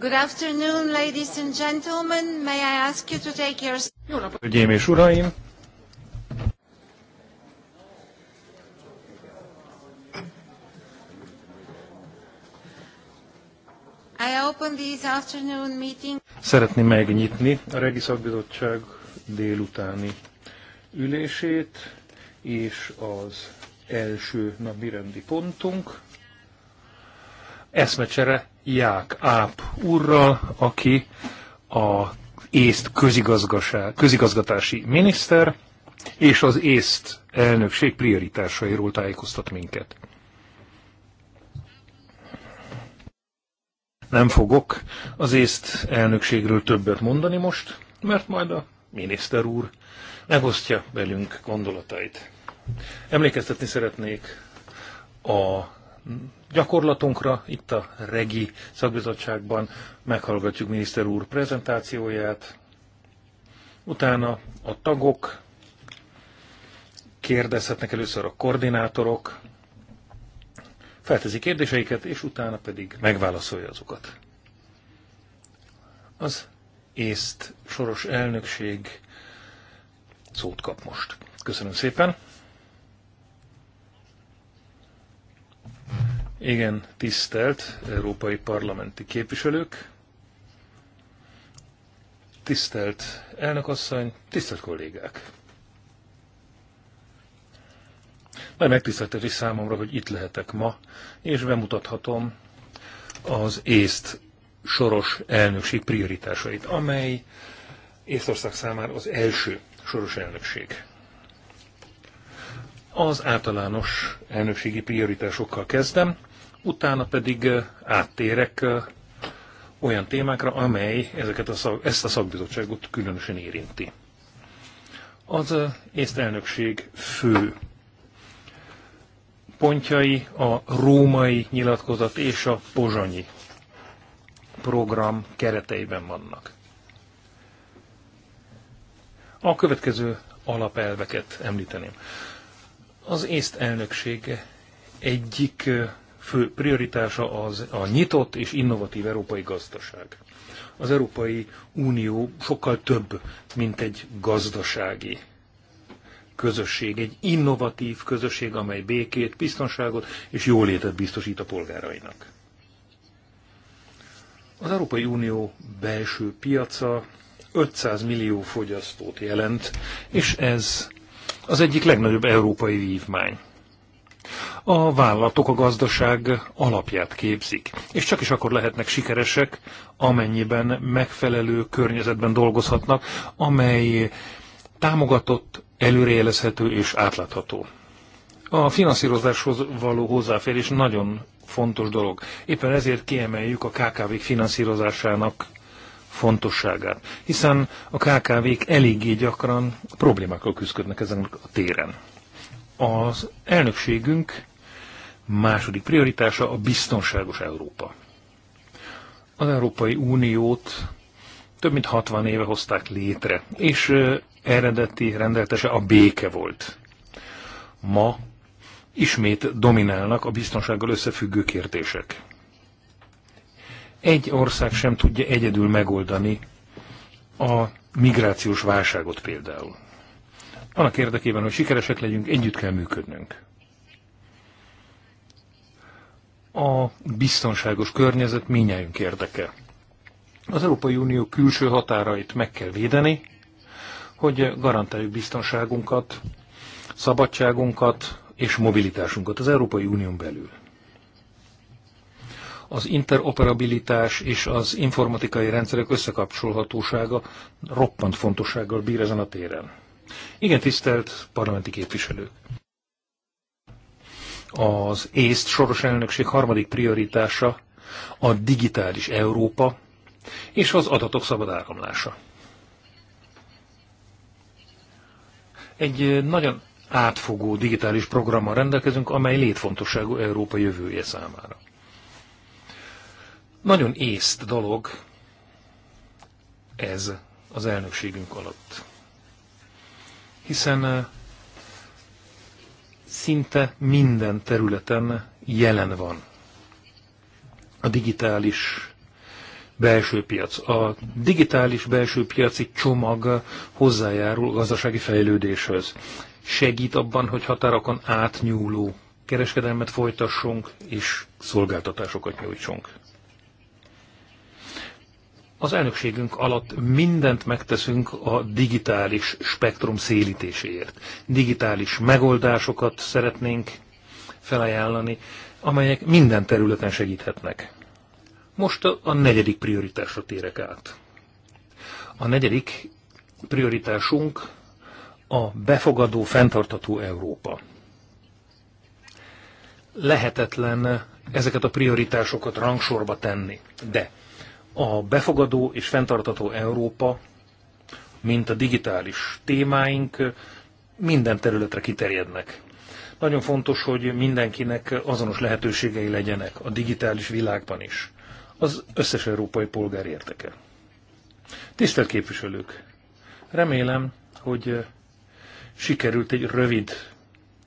Good afternoon, ladies and gentlemen. May I ask you to take your... Jó napot, hölgyeim és uraim! I open this afternoon meeting. Szeretném megnyitni a Regi Szakbizottság délutáni ülését, és az első napi rendi pontunk eszmecsere Ják Áp úrral, aki a észt közigazgatási miniszter, és az észt elnökség prioritásairól tájékoztat minket. Nem fogok az észt elnökségről többet mondani most, mert majd a miniszter úr megosztja velünk gondolatait. Emlékeztetni szeretnék a gyakorlatunkra. Itt a REGI szakbizottságban meghallgatjuk miniszter úr prezentációját. Utána a tagok kérdezhetnek először a koordinátorok, feltezi kérdéseiket, és utána pedig megválaszolja azokat. Az észt soros elnökség szót kap most. Köszönöm szépen! Igen, tisztelt európai parlamenti képviselők, tisztelt elnökasszony, tisztelt kollégák! Nagy megtiszteltetés számomra, hogy itt lehetek ma, és bemutathatom az észt soros elnökség prioritásait, amely Észország számára az első soros elnökség. Az általános elnökségi prioritásokkal kezdem, utána pedig eh, áttérek eh, olyan témákra, amely ezeket a szak, ezt a szakbizottságot különösen érinti. Az eh, észtelnökség fő pontjai a római nyilatkozat és a pozsonyi program kereteiben vannak. A következő alapelveket említeném. Az észt elnökség egyik fő prioritása az a nyitott és innovatív európai gazdaság. Az Európai Unió sokkal több, mint egy gazdasági közösség, egy innovatív közösség, amely békét, biztonságot és jólétet biztosít a polgárainak. Az Európai Unió belső piaca 500 millió fogyasztót jelent, és ez az egyik legnagyobb európai vívmány. A vállalatok a gazdaság alapját képzik, és csak is akkor lehetnek sikeresek, amennyiben megfelelő környezetben dolgozhatnak, amely támogatott, előrejelezhető és átlátható. A finanszírozáshoz való hozzáférés nagyon fontos dolog. Éppen ezért kiemeljük a kkv finanszírozásának fontosságát, hiszen a KKV-k eléggé gyakran problémákkal küzdködnek ezen a téren. Az elnökségünk Második prioritása a biztonságos Európa. Az Európai Uniót több mint 60 éve hozták létre, és eredeti rendeltese a béke volt. Ma ismét dominálnak a biztonsággal összefüggő kérdések. Egy ország sem tudja egyedül megoldani a migrációs válságot például. Annak érdekében, hogy sikeresek legyünk, együtt kell működnünk. a biztonságos környezet minnyájunk érdeke. Az Európai Unió külső határait meg kell védeni, hogy garantáljuk biztonságunkat, szabadságunkat és mobilitásunkat az Európai Unión belül. Az interoperabilitás és az informatikai rendszerek összekapcsolhatósága roppant fontossággal bír ezen a téren. Igen, tisztelt parlamenti képviselők! Az észt soros elnökség harmadik prioritása a digitális Európa és az adatok szabad áramlása. Egy nagyon átfogó digitális programmal rendelkezünk, amely létfontosságú Európa jövője számára. Nagyon észt dolog ez az elnökségünk alatt. Hiszen szinte minden területen jelen van. A digitális belső piac. A digitális belső piaci csomag hozzájárul gazdasági fejlődéshez, Segít abban, hogy határokon átnyúló kereskedelmet folytassunk és szolgáltatásokat nyújtsunk. Az elnökségünk alatt mindent megteszünk a digitális spektrum szélítéséért. Digitális megoldásokat szeretnénk felajánlani, amelyek minden területen segíthetnek. Most a negyedik prioritásra térek át. A negyedik prioritásunk a befogadó, fenntartató Európa. Lehetetlen ezeket a prioritásokat rangsorba tenni, de a befogadó és fenntartató Európa, mint a digitális témáink minden területre kiterjednek. Nagyon fontos, hogy mindenkinek azonos lehetőségei legyenek a digitális világban is. Az összes európai polgár érteke. Tisztelt képviselők! Remélem, hogy sikerült egy rövid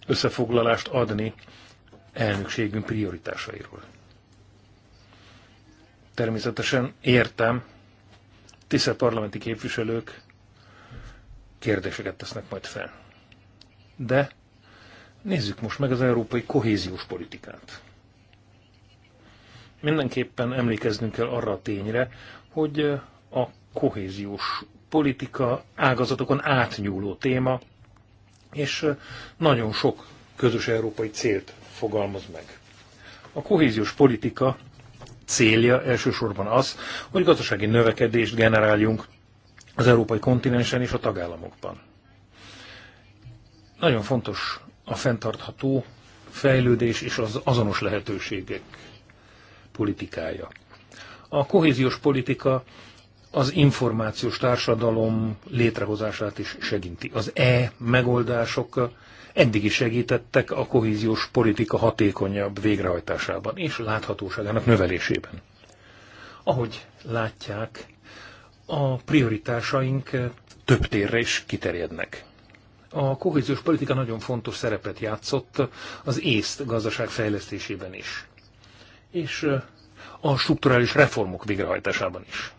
összefoglalást adni elnökségünk prioritásairól. Természetesen értem, tisztelt parlamenti képviselők kérdéseket tesznek majd fel. De nézzük most meg az európai kohéziós politikát. Mindenképpen emlékeznünk kell arra a tényre, hogy a kohéziós politika ágazatokon átnyúló téma, és nagyon sok közös európai célt fogalmaz meg. A kohéziós politika célja elsősorban az, hogy gazdasági növekedést generáljunk az európai kontinensen és a tagállamokban. Nagyon fontos a fenntartható fejlődés és az azonos lehetőségek politikája. A kohéziós politika az információs társadalom létrehozását is segíti. Az e megoldások eddig is segítettek a kohéziós politika hatékonyabb végrehajtásában és láthatóságának növelésében. Ahogy látják, a prioritásaink több térre is kiterjednek. A kohéziós politika nagyon fontos szerepet játszott az észt gazdaság fejlesztésében is, és a strukturális reformok végrehajtásában is.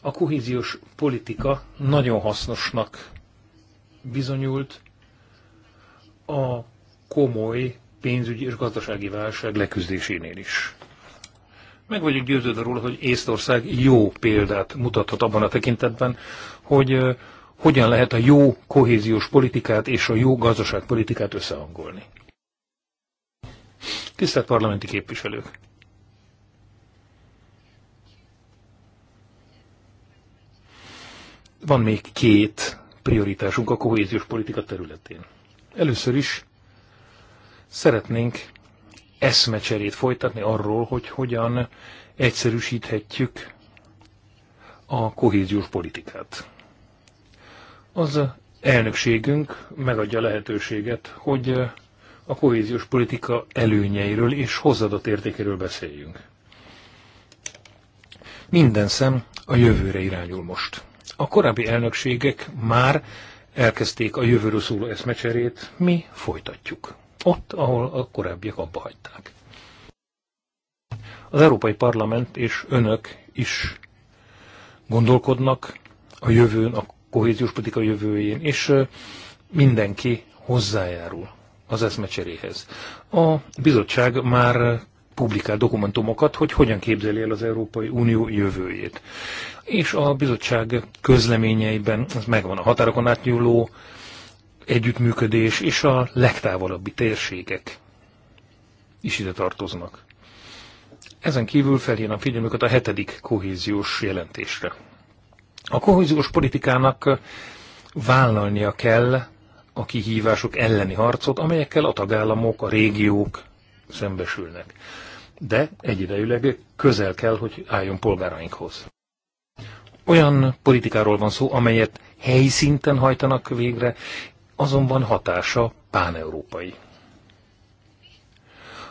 A kohéziós politika nagyon hasznosnak bizonyult, a komoly pénzügyi és gazdasági válság leküzdésénél is. Meg vagyok győződve róla, hogy Észtország jó példát mutathat abban a tekintetben, hogy hogyan lehet a jó kohéziós politikát és a jó gazdaságpolitikát összehangolni. Tisztelt parlamenti képviselők! Van még két prioritásunk a kohéziós politika területén. Először is szeretnénk eszmecserét folytatni arról, hogy hogyan egyszerűsíthetjük a kohéziós politikát. Az elnökségünk megadja lehetőséget, hogy a kohéziós politika előnyeiről és hozzáadott értékéről beszéljünk. Minden szem a jövőre irányul most. A korábbi elnökségek már elkezdték a jövőről szóló eszmecserét, mi folytatjuk. Ott, ahol a korábbiak abba hagyták. Az Európai Parlament és önök is gondolkodnak a jövőn, a kohéziós politika jövőjén, és mindenki hozzájárul az eszmecseréhez. A bizottság már publikál dokumentumokat, hogy hogyan képzeli el az Európai Unió jövőjét. És a bizottság közleményeiben ez megvan a határokon átnyúló együttműködés és a legtávolabbi térségek is ide tartoznak. Ezen kívül felhívnám figyelmüket a hetedik kohéziós jelentésre. A kohéziós politikának vállalnia kell a kihívások elleni harcot, amelyekkel a tagállamok, a régiók szembesülnek. De egyidejűleg közel kell, hogy álljon polgárainkhoz. Olyan politikáról van szó, amelyet helyszinten hajtanak végre, azonban hatása páneurópai.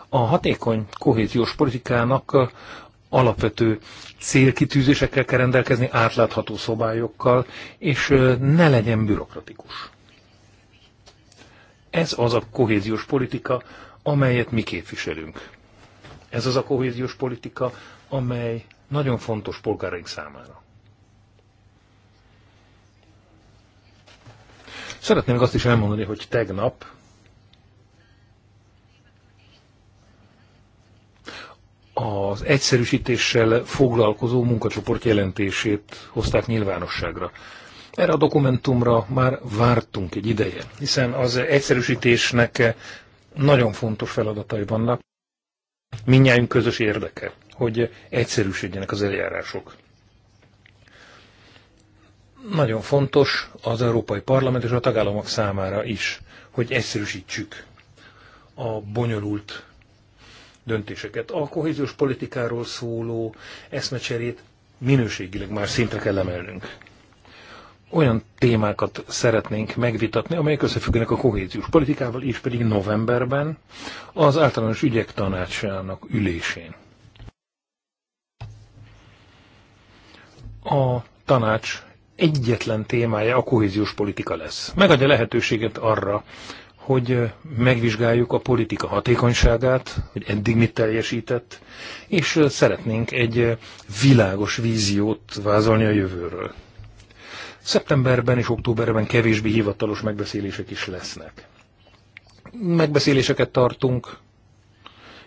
A hatékony kohéziós politikának alapvető célkitűzésekkel kell rendelkezni, átlátható szabályokkal, és ne legyen bürokratikus. Ez az a kohéziós politika, amelyet mi képviselünk. Ez az a kohéziós politika, amely nagyon fontos polgáraink számára. Szeretném azt is elmondani, hogy tegnap az egyszerűsítéssel foglalkozó munkacsoport jelentését hozták nyilvánosságra. Erre a dokumentumra már vártunk egy ideje, hiszen az egyszerűsítésnek nagyon fontos feladatai vannak. Mindjárt közös érdeke, hogy egyszerűsödjenek az eljárások. Nagyon fontos az Európai Parlament és a tagállamok számára is, hogy egyszerűsítsük a bonyolult döntéseket. A kohéziós politikáról szóló eszmecserét minőségileg már szintre kell emelnünk olyan témákat szeretnénk megvitatni, amelyek összefüggenek a kohéziós politikával, és pedig novemberben az általános ügyek tanácsának ülésén. A tanács egyetlen témája a kohéziós politika lesz. Megadja lehetőséget arra, hogy megvizsgáljuk a politika hatékonyságát, hogy eddig mit teljesített, és szeretnénk egy világos víziót vázolni a jövőről. Szeptemberben és októberben kevésbé hivatalos megbeszélések is lesznek. Megbeszéléseket tartunk,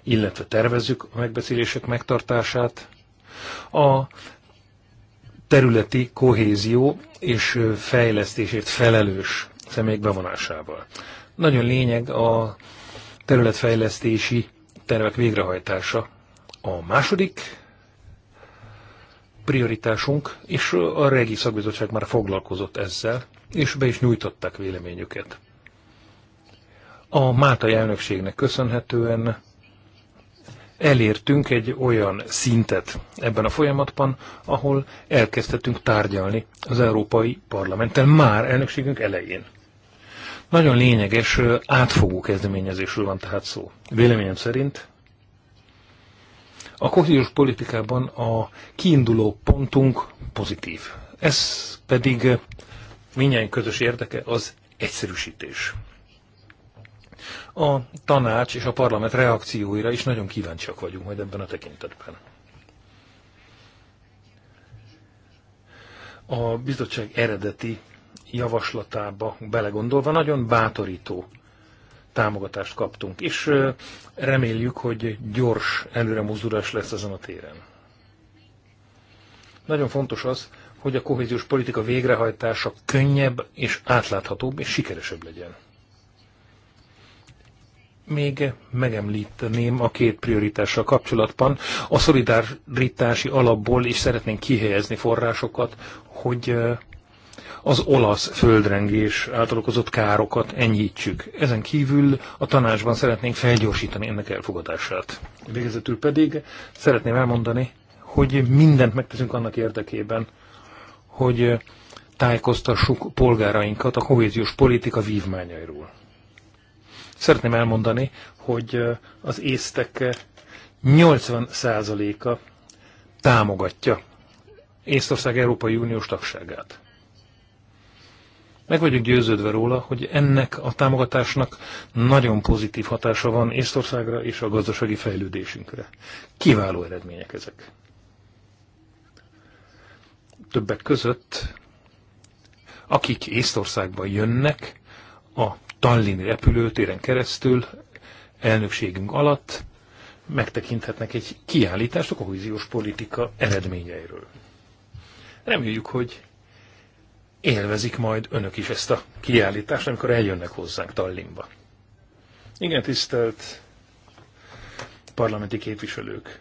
illetve tervezzük a megbeszélések megtartását. A területi kohézió és fejlesztésért felelős személyek bevonásával. Nagyon lényeg a területfejlesztési tervek végrehajtása. A második prioritásunk, és a Regi Szakbizottság már foglalkozott ezzel, és be is nyújtották véleményüket. A Máltai elnökségnek köszönhetően elértünk egy olyan szintet ebben a folyamatban, ahol elkezdhetünk tárgyalni az Európai Parlamenttel már elnökségünk elején. Nagyon lényeges, átfogó kezdeményezésről van tehát szó. Véleményem szerint a kohéziós politikában a kiinduló pontunk pozitív. Ez pedig minnyáján közös érdeke az egyszerűsítés. A tanács és a parlament reakcióira is nagyon kíváncsiak vagyunk majd ebben a tekintetben. A bizottság eredeti javaslatába belegondolva nagyon bátorító támogatást kaptunk, és reméljük, hogy gyors mozdulás lesz ezen a téren. Nagyon fontos az, hogy a kohéziós politika végrehajtása könnyebb és átláthatóbb és sikeresebb legyen. Még megemlíteném a két prioritással kapcsolatban. A szolidaritási alapból is szeretnénk kihelyezni forrásokat, hogy az olasz földrengés által okozott károkat enyhítsük. Ezen kívül a tanácsban szeretnénk felgyorsítani ennek elfogadását. Végezetül pedig szeretném elmondani, hogy mindent megteszünk annak érdekében, hogy tájékoztassuk polgárainkat a kohéziós politika vívmányairól. Szeretném elmondani, hogy az észtek 80%-a támogatja Észtország Európai Uniós tagságát. Meg vagyok győződve róla, hogy ennek a támogatásnak nagyon pozitív hatása van Észtországra és a gazdasági fejlődésünkre. Kiváló eredmények ezek. Többek között, akik Észtországba jönnek a Tallini repülőtéren keresztül elnökségünk alatt, megtekinthetnek egy kiállítást a kohéziós politika eredményeiről. Reméljük, hogy élvezik majd önök is ezt a kiállítást, amikor eljönnek hozzánk Tallinnba. Igen, tisztelt parlamenti képviselők!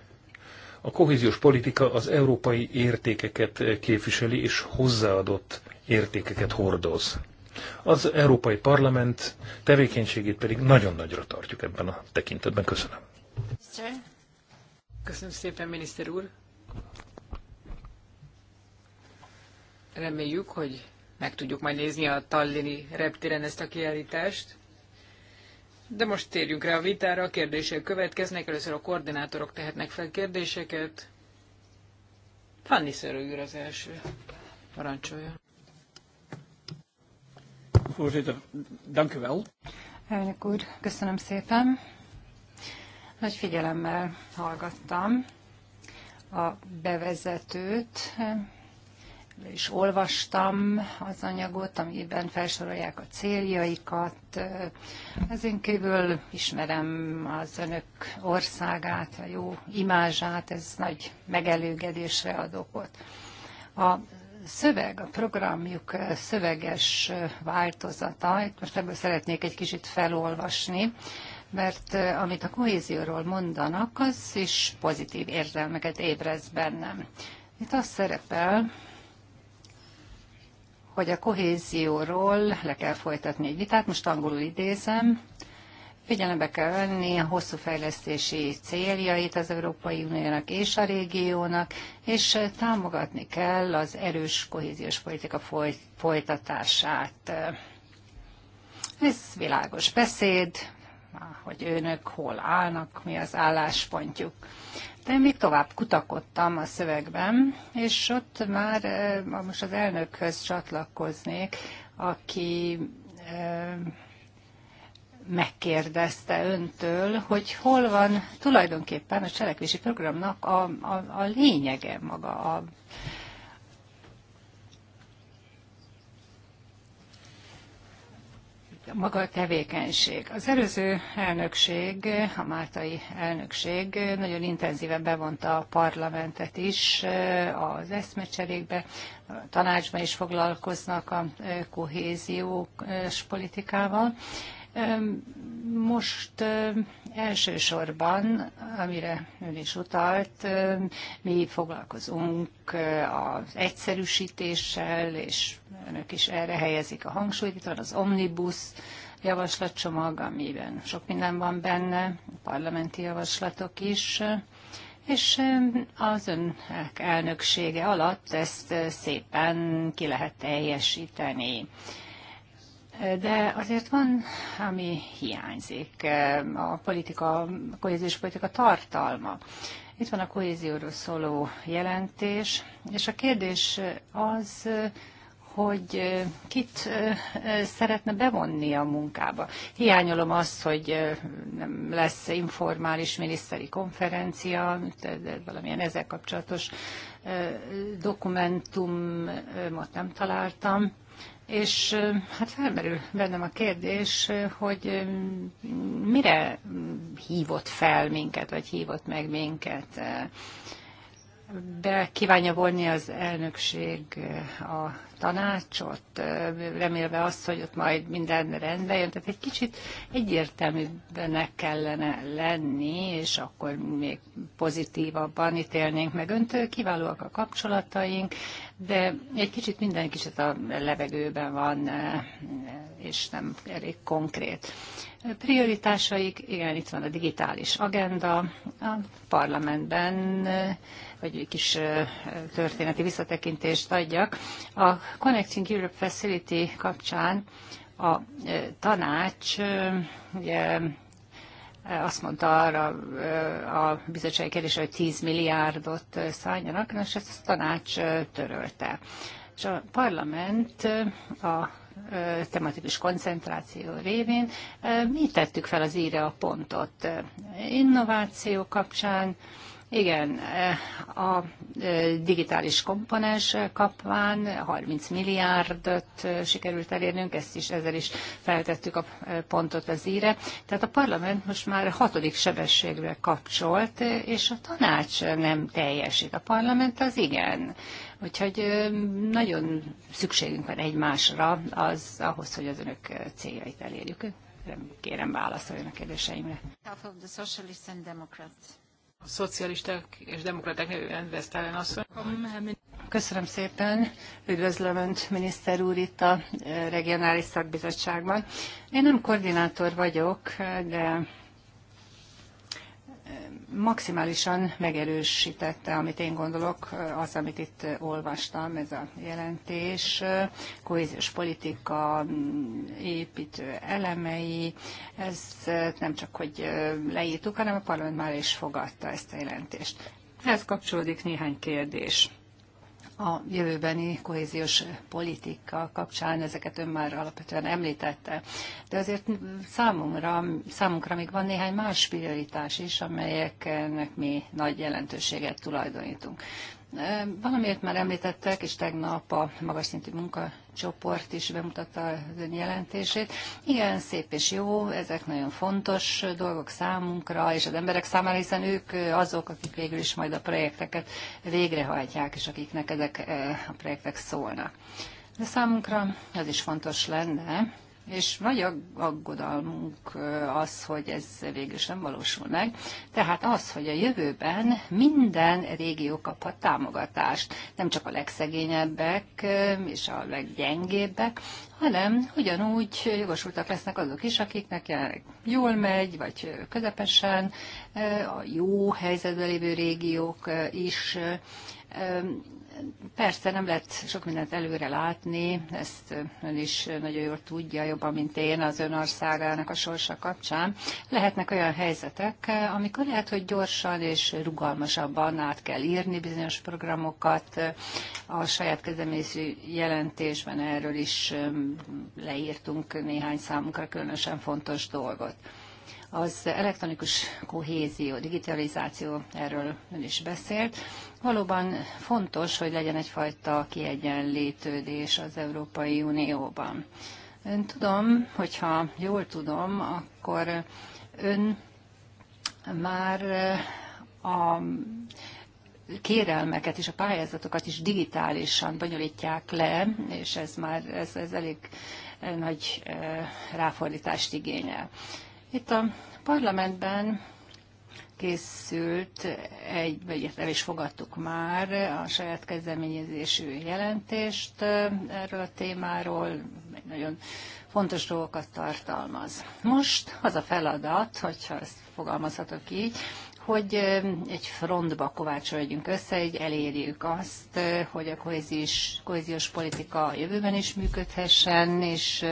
A kohéziós politika az európai értékeket képviseli és hozzáadott értékeket hordoz. Az Európai Parlament tevékenységét pedig nagyon nagyra tartjuk ebben a tekintetben. Köszönöm. Köszönöm szépen, miniszter úr! Reméljük, hogy meg tudjuk majd nézni a Tallini reptéren ezt a kiállítást. De most térjünk rá a vitára, a kérdések következnek. Először a koordinátorok tehetnek fel kérdéseket. Fanny Szerő az első. Parancsolja. Voorzitter, dank Elnök úr, köszönöm szépen. Nagy figyelemmel hallgattam a bevezetőt, is olvastam az anyagot, amiben felsorolják a céljaikat. Ezen kívül ismerem az önök országát, a jó imázsát, ez nagy megelőgedésre ad okot. A szöveg, a programjuk szöveges változata, itt most ebből szeretnék egy kicsit felolvasni, mert amit a kohézióról mondanak, az is pozitív érzelmeket ébrez bennem. Itt az szerepel, hogy a kohézióról le kell folytatni egy vitát, most angolul idézem, figyelembe kell venni a hosszú fejlesztési céljait az Európai Uniónak és a régiónak, és támogatni kell az erős kohéziós politika folytatását. Ez világos beszéd, hogy önök hol állnak, mi az álláspontjuk. De én még tovább kutakodtam a szövegben, és ott már most az elnökhöz csatlakoznék, aki megkérdezte öntől, hogy hol van tulajdonképpen a cselekvési programnak a, a, a lényege maga, a, maga a tevékenység. Az előző elnökség, a máltai elnökség nagyon intenzíven bevonta a parlamentet is eh, az eszmecserékbe, a tanácsban is foglalkoznak a eh, kohéziós politikával, most elsősorban, amire ön is utalt, mi foglalkozunk az egyszerűsítéssel, és önök is erre helyezik a hangsúlyt. Itt van az omnibus javaslatcsomag, amiben sok minden van benne, parlamenti javaslatok is és az ön elnöksége alatt ezt szépen ki lehet teljesíteni de azért van, ami hiányzik, a politika, a kohéziós politika tartalma. Itt van a kohézióról szóló jelentés, és a kérdés az, hogy kit szeretne bevonni a munkába. Hiányolom azt, hogy nem lesz informális miniszteri konferencia, valamilyen ezzel kapcsolatos dokumentumot nem találtam. És hát felmerül bennem a kérdés, hogy mire hívott fel minket, vagy hívott meg minket? Be kívánja vonni az elnökség a tanácsot, remélve azt, hogy ott majd minden rendbe jön. Tehát egy kicsit egyértelműbbnek kellene lenni, és akkor még pozitívabban ítélnénk meg öntől. Kiválóak a kapcsolataink, de egy kicsit minden kicsit a levegőben van, e, e, és nem elég konkrét. Prioritásaik, igen, itt van a digitális agenda, a parlamentben, vagy e, egy kis történeti visszatekintést adjak. A Connecting Europe Facility kapcsán a tanács ugye, azt mondta arra a bizottság kérdése, hogy 10 milliárdot szálljanak, és ezt a tanács törölte. És a parlament a tematikus koncentráció révén mi tettük fel az íre a pontot. Innováció kapcsán igen, eh, a eh, digitális komponens kapván 30 milliárdot eh, sikerült elérnünk, ezt is ezzel is feltettük a pontot az íre. Tehát a parlament most már hatodik sebességre kapcsolt, és a tanács nem teljesít. A parlament az igen. Úgyhogy nagyon szükségünk van egymásra az, ahhoz, hogy az önök céljait elérjük. Kérem válaszoljon a kérdéseimre szocialisták és demokraták nevében Vesztelen asszony. Köszönöm szépen, üdvözlöm Önt, miniszter úr itt a regionális szakbizottságban. Én nem koordinátor vagyok, de maximálisan megerősítette, amit én gondolok, az, amit itt olvastam, ez a jelentés, kohéziós politika építő elemei, ez nem csak, hogy leírtuk, hanem a parlament már is fogadta ezt a jelentést. Ehhez kapcsolódik néhány kérdés a jövőbeni kohéziós politika kapcsán, ezeket ön már alapvetően említette. De azért számunkra, számunkra még van néhány más prioritás is, amelyeknek mi nagy jelentőséget tulajdonítunk. Valamiért már említettek, és tegnap a magas szintű munkacsoport is bemutatta az ön jelentését. Igen, szép és jó, ezek nagyon fontos dolgok számunkra, és az emberek számára, hiszen ők azok, akik végül is majd a projekteket végrehajtják, és akiknek ezek eh, a projektek szólnak. De számunkra az is fontos lenne, és nagy aggodalmunk az, hogy ez végül sem valósul meg. Tehát az, hogy a jövőben minden régió kaphat támogatást, nem csak a legszegényebbek és a leggyengébbek, hanem ugyanúgy jogosultak lesznek azok is, akiknek jelenleg jól megy, vagy közepesen, a jó helyzetben lévő régiók is Persze nem lehet sok mindent előre látni, ezt ön is nagyon jól tudja, jobban, mint én az ön országának a sorsa kapcsán. Lehetnek olyan helyzetek, amikor lehet, hogy gyorsan és rugalmasabban át kell írni bizonyos programokat. A saját kezdeményező jelentésben erről is um, leírtunk néhány számunkra különösen fontos dolgot. Az elektronikus kohézió, digitalizáció, erről ön is beszélt. Valóban fontos, hogy legyen egyfajta kiegyenlítődés az Európai Unióban. Ön tudom, hogyha jól tudom, akkor ön már eh, a kérelmeket és a pályázatokat is digitálisan bonyolítják le, és ez már ez, ez elég nagy eh, ráfordítást igényel. Itt a parlamentben készült egy, vagy el is fogadtuk már a saját kezdeményezésű jelentést erről a témáról, egy nagyon fontos dolgokat tartalmaz. Most az a feladat, hogyha ezt fogalmazhatok így, hogy egy frontba kovácsoljunk össze, egy elérjük azt, hogy a kohézis, kohéziós politika jövőben is működhessen, és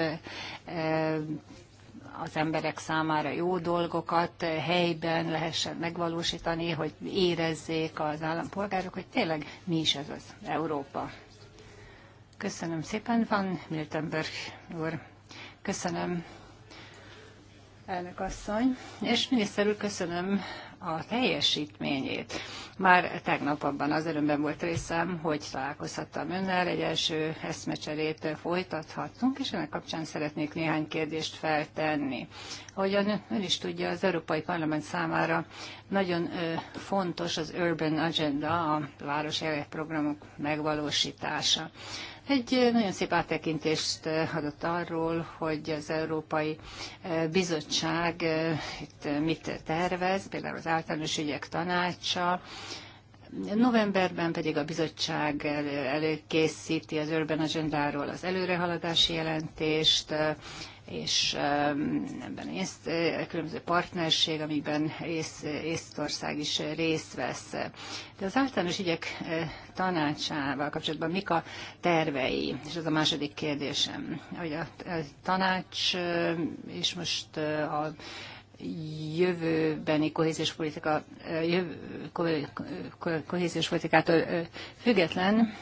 az emberek számára jó dolgokat helyben lehessen megvalósítani, hogy érezzék az állampolgárok, hogy tényleg mi is ez az Európa. Köszönöm szépen, van Miltenberg úr. Köszönöm, elnök asszony. És miniszter úr, köszönöm a teljesítményét. Már tegnap abban az örömben volt részem, hogy találkozhattam önnel, egy első eszmecserét folytathattunk, és ennek kapcsán szeretnék néhány kérdést feltenni. Ahogyan ön is tudja, az Európai Parlament számára nagyon fontos az Urban Agenda, a városi programok megvalósítása. Egy eh, nagyon szép áttekintést eh, adott arról, hogy az Európai eh, Bizottság itt mit tervez, például az általános ügyek tanácsa, Novemberben pedig a bizottság előkészíti az Urban Agendáról az előrehaladási jelentést, és ehm, ebben észt, különböző partnerség, amiben ész, Észtország is részt vesz. De az általános ügyek tanácsával kapcsolatban mik a tervei? És ez a második kérdésem, hogy a tanács és most a jövőbeni kohéziós politika, jövő, kohéziós politikától független,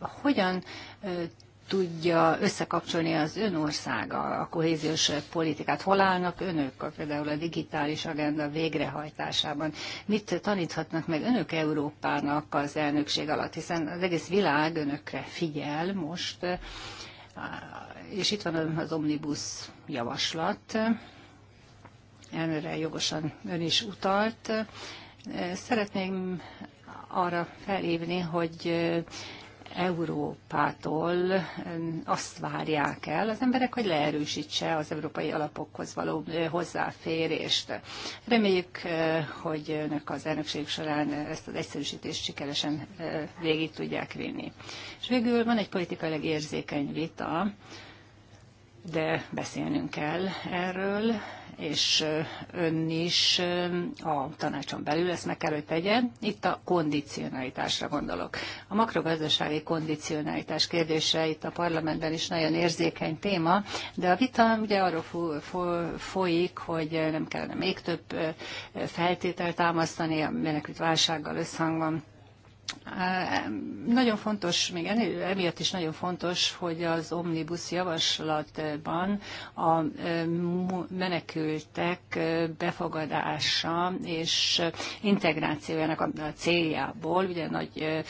hogyan tudja összekapcsolni az ön országa a kohéziós politikát? Hol állnak önök a, például a digitális agenda végrehajtásában? Mit taníthatnak meg önök Európának az elnökség alatt? Hiszen az egész világ önökre figyel most, eh, és itt van az omnibus javaslat, erre jogosan ön is utalt. Eh, szeretném arra felhívni, hogy eh, Európától azt várják el az emberek, hogy leerősítse az európai alapokhoz való hozzáférést. Reméljük, hogy önök az elnökség során ezt az egyszerűsítést sikeresen végig tudják vinni. És végül van egy politikailag érzékeny vita, de beszélnünk kell erről, és ön is a tanácson belül ezt meg kell, hogy tegye. Itt a kondicionalitásra gondolok. A makrogazdasági kondicionalitás kérdése itt a parlamentben is nagyon érzékeny téma, de a vita ugye arról folyik, hogy nem kellene még több feltételt támasztani a menekült válsággal összhangban. Nagyon fontos, még emiatt is nagyon fontos, hogy az omnibus javaslatban a menekültek befogadása és integrációjának a céljából, ugye nagy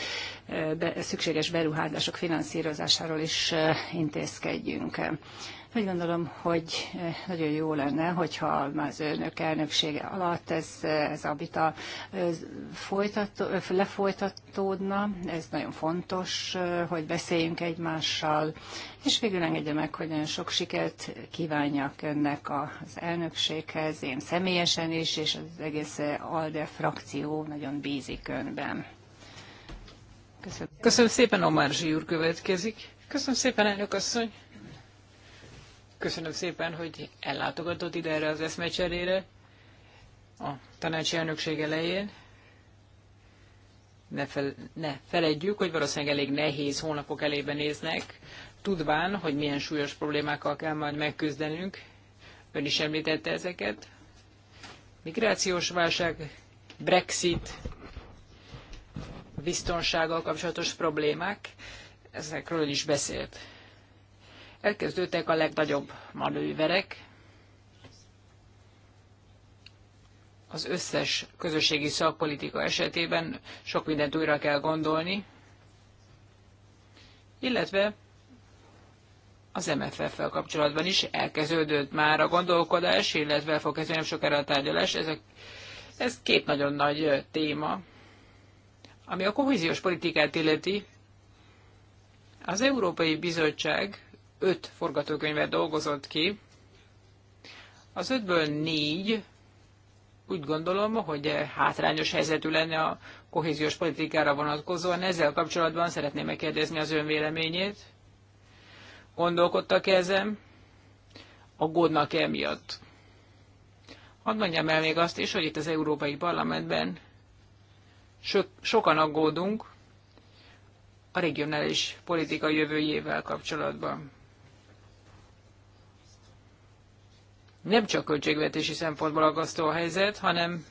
szükséges beruházások finanszírozásáról is intézkedjünk. Úgy gondolom, hogy eh, nagyon jó lenne, hogyha az önök elnöksége alatt ez, eh, ez a vita eh, folytató, lefolytatódna. Ez nagyon fontos, hogy beszéljünk egymással. És végül engedje meg, hogy nagyon sok sikert kívánjak önnek az elnökséghez, én személyesen is, és az egész ALDE frakció nagyon bízik önben. Köszönöm. Köszönöm szépen, Omar Zsiúr következik. Köszönöm szépen, elnök asszony. Köszönöm szépen, hogy ellátogatott ide erre az eszmecserére a tanácsi elnökség elején. Ne, fel, ne feledjük, hogy valószínűleg elég nehéz hónapok elébe néznek, tudván, hogy milyen súlyos problémákkal kell majd megküzdenünk. Ön is említette ezeket. Migrációs válság, Brexit, biztonsággal kapcsolatos problémák, ezekről is beszélt. Elkezdődtek a legnagyobb manőverek. Az összes közösségi szakpolitika esetében sok mindent újra kell gondolni, illetve az MFF-fel kapcsolatban is elkezdődött már a gondolkodás, illetve fog kezdeni nem sokára a tárgyalás. Ez, a, ez két nagyon nagy téma. Ami a kohéziós politikát illeti, az Európai Bizottság öt forgatókönyvet dolgozott ki. Az ötből négy úgy gondolom, hogy hátrányos helyzetű lenne a kohéziós politikára vonatkozóan. Ezzel kapcsolatban szeretném megkérdezni az ön véleményét. Gondolkodtak -e ezen? Aggódnak -e miatt? Hadd mondjam el még azt is, hogy itt az Európai Parlamentben so- sokan aggódunk a regionális politika jövőjével kapcsolatban. nem csak költségvetési szempontból aggasztó a helyzet, hanem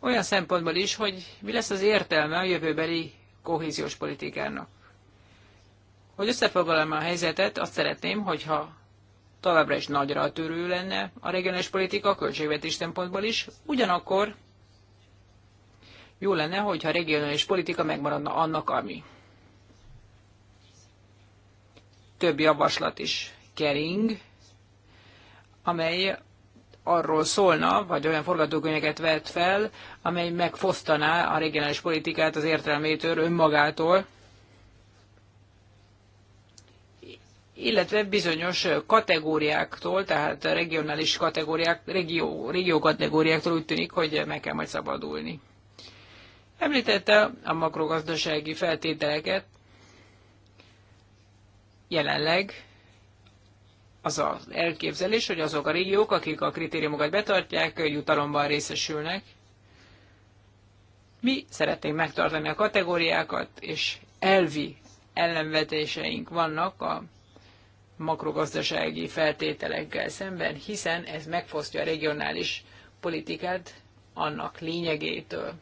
olyan szempontból is, hogy mi lesz az értelme a jövőbeli kohéziós politikának. Hogy összefoglalom a helyzetet, azt szeretném, hogyha továbbra is nagyra törő lenne a regionális politika a költségvetés szempontból is, ugyanakkor jó lenne, hogyha a regionális politika megmaradna annak, ami. Több javaslat is kering amely arról szólna, vagy olyan forgatókönyveket vett fel, amely megfosztaná a regionális politikát az értelmétől önmagától, illetve bizonyos kategóriáktól, tehát regionális kategóriák, regió, regió kategóriáktól úgy tűnik, hogy meg kell majd szabadulni. Említette a makrogazdasági feltételeket. Jelenleg az az elképzelés, hogy azok a régiók, akik a kritériumokat betartják, jutalomban részesülnek. Mi szeretnénk megtartani a kategóriákat, és elvi ellenvetéseink vannak a makrogazdasági feltételekkel szemben, hiszen ez megfosztja a regionális politikát annak lényegétől.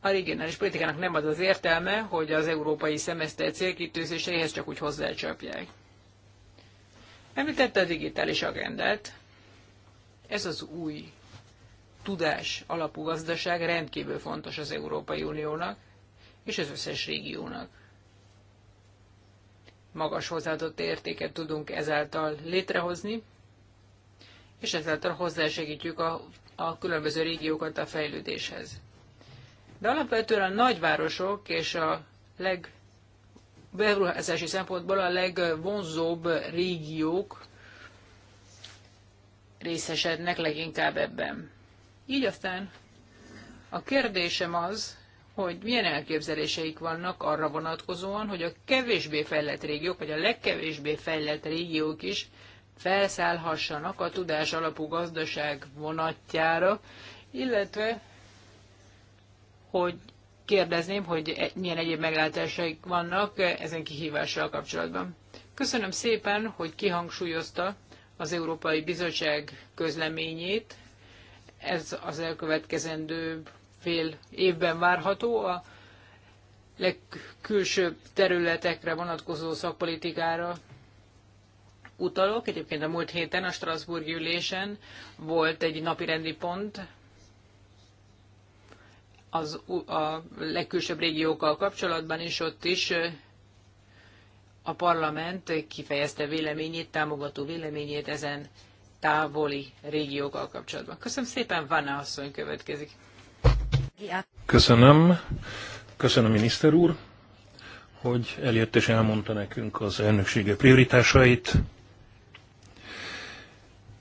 a regionális politikának nem az az értelme, hogy az európai szemeszter célkitűzéseihez csak úgy hozzácsapják. Említette a digitális agendát. Ez az új tudás alapú gazdaság rendkívül fontos az Európai Uniónak és az összes régiónak. Magas hozzáadott értéket tudunk ezáltal létrehozni, és ezáltal hozzásegítjük a, a különböző régiókat a fejlődéshez. De alapvetően a nagyvárosok és a leg beruházási szempontból a legvonzóbb régiók részesednek leginkább ebben. Így aztán a kérdésem az, hogy milyen elképzeléseik vannak arra vonatkozóan, hogy a kevésbé fejlett régiók, vagy a legkevésbé fejlett régiók is felszállhassanak a tudás alapú gazdaság vonatjára, illetve hogy kérdezném, hogy e, milyen egyéb meglátásaik vannak e, ezen kihívással kapcsolatban. Köszönöm szépen, hogy kihangsúlyozta az Európai Bizottság közleményét. Ez az elkövetkezendő fél évben várható. A legkülsőbb területekre vonatkozó szakpolitikára utalok. Egyébként a múlt héten a Strasbourg ülésen volt egy napirendi pont, az, a legkülsőbb régiókkal kapcsolatban, és ott is a parlament kifejezte véleményét, támogató véleményét ezen távoli régiókkal kapcsolatban. Köszönöm szépen, Vanna asszony következik. Köszönöm. Köszönöm, miniszter úr, hogy eljött és elmondta nekünk az elnöksége prioritásait.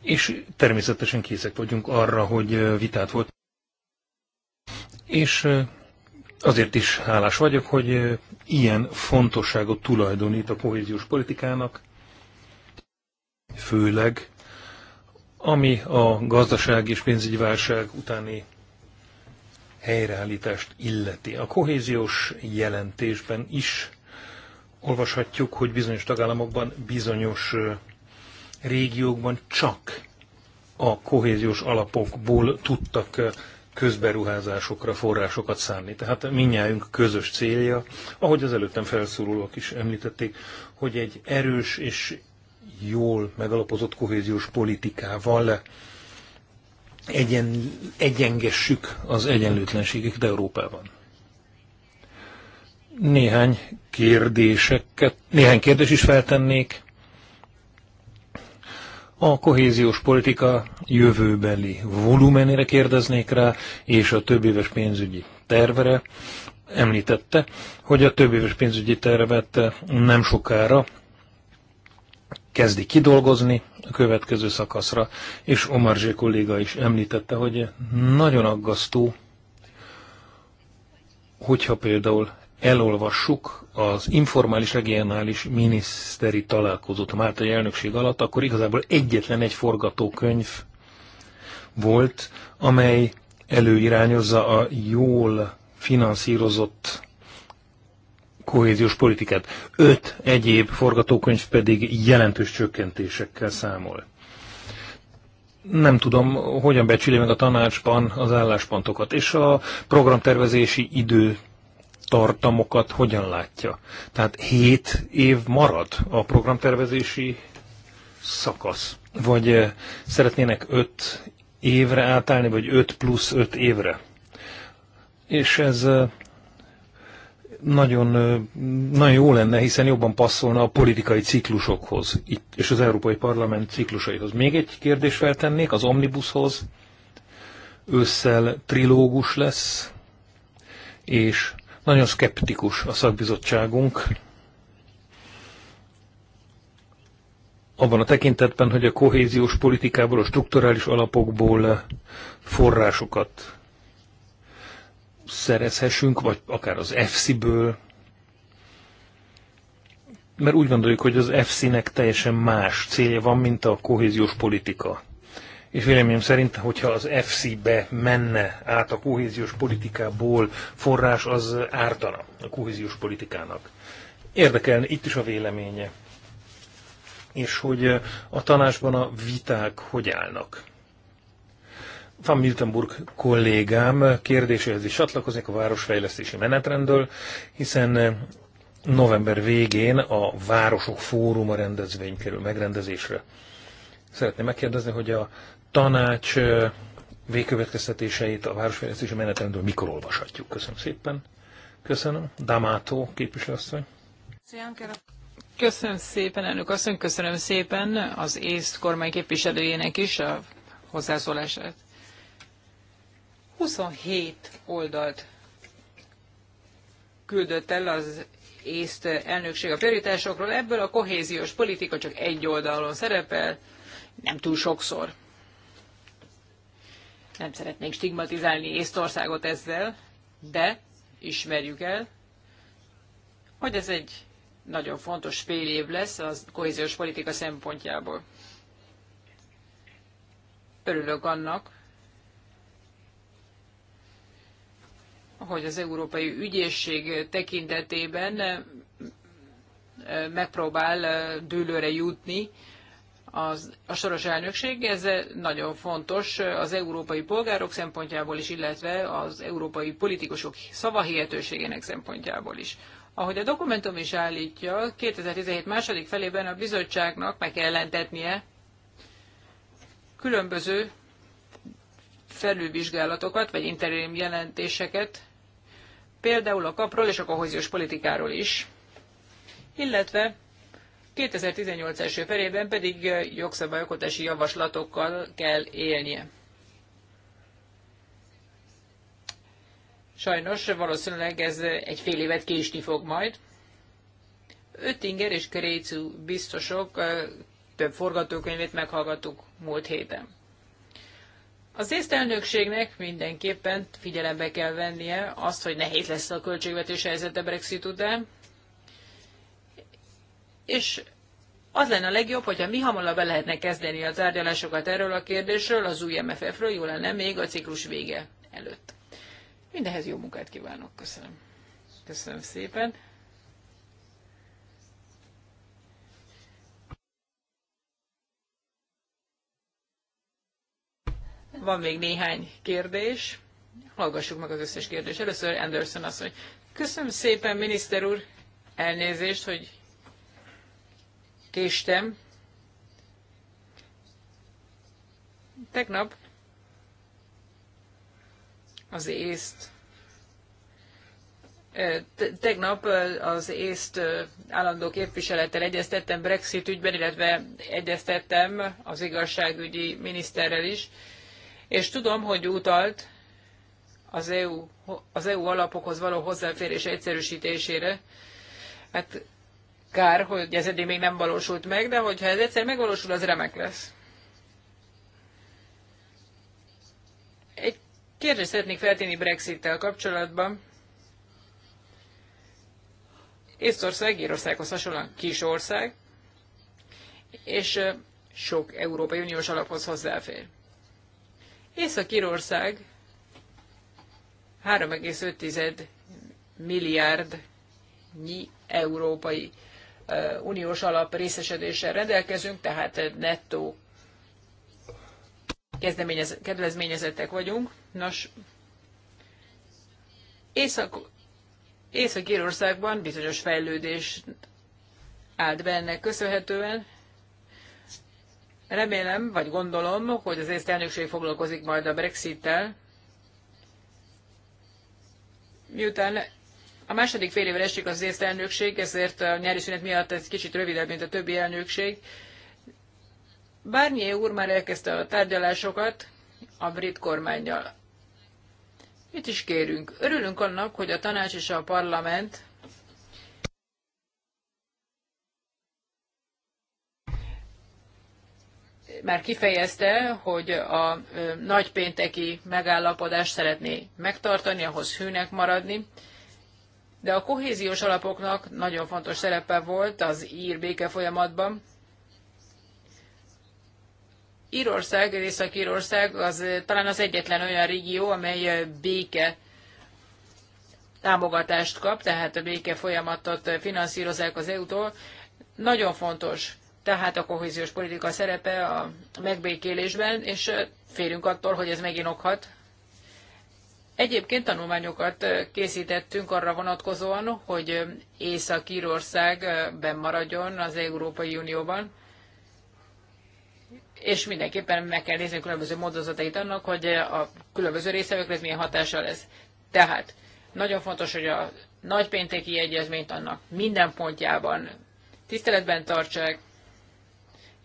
És természetesen készek vagyunk arra, hogy vitát volt. És azért is hálás vagyok, hogy ilyen fontosságot tulajdonít a kohéziós politikának, főleg ami a gazdaság és pénzügyi válság utáni helyreállítást illeti. A kohéziós jelentésben is olvashatjuk, hogy bizonyos tagállamokban, bizonyos régiókban csak a kohéziós alapokból tudtak közberuházásokra forrásokat szánni. Tehát minnyájunk közös célja, ahogy az előttem felszólulók is említették, hogy egy erős és jól megalapozott kohéziós politikával egyen, egyengessük az egyenlőtlenségeket Európában. Néhány kérdéseket, néhány kérdés is feltennék. A kohéziós politika jövőbeli volumenére kérdeznék rá, és a többéves pénzügyi tervere. Említette, hogy a többéves pénzügyi tervet eh, nem sokára kezdi kidolgozni a következő szakaszra, és Zsé kolléga is említette, hogy nagyon aggasztó, hogyha például elolvassuk az informális regionális miniszteri találkozót a Máltai elnökség alatt, akkor igazából egyetlen egy forgatókönyv volt, amely előirányozza a jól finanszírozott kohéziós politikát. Öt egyéb forgatókönyv pedig jelentős csökkentésekkel számol. Nem tudom, hogyan becsüli meg a tanácsban az álláspontokat, és a programtervezési idő tartamokat hogyan látja? Tehát 7 év marad a programtervezési szakasz? Vagy eh, szeretnének 5 évre átállni, vagy 5 plusz 5 évre? És ez eh, nagyon, eh, nagyon jó lenne, hiszen jobban passzolna a politikai ciklusokhoz, és az Európai Parlament ciklusaihoz. Még egy kérdést feltennék az Omnibushoz. Ősszel trilógus lesz, és nagyon szkeptikus a szakbizottságunk abban a tekintetben, hogy a kohéziós politikából, a strukturális alapokból forrásokat szerezhessünk, vagy akár az EFSI-ből, mert úgy gondoljuk, hogy az EFSI-nek teljesen más célja van, mint a kohéziós politika és véleményem szerint, hogyha az FC-be menne át a kohéziós politikából forrás, az ártana a kohéziós politikának. Érdekelne itt is a véleménye, és hogy a tanácsban a viták hogy állnak. Van Miltenburg kollégám kérdéséhez is csatlakozik a városfejlesztési menetrendről, hiszen november végén a Városok Fóruma rendezvény kerül megrendezésre. Szeretném megkérdezni, hogy a tanács végkövetkeztetéseit a városfejlesztési menetrendről mikor olvashatjuk? Köszönöm szépen. Köszönöm. Damátó képviselőasszony. Köszönöm szépen, elnök asszony, köszönöm szépen az észt kormány képviselőjének is a hozzászólását. 27 oldalt küldött el az észt elnökség a prioritásokról, ebből a kohéziós politika csak egy oldalon szerepel, nem túl sokszor. Nem szeretnénk stigmatizálni Észtországot ezzel, de ismerjük el, hogy ez egy nagyon fontos fél év lesz a kohéziós politika szempontjából. Örülök annak, hogy az Európai Ügyészség tekintetében eh, megpróbál eh, dőlőre jutni az, a soros elnökség. Ez nagyon fontos az európai polgárok szempontjából is, illetve az európai politikusok szavahihetőségének szempontjából is. Ahogy a dokumentum is állítja, 2017 második felében a bizottságnak meg kell jelentetnie különböző felülvizsgálatokat, vagy interim jelentéseket, például a kapról és a kohéziós politikáról is, illetve 2018 első felében pedig jogszabályokotási javaslatokkal kell élnie. Sajnos valószínűleg ez egy fél évet késni fog majd. Öttinger és Krécu biztosok több forgatókönyvét meghallgattuk múlt héten. Az észt elnökségnek mindenképpen figyelembe kell vennie azt, hogy nehéz lesz a költségvetés helyzete Brexit után, és az lenne a legjobb, hogyha mi hamarabb lehetne kezdeni a tárgyalásokat erről a kérdésről, az új MFF-ről, jó lenne még a ciklus vége előtt. Mindehez jó munkát kívánok, köszönöm. Köszönöm szépen. Van még néhány kérdés. Hallgassuk meg az összes kérdést. Először Anderson mondja, Köszönöm szépen, miniszter úr, elnézést, hogy késtem. Tegnap az észt Tegnap az észt állandó képviselettel egyeztettem Brexit ügyben, illetve egyeztettem az igazságügyi miniszterrel is, és tudom, hogy utalt az EU, az EU alapokhoz való hozzáférés egyszerűsítésére. Hát Kár, hogy ez eddig még nem valósult meg, de hogyha ez egyszer megvalósul, az remek lesz. Egy kérdést szeretnék feltenni Brexit-tel kapcsolatban. Észtország, Írországhoz hasonlóan kis ország, és sok Európai Uniós alaphoz hozzáfér. Észak-Írország 3,5 milliárd nyi európai uniós alap részesedéssel rendelkezünk, tehát nettó kedvezményezettek vagyunk. Nos, Észak, Észak-Írországban bizonyos fejlődés állt be ennek köszönhetően. Remélem, vagy gondolom, hogy az észt elnökség foglalkozik majd a Brexit-tel. Miután a második fél évre esik az észt elnökség, ezért a nyári szünet miatt ez kicsit rövidebb, mint a többi elnökség. Barnier úr már elkezdte a tárgyalásokat a brit kormányjal. Mit is kérünk? Örülünk annak, hogy a tanács és a parlament már kifejezte, hogy a nagypénteki megállapodást szeretné megtartani, ahhoz hűnek maradni de a kohéziós alapoknak nagyon fontos szerepe volt az ír béke folyamatban. Írország, Észak-Írország az talán az egyetlen olyan régió, amely béke támogatást kap, tehát a béke folyamatot finanszírozzák az EU-tól. Nagyon fontos tehát a kohéziós politika szerepe a megbékélésben, és félünk attól, hogy ez meginokhat. Egyébként tanulmányokat készítettünk arra vonatkozóan, hogy Észak-Írország maradjon az Európai Unióban, és mindenképpen meg kell nézni a különböző módozatait annak, hogy a különböző részevőkre ez milyen hatással lesz. Tehát nagyon fontos, hogy a nagypénteki egyezményt annak minden pontjában tiszteletben tartsák,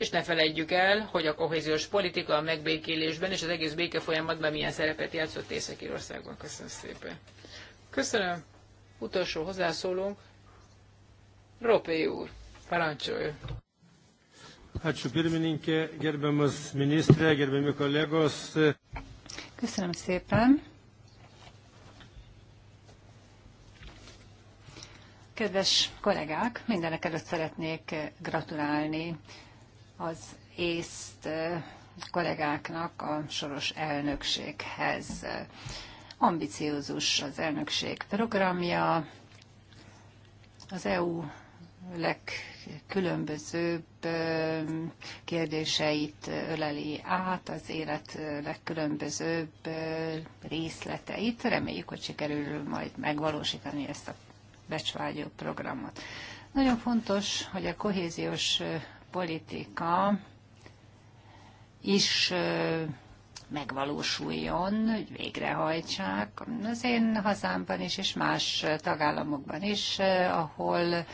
és ne felejtjük el, hogy a kohéziós politika a megbékélésben és az egész béke folyamatban milyen szerepet játszott Észak-Írországban. Köszönöm szépen. Köszönöm. Utolsó hozzászólónk, Ropé úr. Parancsoljon. Ačiū pirmininkė, gerbiamas ministrė, gerbiami kolegos. Köszönöm szépen. Kedves kollégák, mindenek előtt szeretnék gratulálni az észt kollégáknak a soros elnökséghez. Ambiciózus az elnökség programja, az EU legkülönbözőbb kérdéseit öleli át, az élet legkülönbözőbb részleteit. Reméljük, hogy sikerül majd megvalósítani ezt a becsvágyó programot. Nagyon fontos, hogy a kohéziós politika is megvalósuljon, hogy végrehajtsák az én hazámban is, és más tagállamokban is, ahol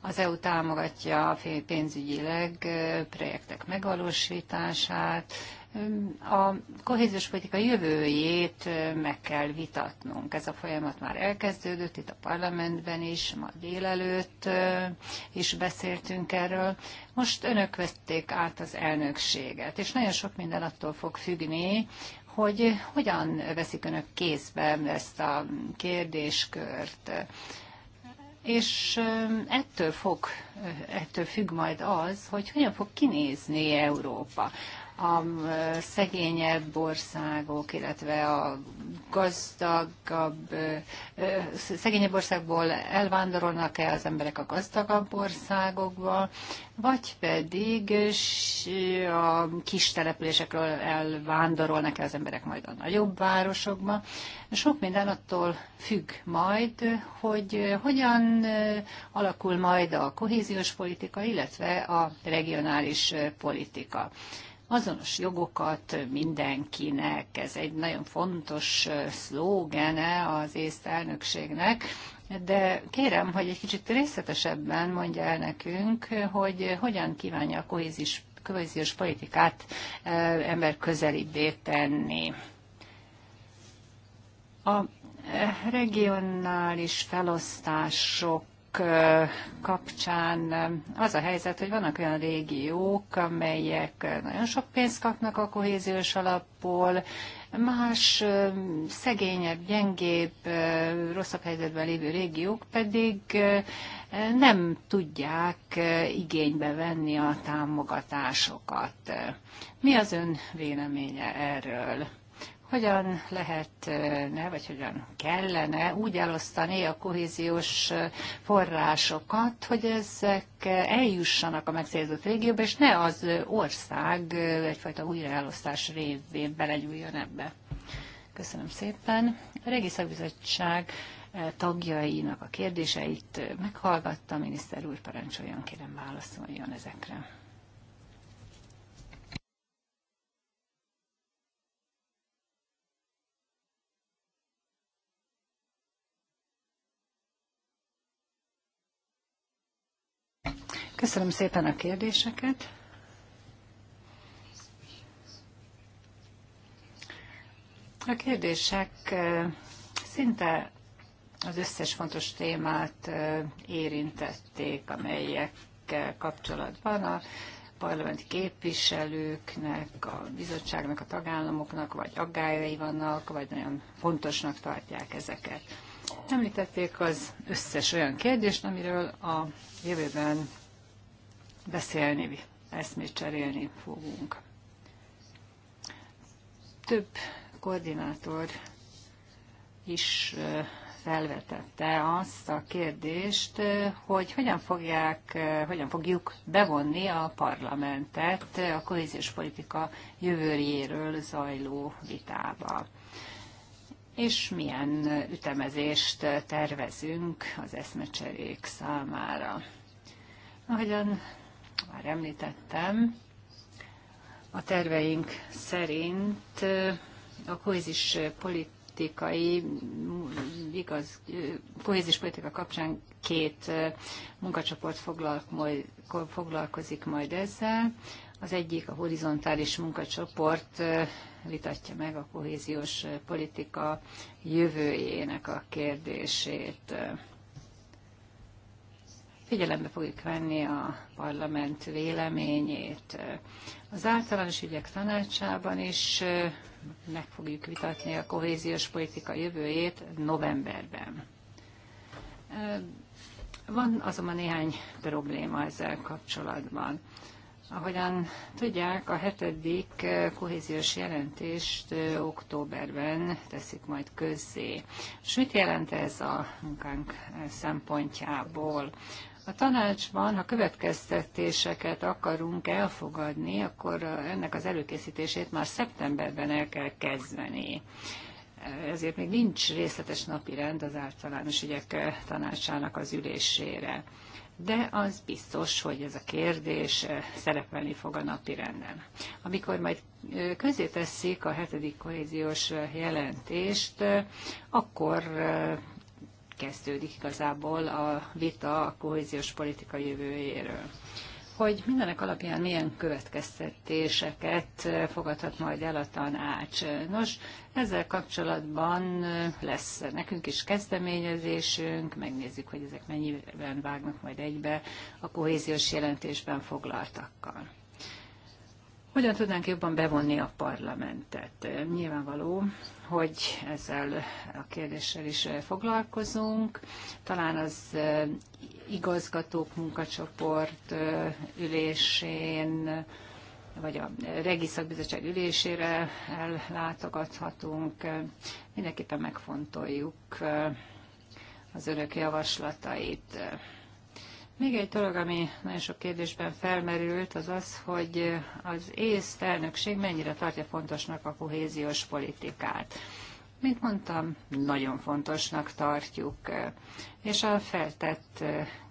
az EU támogatja pénzügyileg projektek megvalósítását, a kohéziós politika jövőjét meg kell vitatnunk. Ez a folyamat már elkezdődött itt a parlamentben is, ma délelőtt is beszéltünk erről. Most önök vették át az elnökséget, és nagyon sok minden attól fog függni, hogy hogyan veszik önök kézbe ezt a kérdéskört. És ettől, fog, ettől függ majd az, hogy hogyan fog kinézni Európa a szegényebb országok, illetve a gazdagabb, szegényebb országból elvándorolnak-e az emberek a gazdagabb országokba, vagy pedig a kis településekről elvándorolnak-e az emberek majd a nagyobb városokba. Sok minden attól függ majd, hogy hogyan alakul majd a kohéziós politika, illetve a regionális politika azonos jogokat mindenkinek. Ez egy nagyon fontos szlógene az észt elnökségnek, de kérem, hogy egy kicsit részletesebben mondja el nekünk, hogy hogyan kívánja a kohézis, kohéziós politikát ember közelibbé tenni. A regionális felosztások kapcsán az a helyzet, hogy vannak olyan régiók, amelyek nagyon sok pénzt kapnak a kohéziós alapból, más szegényebb, gyengébb, rosszabb helyzetben lévő régiók pedig nem tudják igénybe venni a támogatásokat. Mi az ön véleménye erről? hogyan lehetne, vagy hogyan kellene úgy elosztani a kohéziós forrásokat, hogy ezek eljussanak a megszerzett régióba, és ne az ország egyfajta újraelosztás révén belegyújjon ebbe. Köszönöm szépen. A Regiszakbizottság tagjainak a kérdéseit meghallgatta, miniszter úr parancsoljon, kérem válaszoljon ezekre. Köszönöm szépen a kérdéseket. A kérdések szinte az összes fontos témát érintették, amelyekkel kapcsolatban a parlamenti képviselőknek, a bizottságnak, a tagállamoknak, vagy aggályai vannak, vagy nagyon fontosnak tartják ezeket. Említették az összes olyan kérdést, amiről a jövőben beszélni, eszmét cserélni fogunk. Több koordinátor is felvetette azt a kérdést, hogy hogyan, fogják, hogyan fogjuk bevonni a parlamentet a kohéziós politika jövőjéről zajló vitába és milyen ütemezést tervezünk az eszmecserék számára. Ahogyan már említettem, a terveink szerint a kohézis politikai, igaz, kohézis politika kapcsán két munkacsoport foglalkozik majd ezzel. Az egyik a horizontális munkacsoport vitatja meg a kohéziós politika jövőjének a kérdését. Figyelembe fogjuk venni a parlament véleményét. Az általános ügyek tanácsában is meg fogjuk vitatni a kohéziós politika jövőjét novemberben. Van azonban néhány probléma ezzel kapcsolatban. Ahogyan tudják, a hetedik eh, kohéziós jelentést eh, októberben teszik majd közzé. És mit jelent ez a munkánk eh, szempontjából? A tanácsban, ha következtetéseket akarunk elfogadni, akkor ennek az előkészítését már szeptemberben el kell kezdeni. Ezért még nincs részletes napirend az általános ügyek tanácsának az ülésére de az biztos, hogy ez a kérdés eh, szerepelni fog a napi renden. Amikor majd eh, közé teszik a hetedik kohéziós eh, jelentést, akkor kezdődik igazából a vita a kohéziós politika jövőjéről hogy mindenek alapján milyen következtetéseket fogadhat majd el a tanács. Nos, ezzel kapcsolatban lesz nekünk is kezdeményezésünk, megnézzük, hogy ezek mennyiben vágnak majd egybe a kohéziós jelentésben foglaltakkal. Hogyan tudnánk jobban bevonni a parlamentet? Nyilvánvaló, hogy ezzel a kérdéssel is foglalkozunk. Talán az igazgatók munkacsoport ülésén vagy a regiszakbizottság ülésére ellátogathatunk. Mindenképpen megfontoljuk az örök javaslatait. Még egy dolog, ami nagyon sok kérdésben felmerült, az az, hogy az ész elnökség mennyire tartja fontosnak a kohéziós politikát. Mint mondtam, nagyon fontosnak tartjuk, és a feltett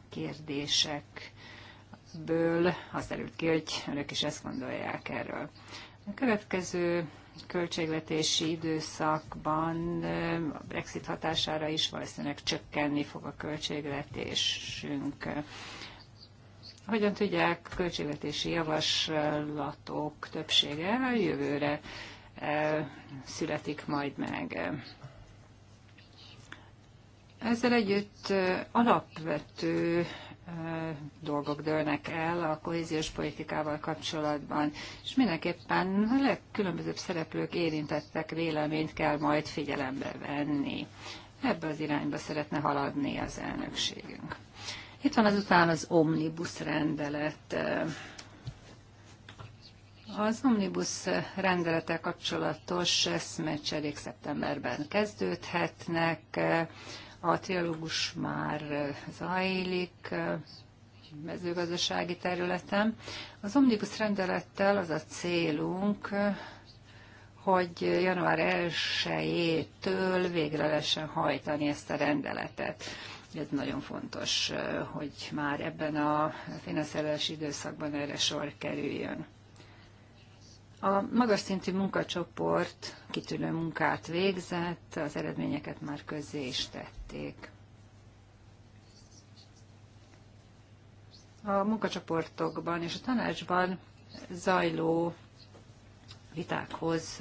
kérdésekből az derült ki, hogy önök is ezt gondolják erről. A következő költségvetési időszakban a Brexit hatására is valószínűleg csökkenni fog a költségvetésünk. Hogyan tudják költségvetési javaslatok többsége jövőre születik majd meg? Ezzel együtt alapvető dolgok dőlnek el a kohéziós politikával kapcsolatban, és mindenképpen a legkülönbözőbb szereplők érintettek véleményt kell majd figyelembe venni. Ebbe az irányba szeretne haladni az elnökségünk. Itt van azután az omnibus rendelet. Az omnibus rendelete kapcsolatos eszmecserék szeptemberben kezdődhetnek. A trialógus már zajlik mezőgazdasági területen. Az omnibus rendelettel az a célunk, hogy január 1-től végre lehessen hajtani ezt a rendeletet. Ez nagyon fontos, hogy már ebben a finanszírozási időszakban erre sor kerüljön. A magas szintű munkacsoport kitűnő munkát végzett, az eredményeket már közzé is tették. A munkacsoportokban és a tanácsban zajló vitákhoz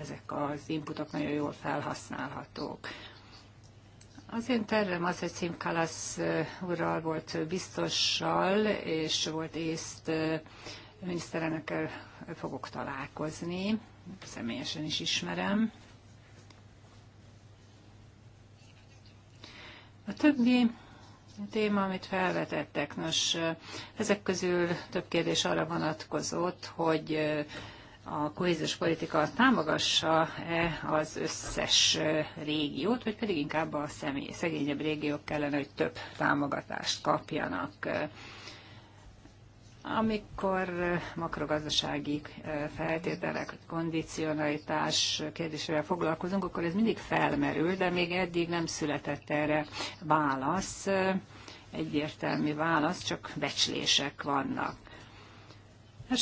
ezek az inputok nagyon jól felhasználhatók. Az én tervem az, hogy Szim Kalasz úrral volt biztossal, és volt észt miniszterelnökkel fogok találkozni, személyesen is ismerem. A többi téma, amit felvetettek, nos, ezek közül több kérdés arra vonatkozott, hogy a kohéziós politika támogassa-e az összes régiót, vagy pedig inkább a személy, szegényebb régiók kellene, hogy több támogatást kapjanak. Amikor makrogazdasági feltételek, kondicionalitás kérdésével foglalkozunk, akkor ez mindig felmerül, de még eddig nem született erre válasz, egyértelmű válasz, csak becslések vannak.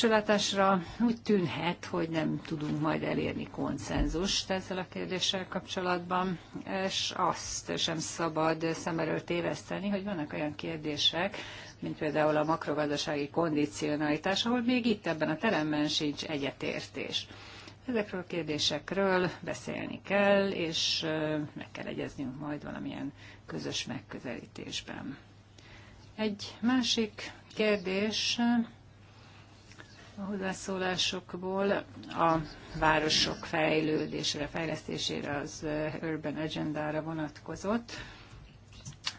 látásra úgy tűnhet, hogy nem tudunk majd elérni konszenzust ezzel a kérdéssel kapcsolatban, és azt sem szabad szem előtt téveszteni, hogy vannak olyan kérdések, mint például a makrogazdasági kondicionalitás, ahol még itt ebben a teremben sincs egyetértés. Ezekről a kérdésekről beszélni kell, és meg kell egyeznünk majd valamilyen közös megközelítésben. Egy másik kérdés a hozzászólásokból a városok fejlődésére, fejlesztésére, az Urban Agenda-ra vonatkozott.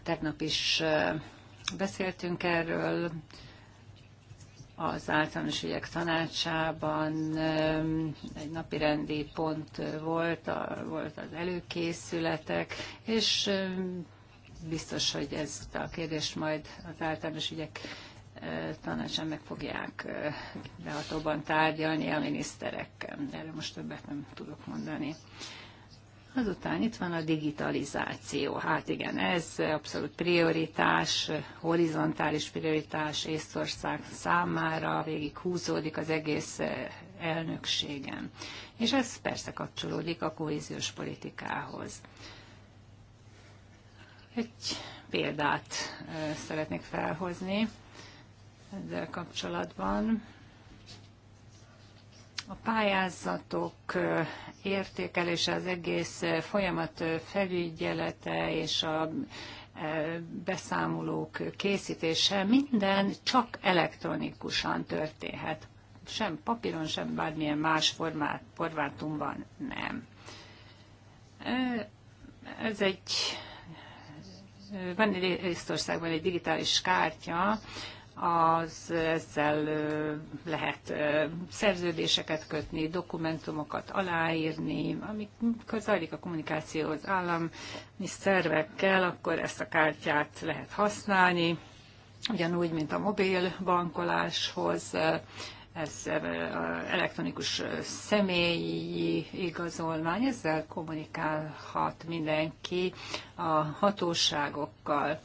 Tegnap is Beszéltünk erről az általános ügyek tanácsában egy napi rendi pont volt, a, volt az előkészületek, és biztos, hogy ezt a kérdést majd az általános ügyek eh, tanácsán meg fogják eh, behatóban tárgyalni a miniszterekkel. Erről most többet nem tudok mondani. Azután itt van a digitalizáció. Hát igen, ez abszolút prioritás, horizontális prioritás Észtország számára, végig húzódik az egész eh, elnökségen. És ez persze kapcsolódik a kohéziós politikához. Egy példát eh, szeretnék felhozni ezzel kapcsolatban. A pályázatok értékelése, az egész folyamat felügyelete és a beszámolók készítése minden csak elektronikusan történhet. Sem papíron, sem bármilyen más formát, formátumban nem. Ez egy van egy Észtországban egy digitális kártya, az ezzel lehet szerződéseket kötni, dokumentumokat aláírni, amikor zajlik a kommunikáció az állami szervekkel, akkor ezt a kártyát lehet használni, ugyanúgy, mint a mobil bankoláshoz, ez elektronikus személyi igazolvány, ezzel kommunikálhat mindenki a hatóságokkal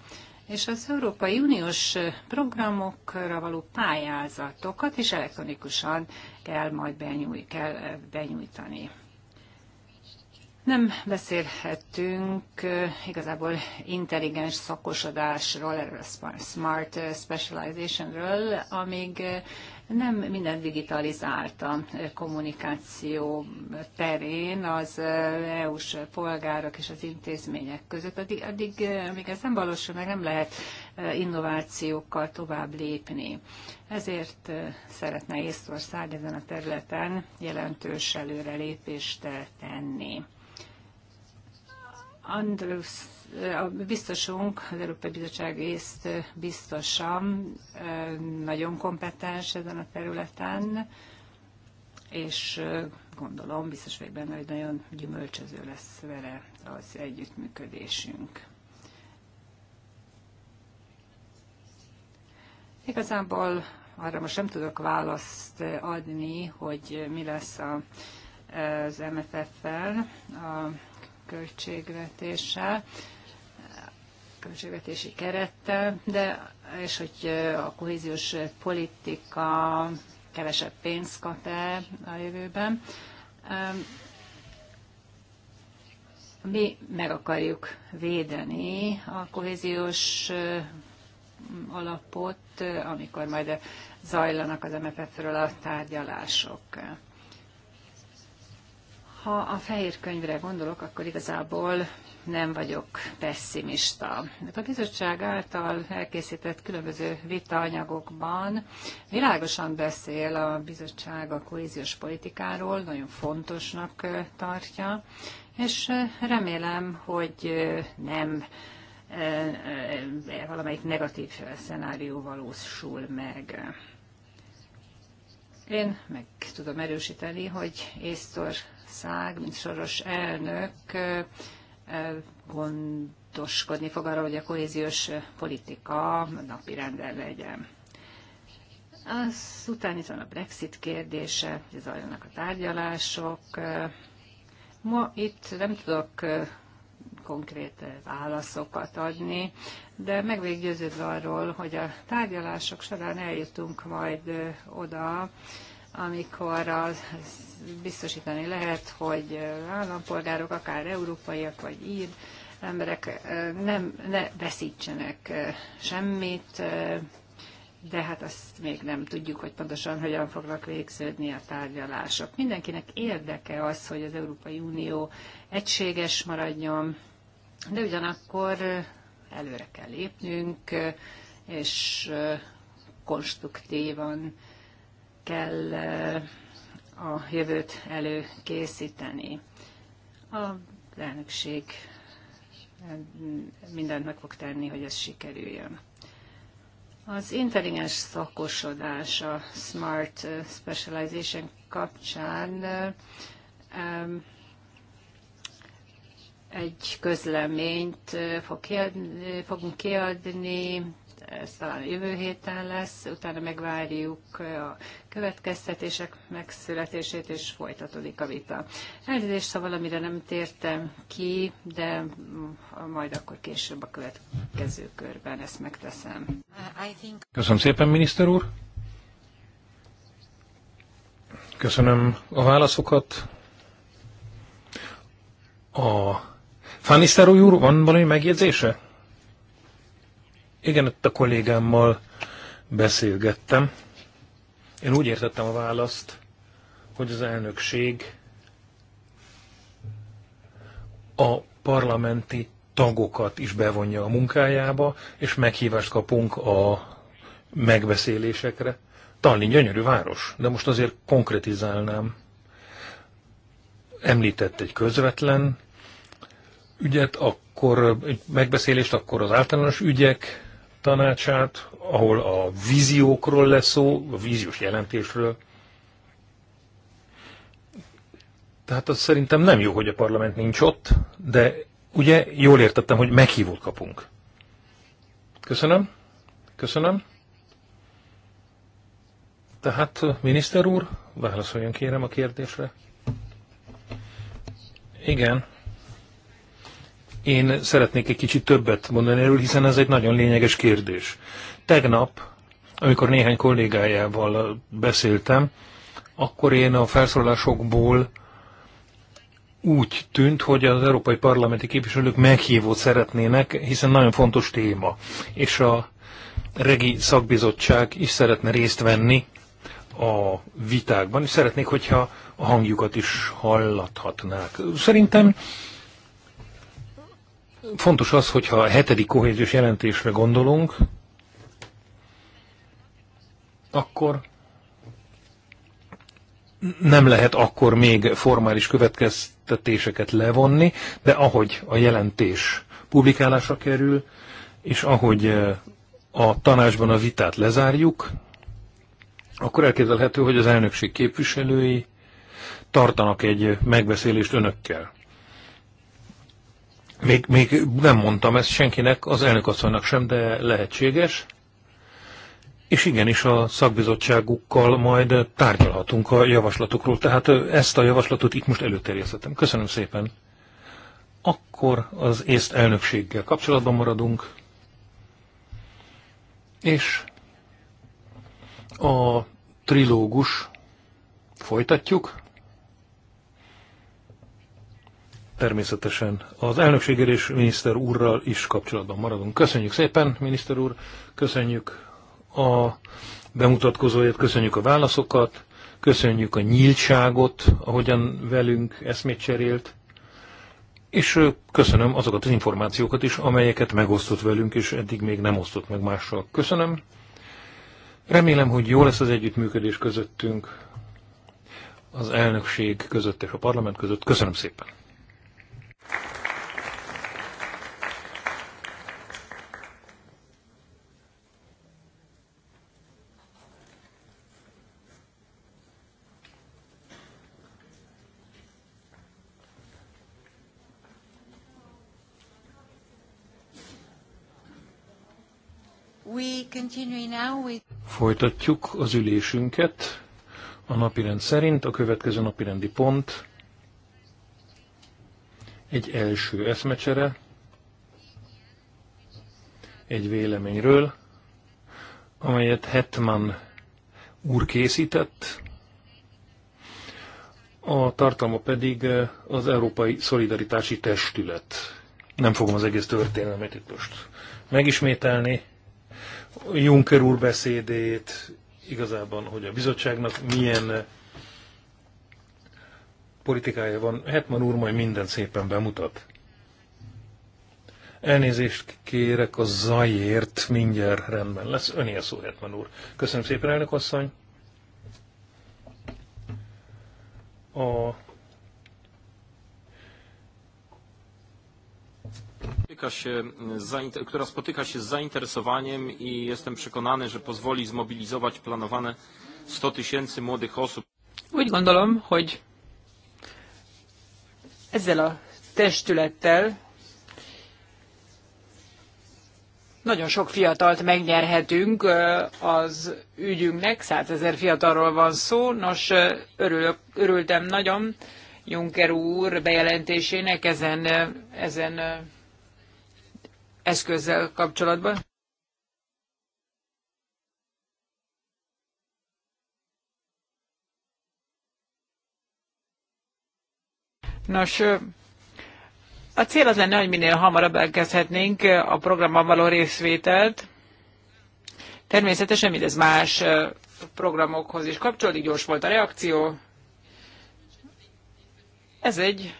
és az Európai Uniós programokra való pályázatokat is elektronikusan kell majd benyúj, kell eh, benyújtani. Nem beszélhetünk igazából intelligens szakosodásról, erről a smart specializationről, amíg nem minden digitalizált a kommunikáció terén az EU-s polgárok és az intézmények között. Addig, addig amíg ez nem valósul, meg nem lehet innovációkkal tovább lépni. Ezért szeretne Észtország ezen a területen jelentős előrelépést tenni. Andrus, a biztosunk, az Európai Bizottság észt biztosam, nagyon kompetens ezen a területen, és gondolom, biztos vagyok benne, hogy nagyon gyümölcsöző lesz vele az együttműködésünk. Igazából arra most nem tudok választ adni, hogy mi lesz az MFF-fel. A költségvetéssel, költségvetési kerettel, de és hogy a kohéziós politika kevesebb pénzt kap el a jövőben. Mi meg akarjuk védeni a kohéziós alapot, amikor majd zajlanak az MFF-ről a tárgyalások. Ha a fehér könyvre gondolok, akkor igazából nem vagyok pessimista. A bizottság által elkészített különböző vitaanyagokban világosan beszél a bizottság a kohéziós politikáról, nagyon fontosnak tartja, és remélem, hogy nem valamelyik negatív szenárió valósul meg. Én meg tudom erősíteni, hogy észtor Magyarország, mint soros elnök gondoskodni fog arra, hogy a kohéziós politika napi renden legyen. Azután itt van a Brexit kérdése, hogy zajlanak a tárgyalások. Ma itt nem tudok konkrét válaszokat adni, de meg arról, hogy a tárgyalások során eljutunk majd oda, amikor az, biztosítani lehet, hogy állampolgárok, akár európaiak vagy ír emberek nem, ne veszítsenek semmit, de hát azt még nem tudjuk, hogy pontosan hogyan fognak végződni a tárgyalások. Mindenkinek érdeke az, hogy az Európai Unió egységes maradjon, de ugyanakkor előre kell lépnünk, és konstruktívan kell eh, a jövőt előkészíteni. A elnökség eh, mindent meg fog tenni, hogy ez sikerüljön. Az intelligens szakosodás a Smart eh, Specialization kapcsán egy közleményt fog kiadni, fogunk kiadni, ez talán jövő héten lesz, utána megvárjuk a következtetések megszületését, és folytatódik a vita. Elnézést, ha valamire szóval, nem tértem ki, de majd akkor később a következő körben ezt megteszem. Köszönöm szépen, miniszter úr! Köszönöm a válaszokat. A Fanisztáró úr, van valami megjegyzése? Igen, ott a kollégámmal beszélgettem. Én úgy értettem a választ, hogy az elnökség a parlamenti tagokat is bevonja a munkájába, és meghívást kapunk a megbeszélésekre. Tallinn gyönyörű város, de most azért konkretizálnám. Említett egy közvetlen ügyet, akkor egy megbeszélést, akkor az általános ügyek tanácsát, ahol a víziókról lesz szó, a víziós jelentésről. Tehát az szerintem nem jó, hogy a parlament nincs ott, de ugye jól értettem, hogy meghívót kapunk. Köszönöm. Köszönöm. Tehát, miniszter úr, válaszoljon kérem a kérdésre. Igen. Én szeretnék egy kicsit többet mondani erről, hiszen ez egy nagyon lényeges kérdés. Tegnap, amikor néhány kollégájával beszéltem, akkor én a felszólásokból úgy tűnt, hogy az európai parlamenti képviselők meghívót szeretnének, hiszen nagyon fontos téma. És a regi szakbizottság is szeretne részt venni a vitákban, és szeretnék, hogyha a hangjukat is hallathatnák. Szerintem fontos az, hogyha a hetedik kohéziós jelentésre gondolunk, akkor nem lehet akkor még formális következtetéseket levonni, de ahogy a jelentés publikálásra kerül, és ahogy eh, a tanácsban a vitát lezárjuk, akkor elképzelhető, hogy az elnökség képviselői tartanak egy megbeszélést önökkel. Még, még nem mondtam ezt senkinek, az elnök asszonynak sem, de lehetséges. És igenis a szakbizottságukkal majd tárgyalhatunk a javaslatokról, tehát ezt a javaslatot itt most előterjesztettem. Köszönöm szépen. Akkor az észt elnökséggel kapcsolatban maradunk, és a trilógus folytatjuk. természetesen az elnökséggel és miniszter úrral is kapcsolatban maradunk. Köszönjük szépen, miniszter úr, köszönjük a bemutatkozóját, köszönjük a válaszokat, köszönjük a nyíltságot, ahogyan velünk eszmét cserélt, és köszönöm azokat az információkat is, amelyeket megosztott velünk, és eddig még nem osztott meg mással. Köszönöm. Remélem, hogy jó lesz az együttműködés közöttünk, az elnökség között és a parlament között. Köszönöm szépen. Folytatjuk az ülésünket a napirend szerint. A következő napirendi pont egy első eszmecsere, egy véleményről, amelyet Hetman úr készített, a tartalma pedig az Európai Szolidaritási Testület. Nem fogom az egész történelmet itt most megismételni. Juncker úr beszédét, igazából, hogy a bizottságnak milyen politikája van. Hetman úr majd minden szépen bemutat. Elnézést kérek a zajért, mindjárt rendben lesz. Öné a szó, Hetman úr. Köszönöm szépen, elnök asszony. A Się, która spotyka się z zainteresowaniem i jestem przekonany, że pozwoli zmobilizować planowane 100 tysięcy młodych osób. Úgy gondolom, hogy ezzel a testülettel nagyon sok fiatalt megnyerhetünk az ügyünknek, százezer fiatalról van szó, nos örülök, örültem nagyon Juncker úr bejelentésének ezen, ezen eszközzel kapcsolatban. Nos, a cél az lenne, hogy minél hamarabb elkezdhetnénk a programban való részvételt. Természetesen mindez más programokhoz is kapcsolódik, gyors volt a reakció. Ez egy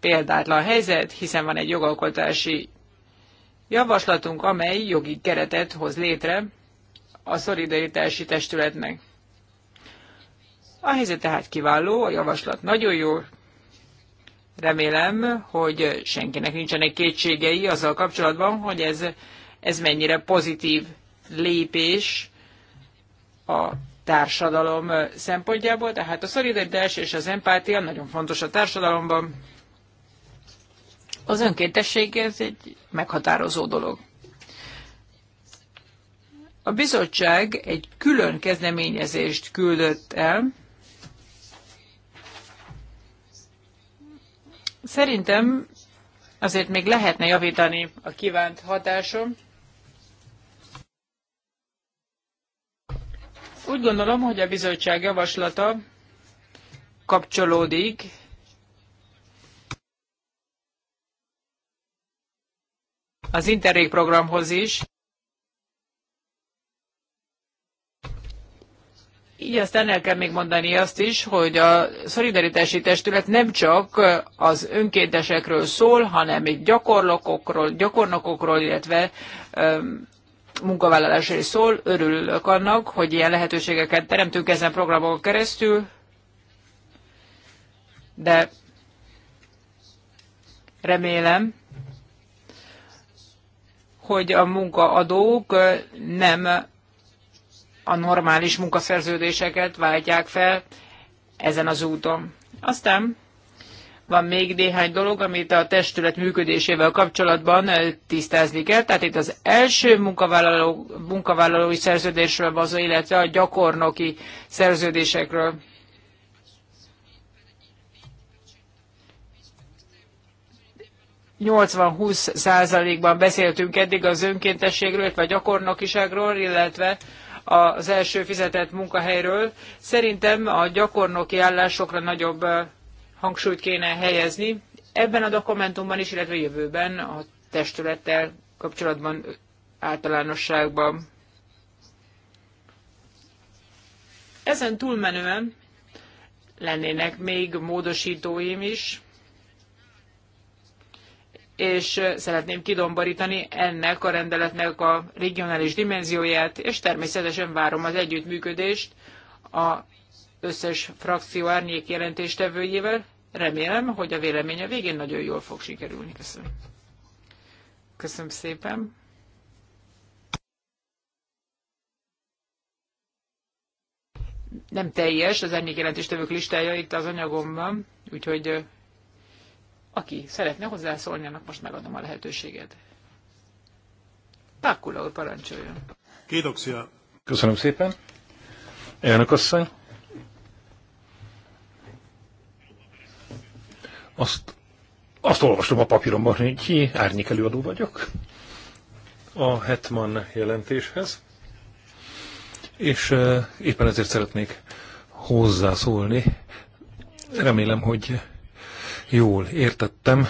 példátlan helyzet, hiszen van egy jogalkotási javaslatunk, amely jogi keretet hoz létre a szolidaritási testületnek. A helyzet tehát kiváló, a javaslat nagyon jó, Remélem, hogy senkinek nincsenek kétségei azzal kapcsolatban, hogy ez, ez mennyire pozitív lépés a társadalom szempontjából. Tehát a szolidaritás és az empátia nagyon fontos a társadalomban. Az önkéntesség ez egy meghatározó dolog. A bizottság egy külön kezdeményezést küldött el, Szerintem azért még lehetne javítani a kívánt hatásom. Úgy gondolom, hogy a bizottság javaslata kapcsolódik az Interreg programhoz is. Így aztán el kell még mondani azt is, hogy a szolidaritási testület nem csak az önkéntesekről szól, hanem egy gyakornokokról, gyakornokokról, illetve munkavállalásról is szól. Örülök annak, hogy ilyen lehetőségeket teremtünk ezen programon keresztül, de remélem, hogy a munkaadók nem a normális munkaszerződéseket váltják fel ezen az úton. Aztán van még néhány dolog, amit a testület működésével kapcsolatban tisztázni kell. Tehát itt az első munkavállaló, munkavállalói szerződésről van illetve a gyakornoki szerződésekről. ...80-20 százalékban beszéltünk eddig az önkéntességről, illetve a gyakornokiságról, illetve az első fizetett munkahelyről. Szerintem a gyakornoki állásokra nagyobb hangsúlyt kéne helyezni. Ebben a dokumentumban is, illetve jövőben a testülettel kapcsolatban általánosságban. Ezen túlmenően lennének még módosítóim is, és szeretném kidomborítani ennek a rendeletnek a regionális dimenzióját, és természetesen várom az együttműködést a összes frakció árnyék jelentéstevőjével. Remélem, hogy a vélemény a végén nagyon jól fog sikerülni. Köszönöm. Köszönöm szépen. Nem teljes az árnyék jelentéstevők listája itt az anyagomban, úgyhogy aki szeretne hozzászólni, annak most megadom a lehetőséget. Pákula úr, parancsoljon. Kédoxia. Köszönöm szépen. Elnök asszony. Azt, azt olvastam a papíromban, hogy ki árnyék előadó vagyok a Hetman jelentéshez, és eh, éppen ezért szeretnék hozzászólni. Remélem, hogy jól értettem,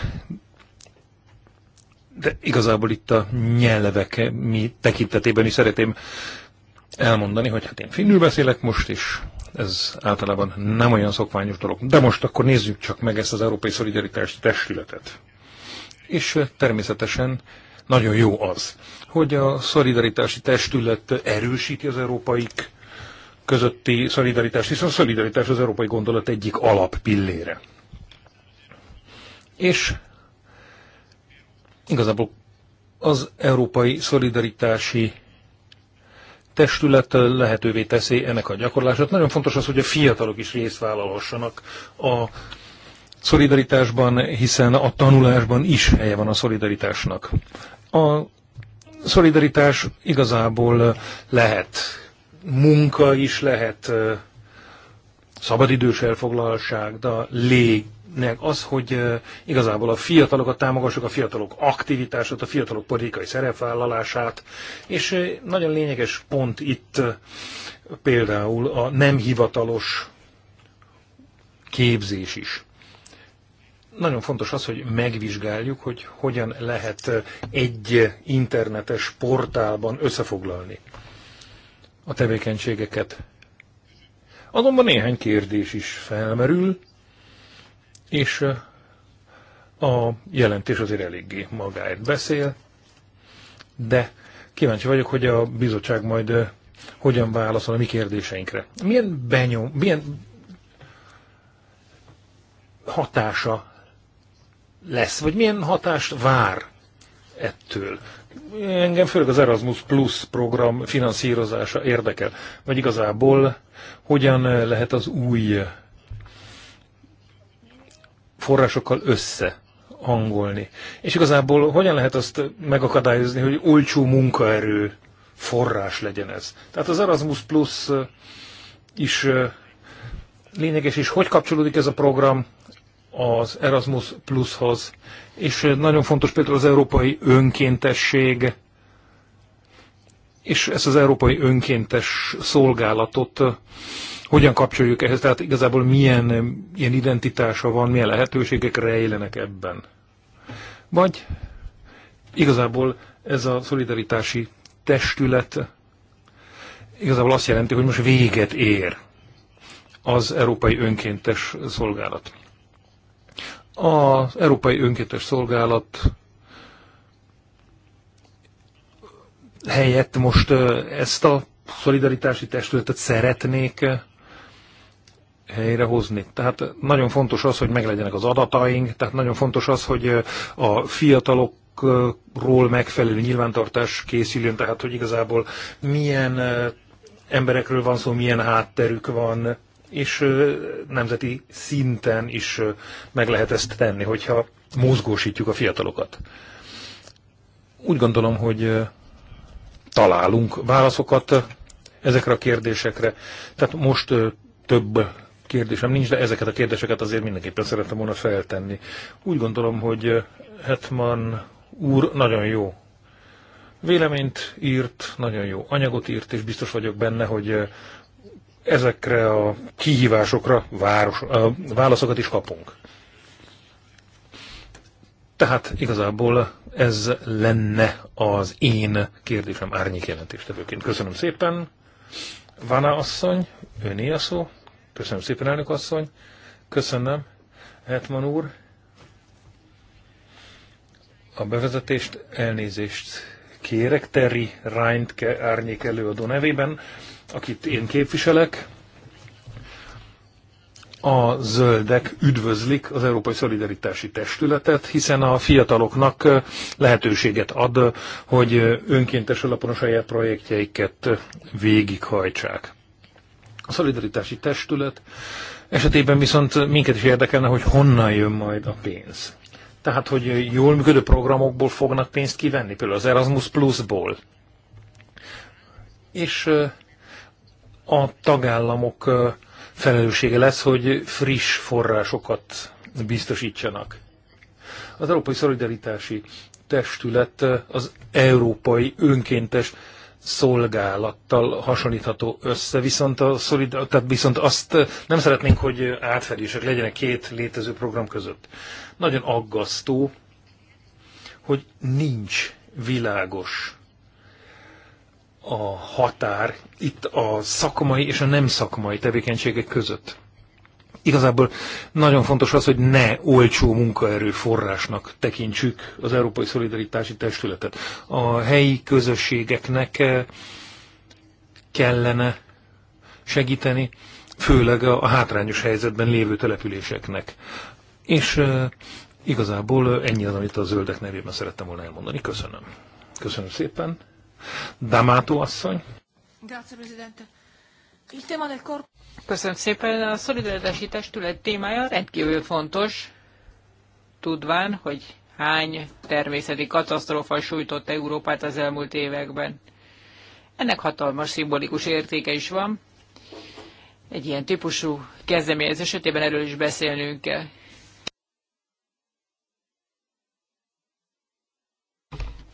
de igazából itt a nyelvek mi tekintetében is szeretném elmondani, hogy hát én finnül beszélek most is, ez általában nem olyan szokványos dolog. De most akkor nézzük csak meg ezt az Európai Szolidaritási Testületet. És eh, természetesen nagyon jó az, hogy a szolidaritási testület erősíti az európai közötti szolidaritást, hiszen a szolidaritás az európai gondolat egyik alappillére. És igazából az Európai Szolidaritási Testület lehetővé teszi ennek a gyakorlását. Nagyon fontos az, hogy a fiatalok is részt vállalhassanak a szolidaritásban, hiszen a tanulásban is helye van a szolidaritásnak. A szolidaritás igazából lehet munka is, lehet szabadidős elfoglaltság, de lég, az, hogy igazából a fiatalokat támogassuk, a fiatalok aktivitását, a fiatalok politikai szerepvállalását, és nagyon lényeges pont itt például a nem hivatalos képzés is. Nagyon fontos az, hogy megvizsgáljuk, hogy hogyan lehet egy internetes portálban összefoglalni a tevékenységeket. Azonban néhány kérdés is felmerül, és a jelentés azért eléggé magáért beszél, de kíváncsi vagyok, hogy a bizottság majd hogyan válaszol a mi kérdéseinkre. Milyen benyom, milyen hatása lesz, vagy milyen hatást vár ettől? Engem főleg az Erasmus Plus program finanszírozása érdekel, vagy igazából hogyan lehet az új forrásokkal hangolni. És igazából hogyan lehet azt megakadályozni, hogy olcsó munkaerő forrás legyen ez? Tehát az Erasmus Plus is lényeges, és hogy kapcsolódik ez a program az Erasmus Plushoz, és nagyon fontos például az európai önkéntesség, és ezt az európai önkéntes szolgálatot hogyan kapcsoljuk ehhez, tehát igazából milyen ilyen identitása van, milyen lehetőségek rejlenek ebben. Vagy igazából ez a szolidaritási testület igazából azt jelenti, hogy most véget ér az Európai Önkéntes Szolgálat. Az Európai Önkéntes Szolgálat helyett most ezt a szolidaritási testületet szeretnék helyrehozni. Tehát nagyon fontos az, hogy meglegyenek az adataink, tehát nagyon fontos az, hogy a fiatalok ról megfelelő nyilvántartás készüljön, tehát hogy igazából milyen emberekről van szó, milyen hátterük van, és nemzeti szinten is meg lehet ezt tenni, hogyha mozgósítjuk a fiatalokat. Úgy gondolom, hogy találunk válaszokat ezekre a kérdésekre. Tehát most több kérdésem nincs, de ezeket a kérdéseket azért mindenképpen szerettem volna feltenni. Úgy gondolom, hogy Hetman úr nagyon jó véleményt írt, nagyon jó anyagot írt, és biztos vagyok benne, hogy ezekre a kihívásokra város, a válaszokat is kapunk. Tehát igazából ez lenne az én kérdésem árnyék jelentéstevőként. Köszönöm szépen. Vana asszony, öné a szó. Köszönöm szépen, elnök asszony. Köszönöm, Hetman úr. A bevezetést, elnézést kérek Terry Reintke árnyék előadó nevében, akit én képviselek. A zöldek üdvözlik az Európai Szolidaritási Testületet, hiszen a fiataloknak lehetőséget ad, hogy önkéntes alapon a saját projektjeiket végighajtsák. A szolidaritási testület esetében viszont minket is érdekelne, hogy honnan jön majd a pénz. Tehát, hogy jól működő programokból fognak pénzt kivenni, például az Erasmus Plus-ból. És a tagállamok felelőssége lesz, hogy friss forrásokat biztosítsanak. Az Európai Szolidaritási Testület az Európai Önkéntes szolgálattal hasonlítható össze, viszont, a szolid, tehát viszont azt nem szeretnénk, hogy átfedések legyenek két létező program között. Nagyon aggasztó, hogy nincs világos a határ itt a szakmai és a nem szakmai tevékenységek között. Igazából nagyon fontos az, hogy ne olcsó munkaerő forrásnak tekintsük az Európai Szolidaritási Testületet. A helyi közösségeknek eh, kellene segíteni, főleg a hátrányos helyzetben lévő településeknek. És eh, igazából ennyi az, amit a zöldek nevében szerettem volna elmondani. Köszönöm. Köszönöm szépen. Damato asszony. Grazie, Presidente. Il tema del corpo... Köszönöm szépen. A szolidaritási testület témája rendkívül fontos, tudván, hogy hány természeti katasztrófa sújtott Európát az elmúlt években. Ennek hatalmas szimbolikus értéke is van. Egy ilyen típusú kezdeményezés esetében erről is beszélnünk kell.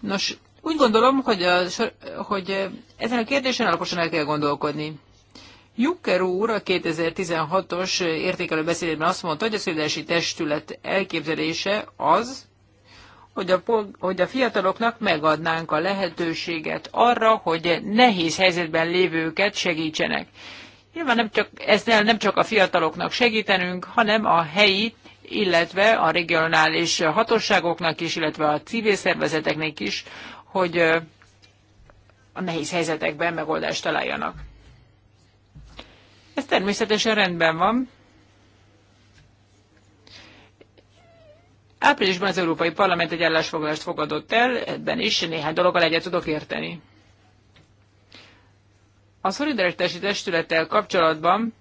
Nos, úgy gondolom, hogy, a, hogy ezen a kérdésen alaposan el kell gondolkodni. Juncker úr a 2016-os értékelő beszédében azt mondta, hogy a szolidarási testület elképzelése az, hogy a, hogy a fiataloknak megadnánk a lehetőséget arra, hogy nehéz helyzetben lévőket segítsenek. Nyilván nem csak, ezzel nem csak a fiataloknak segítenünk, hanem a helyi, illetve a regionális hatóságoknak is, illetve a civil szervezeteknek is, hogy a nehéz helyzetekben megoldást találjanak. Ez természetesen rendben van. Áprilisban az Európai Parlament egy állásfoglalást fogadott el, ebben is néhány dologgal egyet tudok érteni. A szolidaritási testülettel kapcsolatban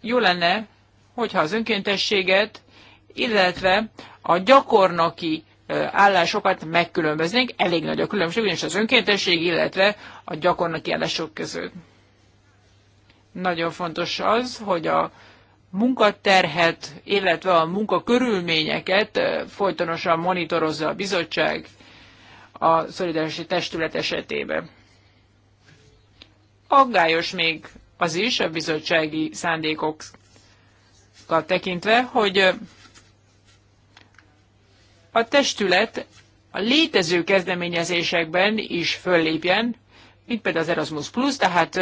jó lenne, hogyha az önkéntességet, illetve a gyakornoki állásokat megkülönböznénk. Elég nagy a különbség, ugyanis az önkéntesség, illetve a gyakornoki állások között. Nagyon fontos az, hogy a munkaterhet, illetve a munkakörülményeket folytonosan monitorozza a bizottság a szolidaritási testület esetében. Aggályos még az is a bizottsági szándékokat tekintve, hogy a testület a létező kezdeményezésekben is föllépjen, mint például az Erasmus Plus, tehát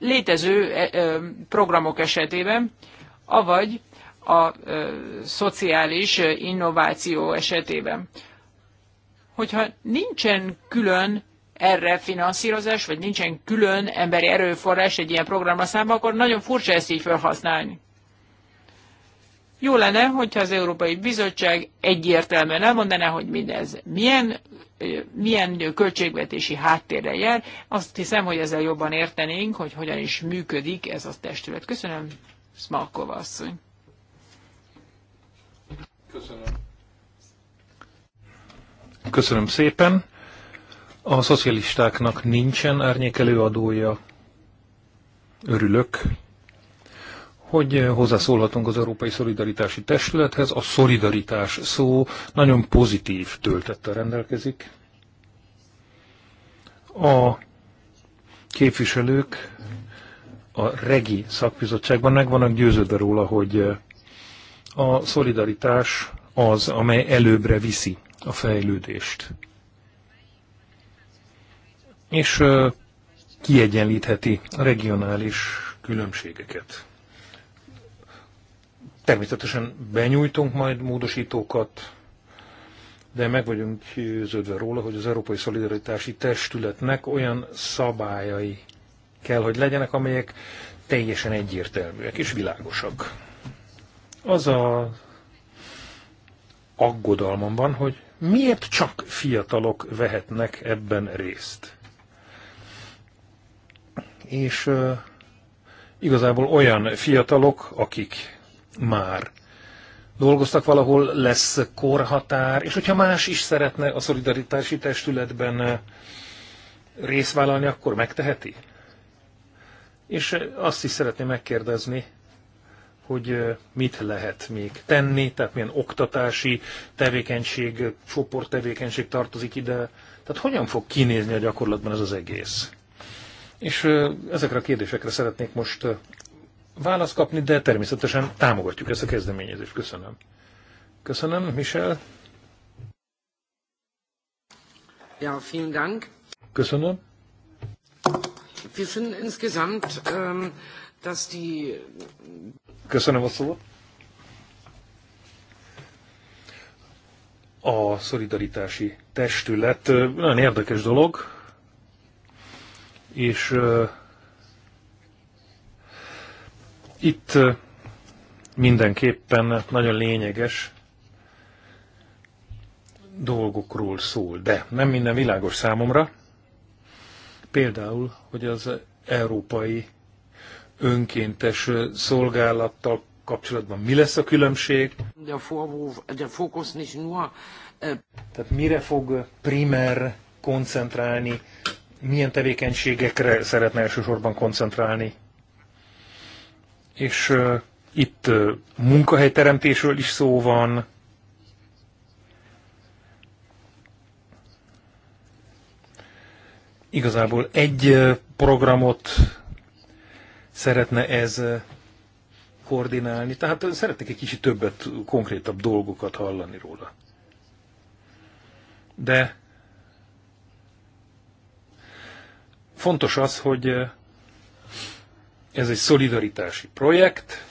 létező e, programok esetében, avagy a szociális innováció esetében. Hogyha nincsen külön erre finanszírozás, vagy nincsen külön emberi erőforrás egy ilyen programra számba, akkor nagyon furcsa ezt így felhasználni. Jó lenne, hogyha az Európai Bizottság egyértelműen elmondaná, hogy mindez milyen milyen költségvetési háttérre jár. Azt hiszem, hogy ezzel jobban értenénk, hogy hogyan is működik ez a testület. Köszönöm, Smalkova asszony. Köszönöm. Köszönöm szépen. A szocialistáknak nincsen árnyékelő adója. Örülök, hogy hozzászólhatunk az Európai Szolidaritási Testülethez. A szolidaritás szó nagyon pozitív töltettel rendelkezik. A képviselők a regi szakbizottságban meg vannak győződve róla, hogy a szolidaritás az, amely előbbre viszi a fejlődést. És kiegyenlítheti a regionális különbségeket. Természetesen benyújtunk majd módosítókat, de meg vagyunk győződve róla, hogy az Európai Szolidaritási Testületnek olyan szabályai kell, hogy legyenek, amelyek teljesen egyértelműek és világosak. Az a aggodalmam van, hogy miért csak fiatalok vehetnek ebben részt. És uh, igazából olyan fiatalok, akik már dolgoztak valahol, lesz korhatár, és hogyha más is szeretne a szolidaritási testületben eh, részvállalni, akkor megteheti? És eh, azt is szeretném megkérdezni, hogy eh, mit lehet még tenni, tehát milyen oktatási tevékenység, csoport tevékenység tartozik ide, tehát hogyan fog kinézni a gyakorlatban ez az egész? És ezekre a kérdésekre szeretnék most választ kapni, de természetesen támogatjuk ezt a kezdeményezést. Köszönöm. Köszönöm, Michel. Ja, vielen Dank. Köszönöm. Wir finden insgesamt, ähm, dass die... Köszönöm a szót. A szolidaritási testület nagyon érdekes dolog, és itt mindenképpen nagyon lényeges dolgokról szól, de nem minden világos számomra. Például, hogy az európai önkéntes szolgálattal kapcsolatban mi lesz a különbség? De äh, Tehát mire fog primer koncentrálni, milyen tevékenységekre szeretne elsősorban koncentrálni? És itt munkahelyteremtésről is szó van, igazából egy programot szeretne ez koordinálni, tehát szeretnék egy kicsit többet, konkrétabb dolgokat hallani róla. De fontos az, hogy ez egy szolidaritási projekt.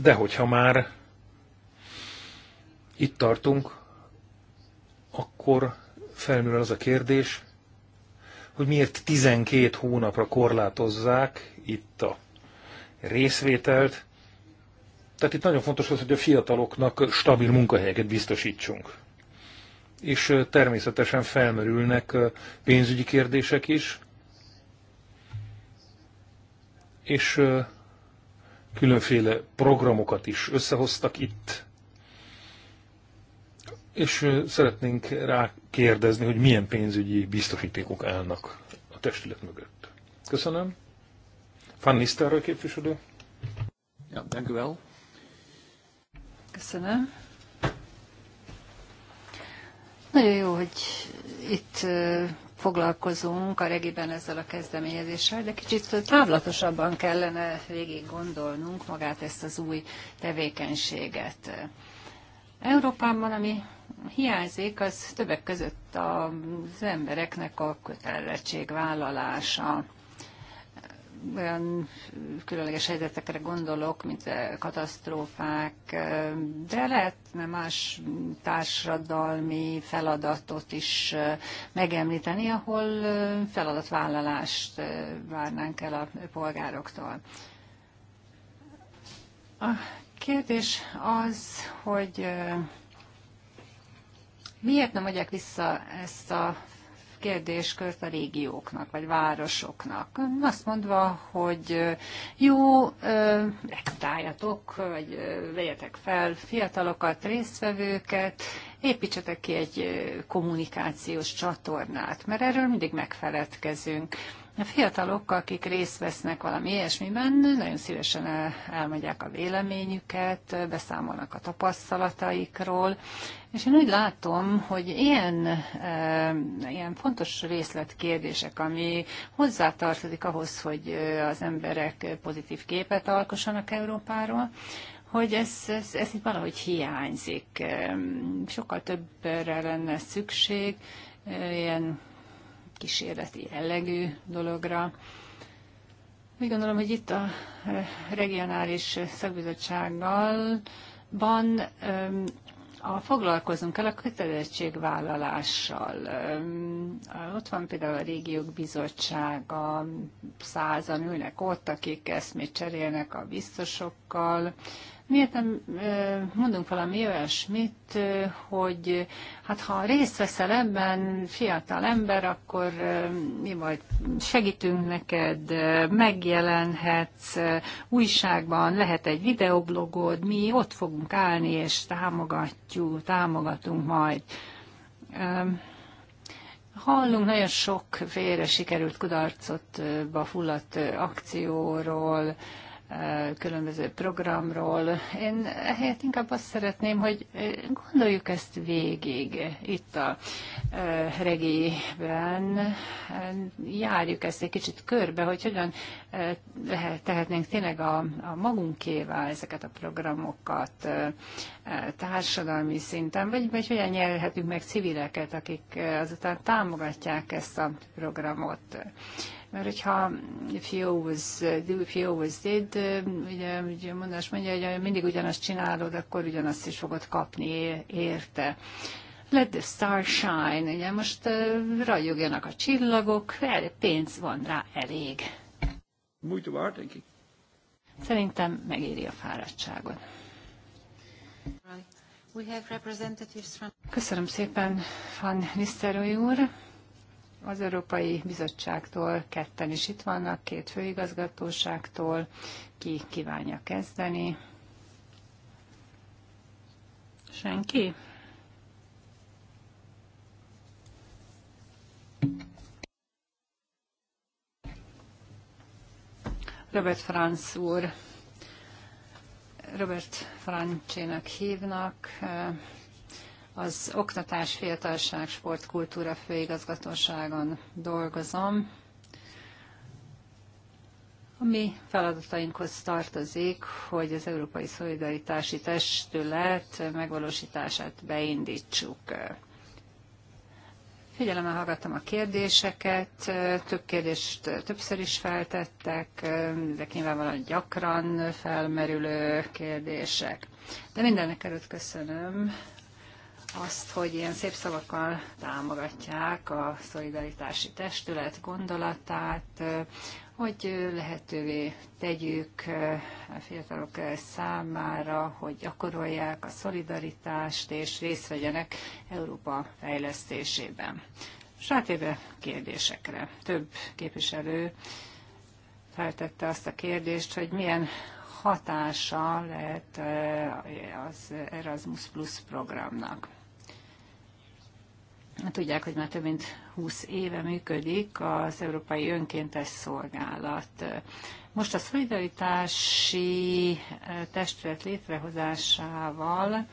De hogyha már itt tartunk, akkor felmerül az a kérdés, hogy miért 12 hónapra korlátozzák itt a részvételt. Tehát itt nagyon fontos az, hogy a fiataloknak stabil munkahelyeket biztosítsunk és természetesen felmerülnek pénzügyi kérdések is, és különféle programokat is összehoztak itt, és szeretnénk rá kérdezni, hogy milyen pénzügyi biztosítékok állnak a testület mögött. Köszönöm. Van Nisztára képviselő. Ja, dank u wel. Köszönöm. Nagyon jó, hogy itt foglalkozunk a regiben ezzel a kezdeményezéssel, de kicsit távlatosabban kellene végig gondolnunk magát ezt az új tevékenységet. Európában, ami hiányzik, az többek között az embereknek a kötelezettség vállalása olyan különleges helyzetekre gondolok, mint katasztrófák, de lehetne más társadalmi feladatot is megemlíteni, ahol feladatvállalást várnánk el a polgároktól. A kérdés az, hogy miért nem adják vissza ezt a kérdéskört a régióknak, vagy városoknak. Azt mondva, hogy jó, rekrutáljatok, vagy vegyetek fel fiatalokat, résztvevőket, építsetek ki egy kommunikációs csatornát, mert erről mindig megfeledkezünk. A fiatalok, akik részt vesznek valami ilyesmiben, nagyon szívesen elmegyek a véleményüket, beszámolnak a tapasztalataikról, és én úgy látom, hogy ilyen, e, ilyen fontos részletkérdések, ami hozzátartozik ahhoz, hogy e, az emberek pozitív képet alkossanak Európáról, hogy ez, ez, ez itt valahogy hiányzik. Sokkal többre lenne szükség, e, ilyen kísérleti jellegű dologra. Úgy gondolom, hogy itt a eh, regionális szakbizottsággal van a foglalkozunk el a kötelezettségvállalással. Ott van például a régiók bizottsága, százan ülnek ott, akik eszmét cserélnek a biztosokkal, Miért nem mondunk valami olyasmit, hogy hát ha részt veszel ebben, fiatal ember, akkor mi majd segítünk neked, megjelenhetsz újságban, lehet egy videoblogod, mi ott fogunk állni, és támogatjuk, támogatunk majd. Hallunk nagyon sok félre sikerült kudarcot, fulladt akcióról, különböző programról. Én ehelyett inkább azt szeretném, hogy gondoljuk ezt végig itt a regélyben, járjuk ezt egy kicsit körbe, hogy hogyan tehetnénk tényleg a, a magunkévá ezeket a programokat társadalmi szinten, vagy, vagy hogyan nyerhetünk meg civileket, akik azután támogatják ezt a programot. Mert hogyha if you was, if did, ugye, ugye mondás mondja, hogy mindig ugyanazt csinálod, akkor ugyanazt is fogod kapni érte. Let the star shine, ugye most uh, ragyogjanak a csillagok, pénz van rá elég. Mújtó vár, Szerintem megéri a fáradtságot. Köszönöm szépen, Van Nisztelrooy úr az Európai Bizottságtól ketten is itt vannak, két főigazgatóságtól, ki kívánja kezdeni. Senki? Robert Franz úr. Robert Francsének hívnak. Az Oktatás, Fiatalság, Sport, Kultúra főigazgatóságon dolgozom. A mi feladatainkhoz tartozik, hogy az Európai Szolidaritási Testület megvalósítását beindítsuk. Figyelemmel hallgattam a kérdéseket, több kérdést többször is feltettek, de nyilvánvalóan gyakran felmerülő kérdések. De mindennek előtt köszönöm azt, hogy ilyen szép szavakkal támogatják a szolidaritási testület gondolatát, hogy lehetővé tegyük a fiatalok számára, hogy gyakorolják a szolidaritást és részt vegyenek Európa fejlesztésében. És rátérve kérdésekre. Több képviselő feltette azt a kérdést, hogy milyen hatása lehet eh, az Erasmus Plus programnak. Hát tudják, hogy már több mint 20 éve működik az Európai Önkéntes Szolgálat. Most a szolidaritási testület létrehozásával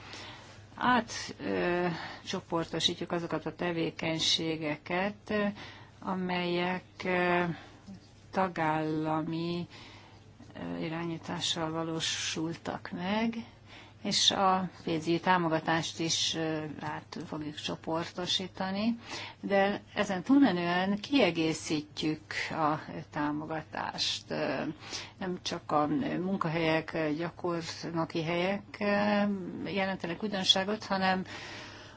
átcsoportosítjuk azokat a tevékenységeket, amelyek tagállami irányítással valósultak meg, és a pénzügyi támogatást is át fogjuk csoportosítani, de ezen túlmenően kiegészítjük a támogatást. Nem csak a munkahelyek, gyakornoki helyek jelentenek újdonságot, hanem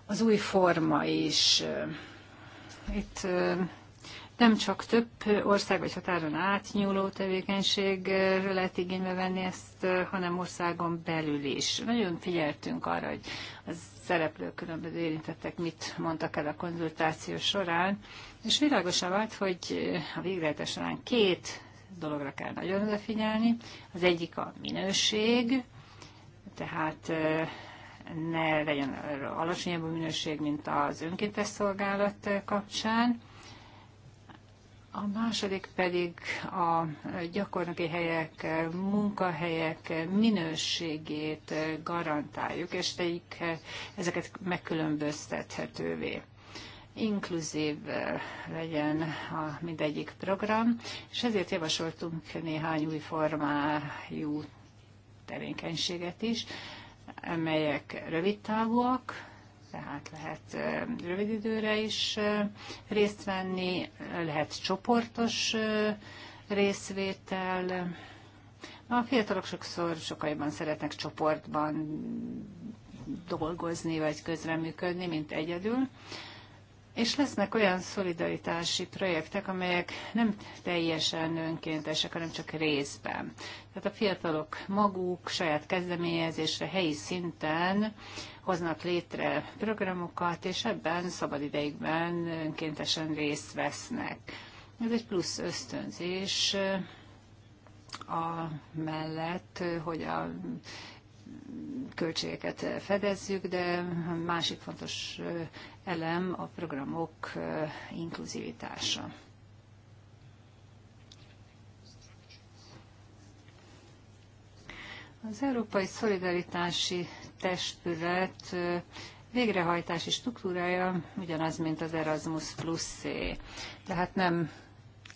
az új forma is. Itt nem csak több ország vagy határon átnyúló tevékenységről lehet igénybe venni ezt, hanem országon belül is. Nagyon figyeltünk arra, hogy a szereplők különböző érintettek mit mondtak el a konzultáció során, és világosan vált, hogy a végrehajtás során két dologra kell nagyon odafigyelni. Az egyik a minőség, tehát ne legyen alacsonyabb a minőség, mint az önkéntes szolgálat kapcsán. A második pedig a gyakornoki helyek, munkahelyek minőségét garantáljuk, és tegyük ezeket megkülönböztethetővé inkluzív legyen a mindegyik program, és ezért javasoltunk néhány új formájú tevékenységet is, amelyek rövidtávúak, tehát lehet rövid időre is részt venni, lehet csoportos részvétel. A fiatalok sokszor sokaiban szeretnek csoportban dolgozni vagy közreműködni, mint egyedül. És lesznek olyan szolidaritási projektek, amelyek nem teljesen önkéntesek, hanem csak részben. Tehát a fiatalok maguk saját kezdeményezésre helyi szinten hoznak létre programokat, és ebben szabadidejükben önkéntesen részt vesznek. Ez egy plusz ösztönzés a mellett, hogy a költségeket fedezzük, de másik fontos elem a programok inkluzivitása. Az Európai Szolidaritási Testület végrehajtási struktúrája ugyanaz, mint az Erasmus plus -é. Tehát nem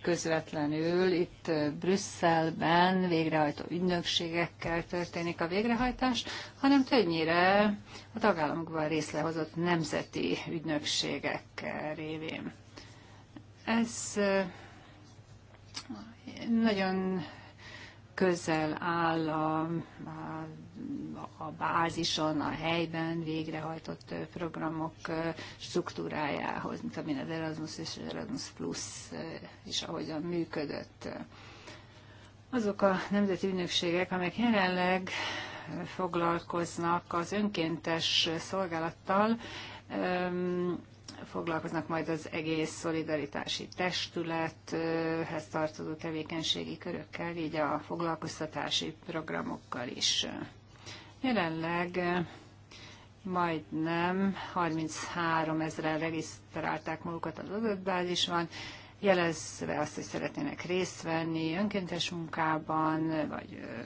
közvetlenül itt Brüsszelben végrehajtó ügynökségekkel történik a végrehajtás, hanem többnyire a tagállamokban részlehozott nemzeti ügynökségek révén. Ez nagyon közel áll a, a a bázison, a helyben végrehajtott programok struktúrájához, mint amin az Erasmus és az Erasmus Plus is ahogyan működött. Azok a nemzeti ügynökségek, amelyek jelenleg foglalkoznak az önkéntes szolgálattal, foglalkoznak majd az egész szolidaritási testülethez tartozó tevékenységi körökkel, így a foglalkoztatási programokkal is. Jelenleg eh, majdnem 33 ezeren regisztrálták magukat az adatbázisban, jelezve azt, hogy szeretnének részt venni önkéntes munkában, vagy eh,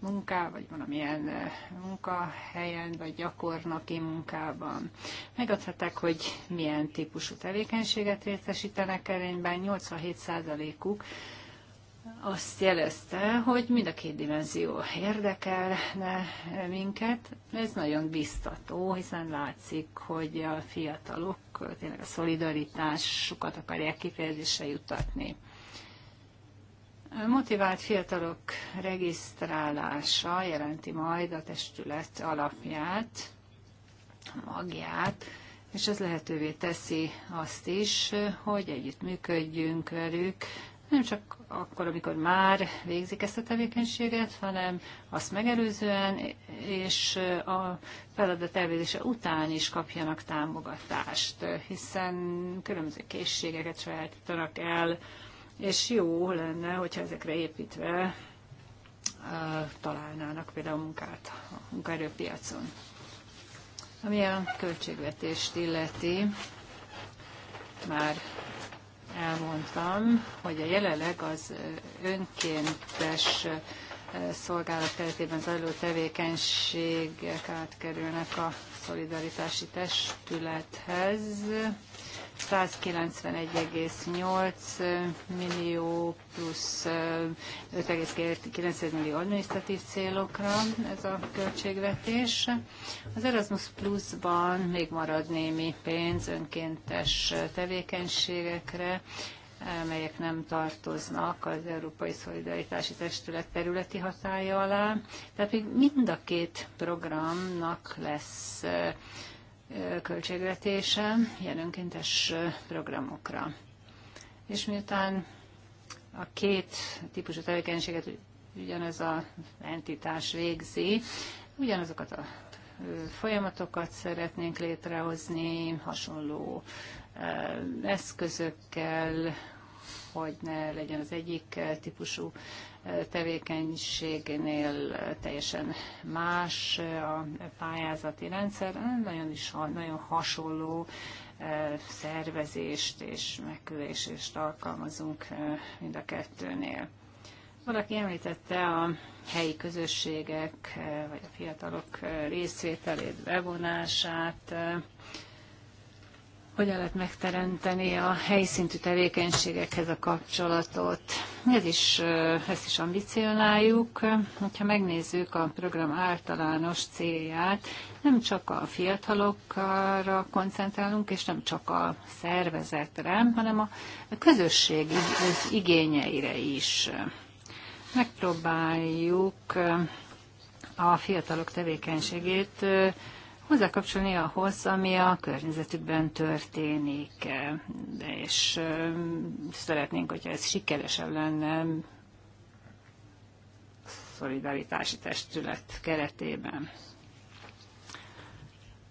munká, vagy valamilyen eh, munkahelyen, vagy gyakornoki munkában. Megadhatták, hogy milyen típusú tevékenységet részesítenek erényben, 87%-uk azt jelezte, hogy mind a két dimenzió érdekelne minket. Ez nagyon biztató, hiszen látszik, hogy a fiatalok tényleg a szolidaritásukat akarják kifejezésre jutatni. A motivált fiatalok regisztrálása jelenti majd a testület alapját, magját, és ez lehetővé teszi azt is, hogy együttműködjünk velük, nem csak akkor, amikor már végzik ezt a tevékenységet, hanem azt megelőzően és a feladat elvégzése után is kapjanak támogatást, hiszen különböző készségeket sajátítanak el, és jó lenne, hogyha ezekre építve találnának például munkát a munkaerőpiacon. Ami a költségvetést illeti, már elmondtam, hogy a jelenleg az önkéntes szolgálat keretében zajló tevékenységek átkerülnek a szolidaritási testülethez. 191,8 millió plusz 5,9 millió adminisztratív célokra ez a költségvetés. Az Erasmus Plus-ban még marad némi pénz önkéntes tevékenységekre, melyek nem tartoznak az Európai Szolidaritási Testület területi hatája alá. Tehát még mind a két programnak lesz költségvetése ilyen önkéntes programokra. És miután a két típusú tevékenységet ugyanez a entitás végzi, ugyanazokat a folyamatokat szeretnénk létrehozni, hasonló eszközökkel, hogy ne legyen az egyik típusú tevékenységnél teljesen más a pályázati rendszer, nagyon is nagyon hasonló eh, szervezést és megkülésést alkalmazunk eh, mind a kettőnél. Valaki említette a helyi közösségek, eh, vagy a fiatalok részvételét, bevonását hogyan lehet megteremteni a helyszintű tevékenységekhez a kapcsolatot. Ez is, ezt is ambicionáljuk. Ha megnézzük a program általános célját, nem csak a fiatalokra koncentrálunk, és nem csak a szervezetre, hanem a közösség igényeire is. Megpróbáljuk a fiatalok tevékenységét hozzákapcsolni ahhoz, ami a környezetükben történik, és szeretnénk, hogyha ez sikeresebb lenne szolidaritási testület keretében.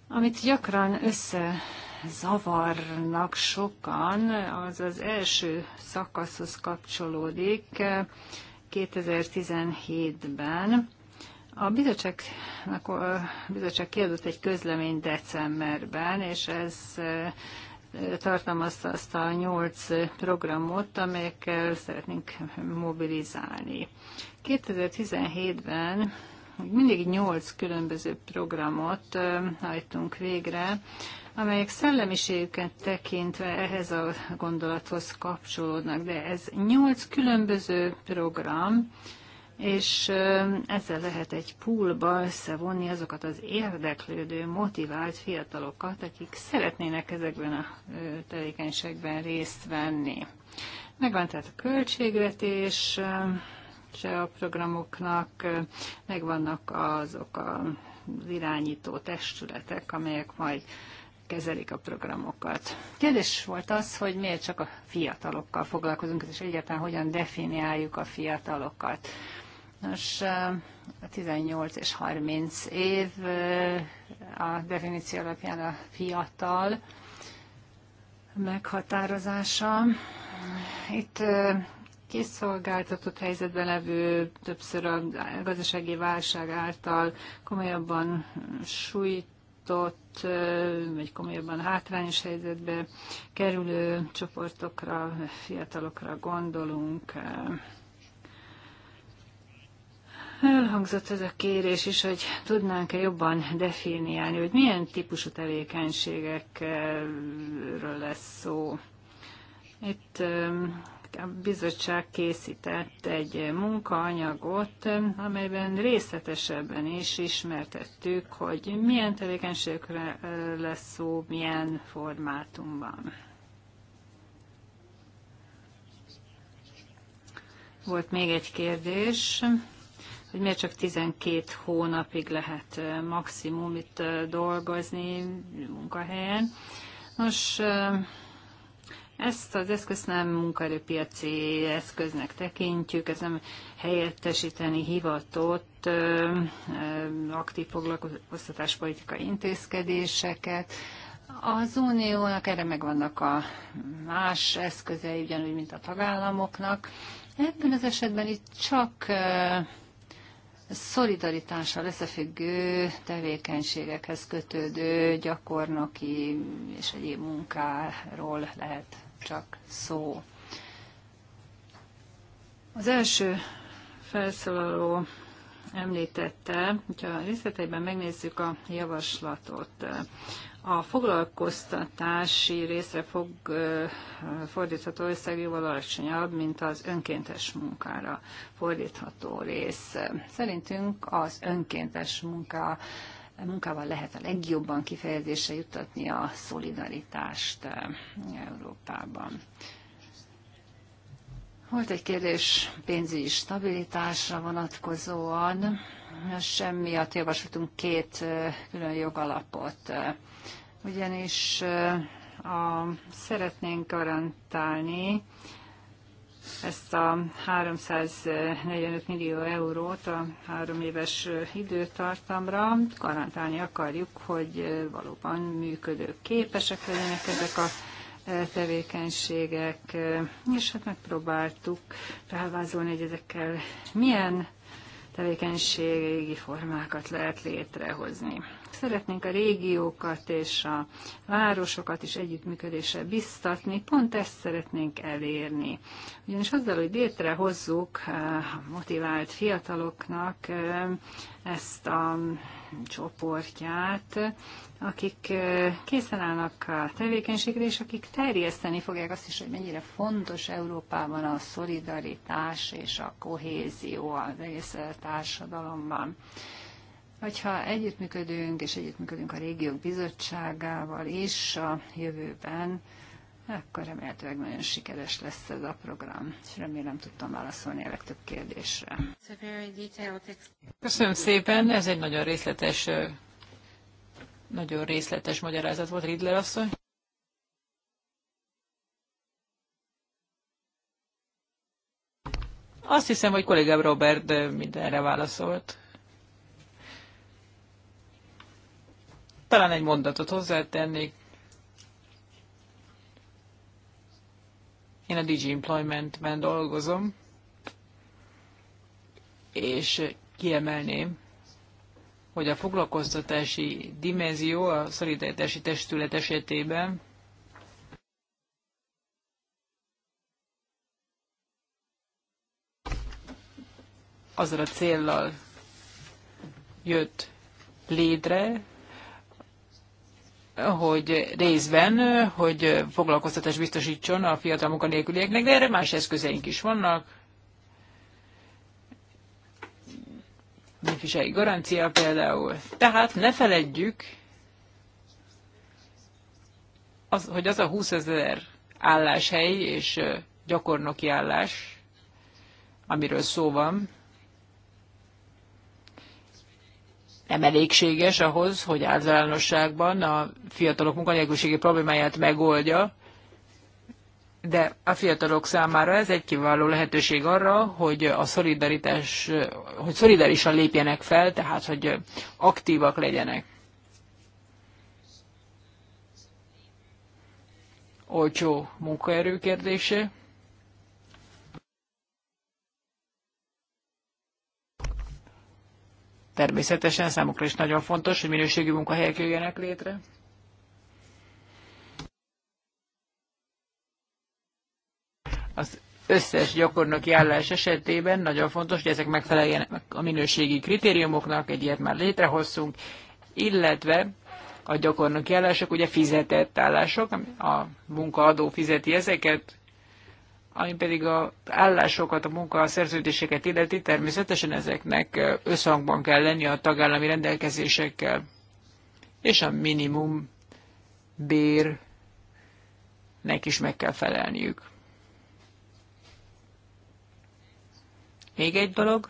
Amit gyakran összezavarnak sokan, az az első szakaszhoz kapcsolódik 2017-ben. A bizottságnak, a bizottság kiadott egy közlemény decemberben, és ez tartalmazta azt a nyolc programot, amelyekkel szeretnénk mobilizálni. 2017-ben mindig nyolc különböző programot hajtunk végre, amelyek szellemiségüket tekintve ehhez a gondolathoz kapcsolódnak, de ez nyolc különböző program, és ezzel lehet egy poolba összevonni azokat az érdeklődő, motivált fiatalokat, akik szeretnének ezekben a tevékenységben részt venni. Megvan tehát a költségvetés, se a programoknak, megvannak azok az irányító testületek, amelyek majd kezelik a programokat. Kérdés volt az, hogy miért csak a fiatalokkal foglalkozunk, és egyáltalán hogyan definiáljuk a fiatalokat. Nos, a 18 és 30 év a definíció alapján a fiatal meghatározása. Itt kiszolgáltatott helyzetben levő, többször a gazdasági válság által komolyabban sújtott, vagy komolyabban hátrányos helyzetbe kerülő csoportokra, fiatalokra gondolunk. Elhangzott ez a kérés is, hogy tudnánk-e jobban definiálni, hogy milyen típusú tevékenységekről lesz szó. Itt a bizottság készített egy munkaanyagot, amelyben részletesebben is ismertettük, hogy milyen tevékenységekre lesz szó, milyen formátumban. Volt még egy kérdés hogy miért csak 12 hónapig lehet maximum itt dolgozni munkahelyen. Nos, ezt az eszközt nem munkaerőpiaci eszköznek tekintjük, ez nem helyettesíteni hivatott aktív foglalkoztatáspolitikai intézkedéseket. Az uniónak erre megvannak a más eszközei, ugyanúgy, mint a tagállamoknak. Ebben az esetben itt csak szolidaritással összefüggő tevékenységekhez kötődő gyakornoki és egyéb munkáról lehet csak szó. Az első felszólaló említette, hogyha részleteiben megnézzük a javaslatot, a foglalkoztatási részre fog fordítható összeg jóval alacsonyabb, mint az önkéntes munkára fordítható rész. Szerintünk az önkéntes munka munkával lehet a legjobban kifejezésre juttatni a szolidaritást Európában. Volt egy kérdés pénzügyi stabilitásra vonatkozóan miatt javasoltunk két külön jogalapot, ugyanis a, szeretnénk garantálni ezt a 345 millió eurót a három éves időtartamra. Garantálni akarjuk, hogy valóban működő képesek legyenek ezek a tevékenységek, és hát megpróbáltuk felvázolni, hogy ezekkel milyen tevékenységi formákat lehet létrehozni. Szeretnénk a régiókat és a városokat is együttműködésre biztatni, pont ezt szeretnénk elérni. Ugyanis azzal, hogy létrehozzuk a eh, motivált fiataloknak eh, ezt a csoportját, akik készen állnak a tevékenységre, és akik terjeszteni fogják azt is, hogy mennyire fontos Európában a szolidaritás és a kohézió az egész társadalomban. Hogyha együttműködünk, és együttműködünk a régiók bizottságával is a jövőben, akkor remélhetőleg nagyon sikeres lesz ez a program, és remélem tudtam válaszolni a legtöbb kérdésre. Köszönöm szépen, ez egy nagyon részletes, nagyon részletes magyarázat volt, Riddler asszony. Azt hiszem, hogy kollégám Robert mindenre válaszolt. Talán egy mondatot hozzátennék. Én a Digi Employment-ben dolgozom, és kiemelném, hogy a foglalkoztatási dimenzió a szolidaritási testület esetében azzal a céllal jött létre, hogy részben, hogy foglalkoztatás biztosítson a fiatal munkanélkülieknek, de erre más eszközeink is vannak. Nyifisei garancia például. Tehát ne feledjük, az, hogy az a 20 ezer álláshely és gyakornoki állás, amiről szó van, nem elégséges ahhoz, hogy általánosságban a fiatalok munkanélküliségi problémáját megoldja, de a fiatalok számára ez egy kiváló lehetőség arra, hogy a szolidaritás, hogy szolidarisan lépjenek fel, tehát hogy aktívak legyenek. Olcsó munkaerő kérdése. Természetesen számukra is nagyon fontos, hogy minőségi munkahelyek jöjjenek létre. Az összes gyakornoki állás esetében nagyon fontos, hogy ezek megfeleljenek a minőségi kritériumoknak, egy ilyet már létrehozzunk, illetve a gyakornoki állások ugye fizetett állások, a munkaadó fizeti ezeket, ami pedig a állásokat, a munka, a szerződéseket illeti, természetesen ezeknek összhangban kell lenni a tagállami rendelkezésekkel, és a minimum bérnek is meg kell felelniük. Még egy dolog,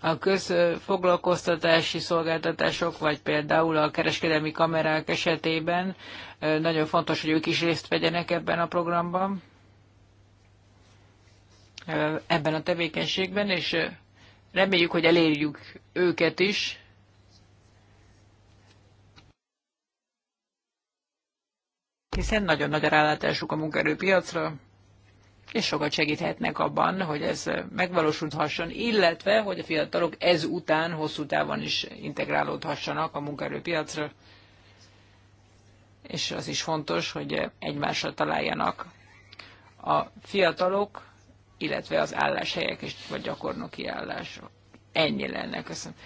a közfoglalkoztatási szolgáltatások, vagy például a kereskedelmi kamerák esetében nagyon fontos, hogy ők is részt vegyenek ebben a programban, ebben a tevékenységben, és reméljük, hogy elérjük őket is, hiszen nagyon nagy a rálátásuk a munkaerőpiacra, és sokat segíthetnek abban, hogy ez megvalósulhasson, illetve, hogy a fiatalok ez után hosszú távon is integrálódhassanak a munkaerőpiacra, és az is fontos, hogy egymásra találjanak a fiatalok, illetve az álláshelyek és vagy gyakornoki állások. Ennyi lenne, köszönöm.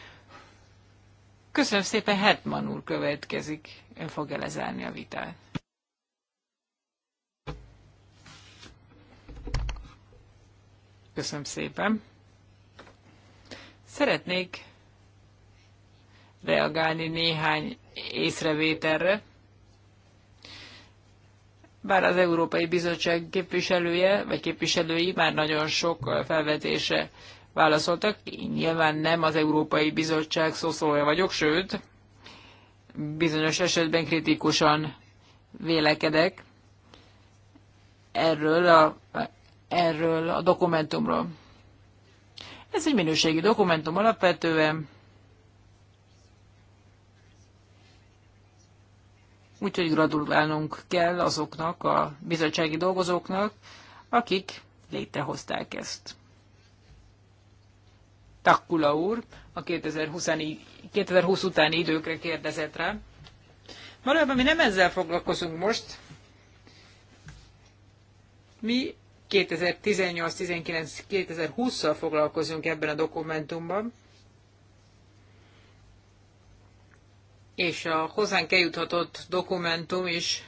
Köszönöm szépen, Hetman úr következik, ön fogja lezárni a vitát. Köszönöm szépen. Szeretnék reagálni néhány észrevételre. Bár az Európai Bizottság képviselője, vagy képviselői már nagyon sok felvetése válaszoltak, én nyilván nem az Európai Bizottság szószólója vagyok, sőt, bizonyos esetben kritikusan vélekedek erről a erről a dokumentumról. Ez egy minőségi dokumentum alapvetően, úgyhogy gratulálnunk kell azoknak a bizottsági dolgozóknak, akik létrehozták ezt. Takkula úr a 2020, 2020 utáni időkre kérdezett rá. Valójában mi nem ezzel foglalkozunk most. Mi 2018-19-2020-szal foglalkozunk ebben a dokumentumban, és a hozzánk eljuthatott dokumentum is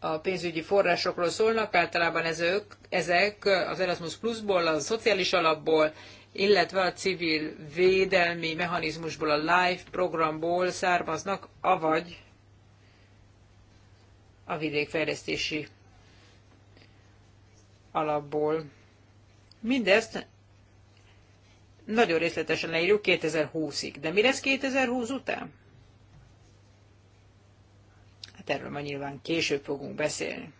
a pénzügyi forrásokról szólnak, általában ezek, ezek az Erasmus Plusból, a szociális alapból, illetve a civil védelmi mechanizmusból, a LIFE programból származnak, avagy a vidékfejlesztési alapból. Mindezt nagyon részletesen leírjuk 2020-ig. De mi lesz 2020 után? Hát erről ma nyilván később fogunk beszélni.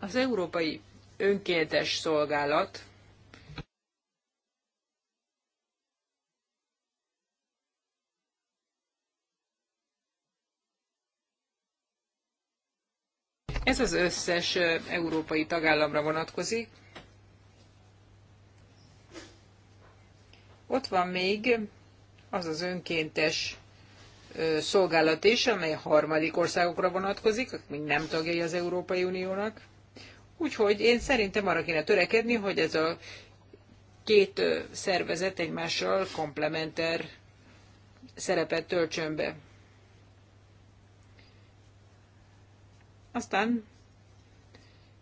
Az Európai Önkéntes Szolgálat Ez az összes európai tagállamra vonatkozik. Ott van még az az önkéntes szolgálat is, amely a harmadik országokra vonatkozik, akik nem tagjai az Európai Uniónak. Úgyhogy én szerintem arra kéne törekedni, hogy ez a két szervezet egymással komplementer szerepet töltsön be. Aztán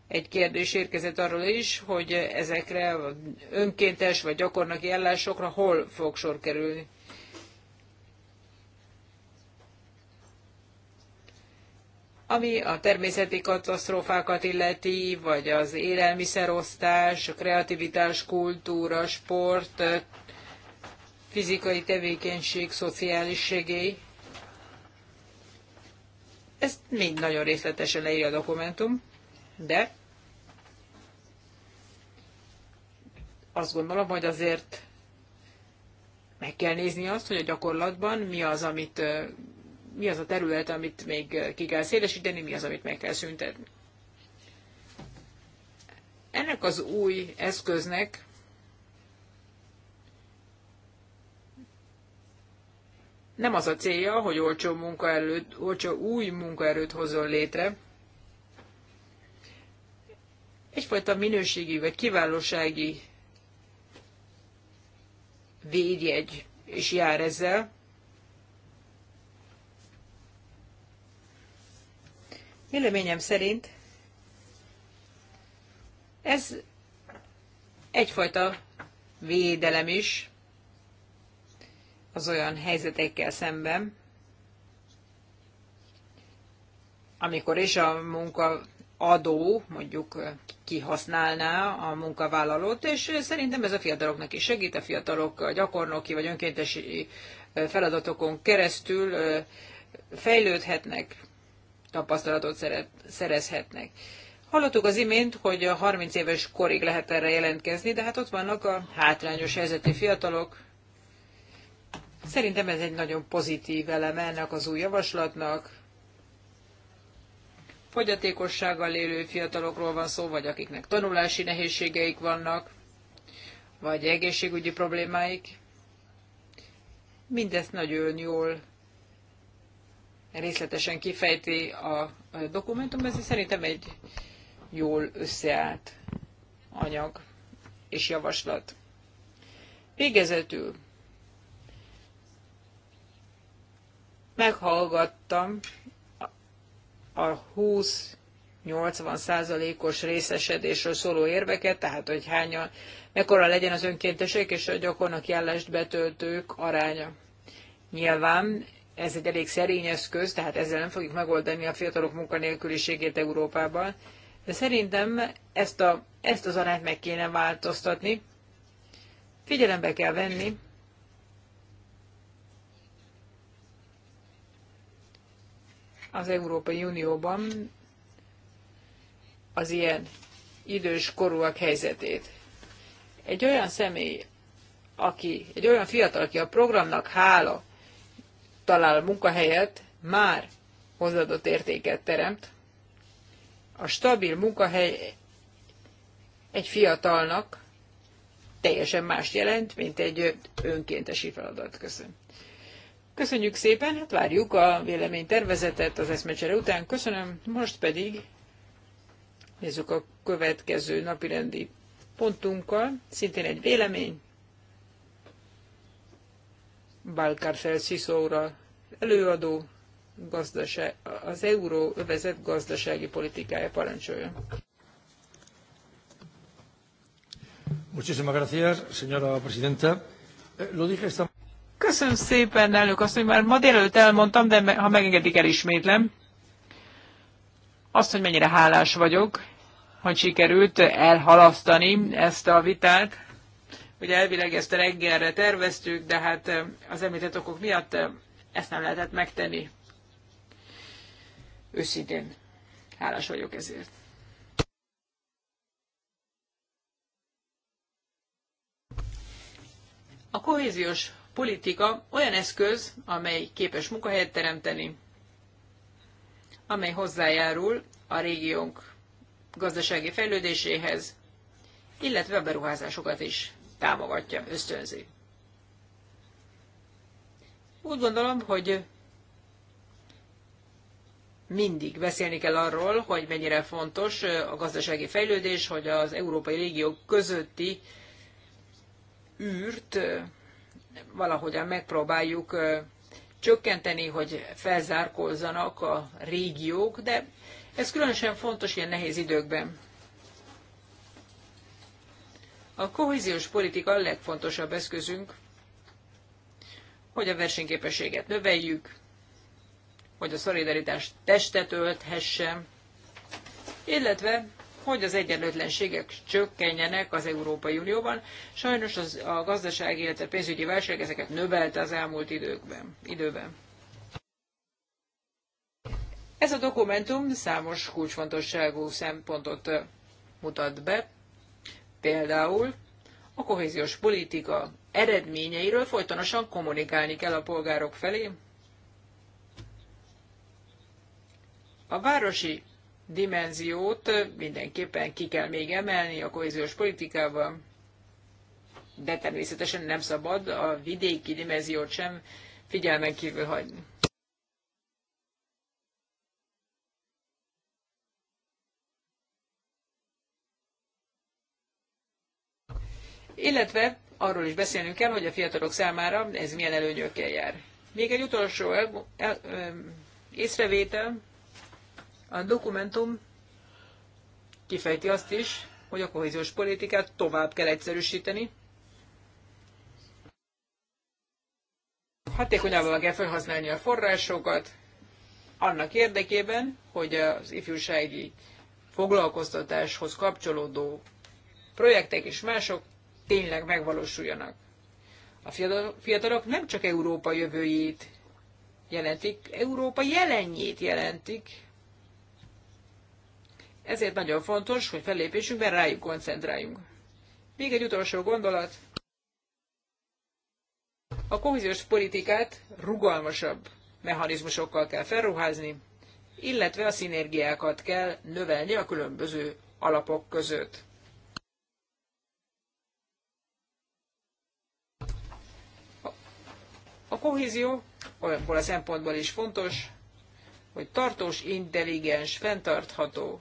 egy kérdés érkezett arról is, hogy ezekre önkéntes vagy gyakornoki ellásokra hol fog sor kerülni. Ami a természeti katasztrófákat illeti, vagy az élelmiszerosztás, a kreativitás, kultúra, sport, fizikai tevékenység, szociális segély. Ezt mind nagyon részletesen leírja a dokumentum, de azt gondolom, hogy azért meg kell nézni azt, hogy a gyakorlatban mi az, amit, mi az a terület, amit még ki kell szélesíteni, mi az, amit meg kell szüntetni. Ennek az új eszköznek nem az a célja, hogy olcsó, munkaerőt, olcsó új munkaerőt hozzon létre, egyfajta minőségi vagy kiválósági védjegy és jár ezzel. Véleményem szerint ez egyfajta védelem is, az olyan helyzetekkel szemben, amikor is a munka adó, mondjuk kihasználná a munkavállalót, és szerintem ez a fiataloknak is segít, a fiatalok a gyakornoki vagy önkéntesi feladatokon keresztül fejlődhetnek, tapasztalatot szerezhetnek. Hallottuk az imént, hogy a 30 éves korig lehet erre jelentkezni, de hát ott vannak a hátrányos helyzetű fiatalok, Szerintem ez egy nagyon pozitív eleme ennek az új javaslatnak. Fogyatékossággal élő fiatalokról van szó, vagy akiknek tanulási nehézségeik vannak, vagy egészségügyi problémáik. Mindezt nagyon jól részletesen kifejti a dokumentum, ez szerintem egy jól összeállt anyag és javaslat. Végezetül meghallgattam a 20 80 százalékos részesedésről szóló érveket, tehát hogy hányan, mekkora legyen az önkéntesek és a gyakornak jellest betöltők aránya. Nyilván ez egy elég szerény eszköz, tehát ezzel nem fogjuk megoldani a fiatalok munkanélküliségét Európában, de szerintem ezt, a, ezt az arányt meg kéne változtatni. Figyelembe kell venni az Európai Unióban az ilyen idős korúak helyzetét. Egy olyan személy, aki, egy olyan fiatal, aki a programnak hála talál munkahelyet, már hozzáadott értéket teremt. A stabil munkahely egy fiatalnak teljesen más jelent, mint egy önkéntesi feladat. Köszönöm. Köszönjük szépen, hát várjuk a véleménytervezetet az eszmecsere után. Köszönöm, most pedig nézzük a következő napirendi pontunkkal, szintén egy vélemény. Balcarcel Sisóra előadó gazdaság, az övezet gazdasági politikája parancsolja. Muchísimas gracias, señora presidenta. Eh, lo dije esta... Köszönöm szépen, elnök azt, hogy már ma délelőtt elmondtam, de ha megengedik, elismétlem. Azt, hogy mennyire hálás vagyok, hogy sikerült elhalasztani ezt a vitát. Ugye elvileg ezt reggelre terveztük, de hát az említett okok miatt ezt nem lehetett megtenni. Őszintén hálás vagyok ezért. A kohéziós politika olyan eszköz, amely képes munkahelyet teremteni, amely hozzájárul a régiónk gazdasági fejlődéséhez, illetve a beruházásokat is támogatja, ösztönzi. Úgy gondolom, hogy mindig beszélni kell arról, hogy mennyire fontos a gazdasági fejlődés, hogy az európai régiók közötti űrt valahogyan megpróbáljuk csökkenteni, hogy felzárkózzanak a régiók, de ez különösen fontos ilyen nehéz időkben. A kohéziós politika a legfontosabb eszközünk, hogy a versenyképességet növeljük, hogy a szolidaritás testet ölthesse, illetve hogy az egyenlőtlenségek csökkenjenek az Európai Unióban. Sajnos az, a gazdasági, illetve pénzügyi válság ezeket növelte az elmúlt időkben, időben. Ez a dokumentum számos kulcsfontosságú szempontot mutat be, például a kohéziós politika eredményeiről folytonosan kommunikálni kell a polgárok felé. A városi dimenziót mindenképpen ki kell még emelni a kohéziós politikában, de természetesen nem szabad a vidéki dimenziót sem figyelmen kívül hagyni. Illetve arról is beszélnünk kell, hogy a fiatalok számára ez milyen előnyökkel jár. Még egy utolsó el, el, el, észrevétel, a dokumentum kifejti azt is, hogy a kohéziós politikát tovább kell egyszerűsíteni, hatékonyabban kell felhasználni a forrásokat, annak érdekében, hogy az ifjúsági foglalkoztatáshoz kapcsolódó projektek és mások tényleg megvalósuljanak. A fiatalok nem csak Európa jövőjét jelentik, Európa jelenjét jelentik, ezért nagyon fontos, hogy fellépésünkben rájuk koncentráljunk. Még egy utolsó gondolat. A kohéziós politikát rugalmasabb mechanizmusokkal kell felruházni, illetve a szinergiákat kell növelni a különböző alapok között. A kohézió olyanból a szempontból is fontos, hogy tartós, intelligens, fenntartható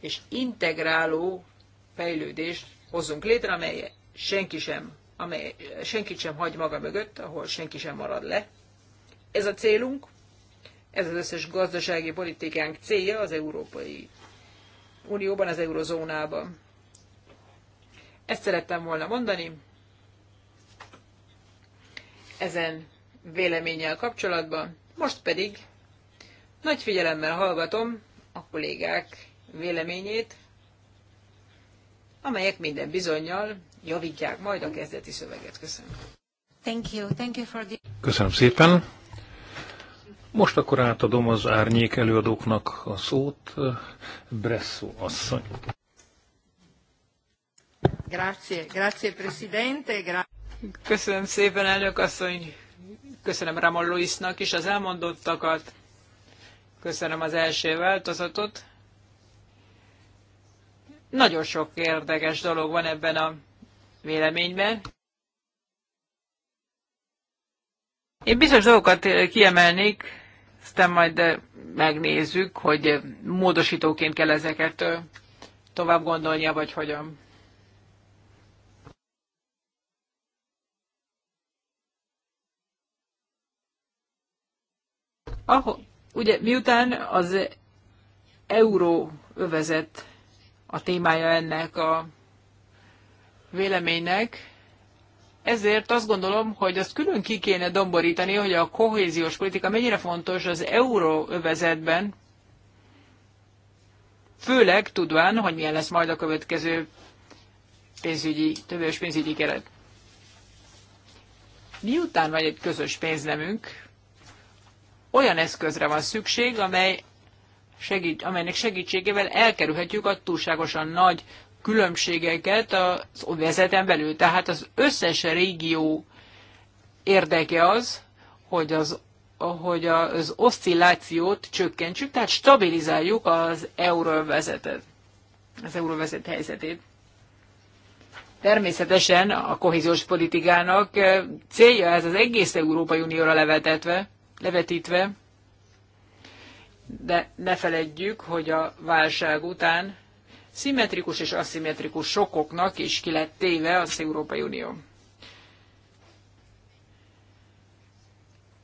és integráló fejlődést hozzunk létre, amely senki sem, amely senkit sem hagy maga mögött, ahol senki sem marad le. Ez a célunk, ez az összes gazdasági politikánk célja az Európai Unióban, az eurozónában. Ezt szerettem volna mondani. Ezen véleménnyel kapcsolatban. Most pedig nagy figyelemmel hallgatom a kollégák véleményét, amelyek minden bizonyal javítják majd a kezdeti szöveget. Köszönöm. Thank you. Thank you for the... Köszönöm szépen. Most akkor átadom az árnyék előadóknak a szót, Bresszó asszony. Grazie, grazie Presidente. Gra Köszönöm szépen, elnök asszony. Köszönöm Ramon Luisnak is az elmondottakat. Köszönöm az első változatot. Nagyon sok érdekes dolog van ebben a véleményben. Én bizonyos dolgokat kiemelnék, aztán majd megnézzük, hogy módosítóként kell ezeket tovább gondolnia, vagy hogyan. Ahol, ugye miután az euróövezet a témája ennek a véleménynek. Ezért azt gondolom, hogy azt külön ki kéne domborítani, hogy a kohéziós politika mennyire fontos az euróövezetben, főleg tudván, hogy milyen lesz majd a következő pénzügyi, többős pénzügyi keret. Miután van egy közös pénznemünk, olyan eszközre van szükség, amely segít, amelynek segítségével elkerülhetjük a túlságosan nagy különbségeket az vezeten belül. Tehát az összes régió érdeke az, hogy az hogy az oszcillációt csökkentsük, tehát stabilizáljuk az euróvezetet, az euróvezet helyzetét. Természetesen a kohéziós politikának célja ez az egész Európai Unióra levetetve, levetítve, de ne feledjük, hogy a válság után szimmetrikus és aszimmetrikus sokoknak is ki lett téve az Európai Unió.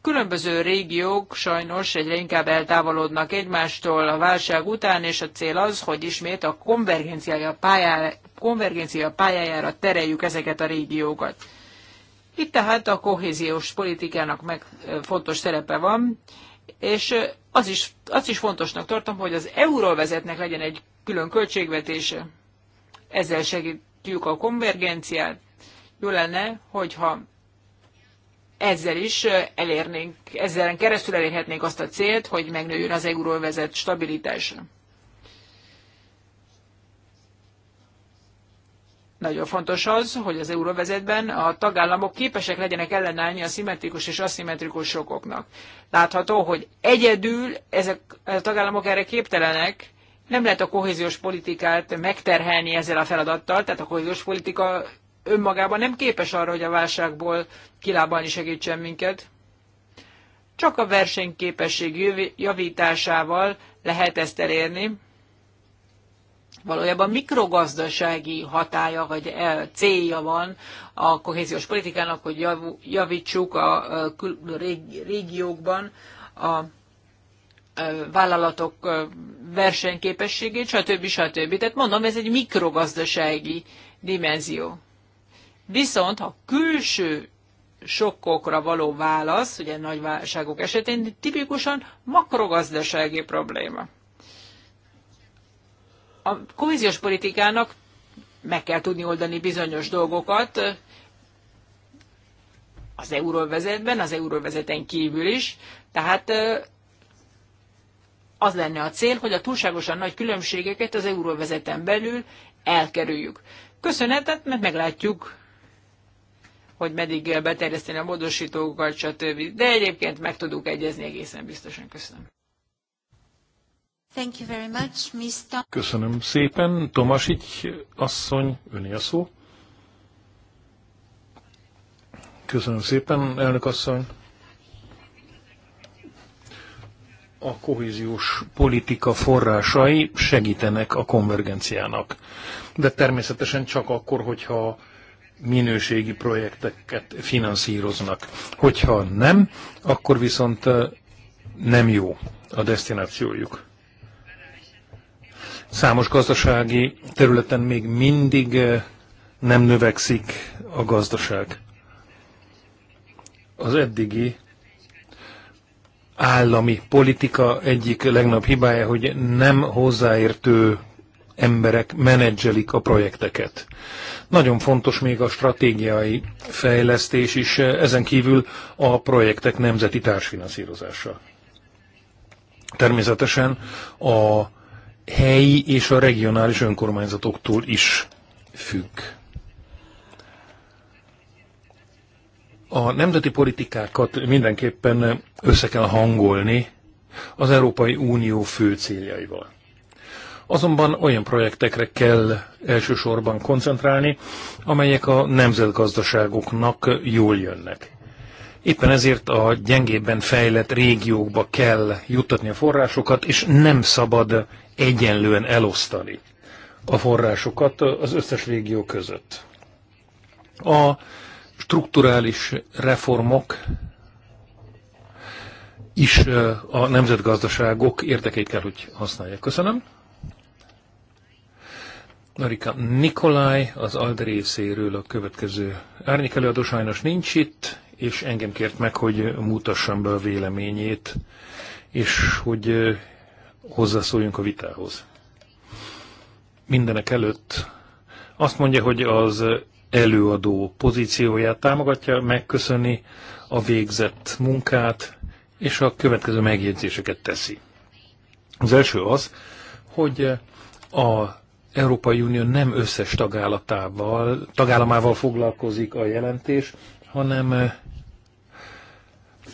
Különböző régiók sajnos egyre inkább eltávolodnak egymástól a válság után, és a cél az, hogy ismét a konvergenciája pályára, konvergencia pályájára tereljük ezeket a régiókat. Itt tehát a kohéziós politikának meg fontos szerepe van, és az is, az is fontosnak tartom, hogy az vezetnek legyen egy külön költségvetése. Ezzel segítjük a konvergenciát. Jó lenne, hogyha ezzel is elérnénk, ezzel keresztül elérhetnénk azt a célt, hogy megnőjön az euróvezet stabilitása. Nagyon fontos az, hogy az euróvezetben a tagállamok képesek legyenek ellenállni a szimmetrikus és aszimmetrikus sokoknak. Látható, hogy egyedül ezek a tagállamok erre képtelenek, nem lehet a kohéziós politikát megterhelni ezzel a feladattal, tehát a kohéziós politika önmagában nem képes arra, hogy a válságból kilábalni segítsen minket. Csak a versenyképesség javításával lehet ezt elérni valójában mikrogazdasági hatája vagy e, célja van a kohéziós politikának, hogy javítsuk a e, régiókban a e, vállalatok versenyképességét, stb. stb. Tehát mondom, ez egy mikrogazdasági dimenzió. Viszont ha külső sokkokra való válasz, ugye nagy válságok esetén tipikusan makrogazdasági probléma a kohéziós politikának meg kell tudni oldani bizonyos dolgokat az euróvezetben, az euróvezeten kívül is. Tehát az lenne a cél, hogy a túlságosan nagy különbségeket az euróvezeten belül elkerüljük. Köszönetet, mert meglátjuk, hogy meddig beterjeszteni a módosítókat, stb. De egyébként meg tudunk egyezni egészen biztosan. Köszönöm. Thank you very much, Mr. Köszönöm szépen. Tomasics asszony, öné a szó. Köszönöm szépen, elnök asszony. A kohéziós politika forrásai segítenek a konvergenciának. De természetesen csak akkor, hogyha minőségi projekteket finanszíroznak. Hogyha nem, akkor viszont eh, nem jó a destinációjuk. Számos gazdasági területen még mindig eh, nem növekszik a gazdaság. Az eddigi állami politika egyik legnagyobb hibája, hogy nem hozzáértő emberek menedzselik a projekteket. Nagyon fontos még a stratégiai fejlesztés is, eh, ezen kívül a projektek nemzeti társfinanszírozása. Természetesen a helyi és a regionális önkormányzatoktól is függ. A nemzeti politikákat mindenképpen össze kell hangolni az Európai Unió fő céljaival. Azonban olyan projektekre kell elsősorban koncentrálni, amelyek a nemzetgazdaságoknak jól jönnek. Éppen ezért a gyengébben fejlett régiókba kell juttatni a forrásokat, és nem szabad egyenlően elosztani a forrásokat az összes régió között. A strukturális reformok is a nemzetgazdaságok érdekeit kell, hogy használják. Köszönöm. Narika Nikolaj az Alde részéről a következő árnyékelőadó sajnos nincs itt és engem kért meg, hogy mutassam be a véleményét, és hogy hozzászóljunk a vitához. Mindenek előtt azt mondja, hogy az előadó pozícióját támogatja, megköszöni a végzett munkát, és a következő megjegyzéseket teszi. Az első az, hogy a Európai Unió nem összes tagállamával foglalkozik a jelentés, hanem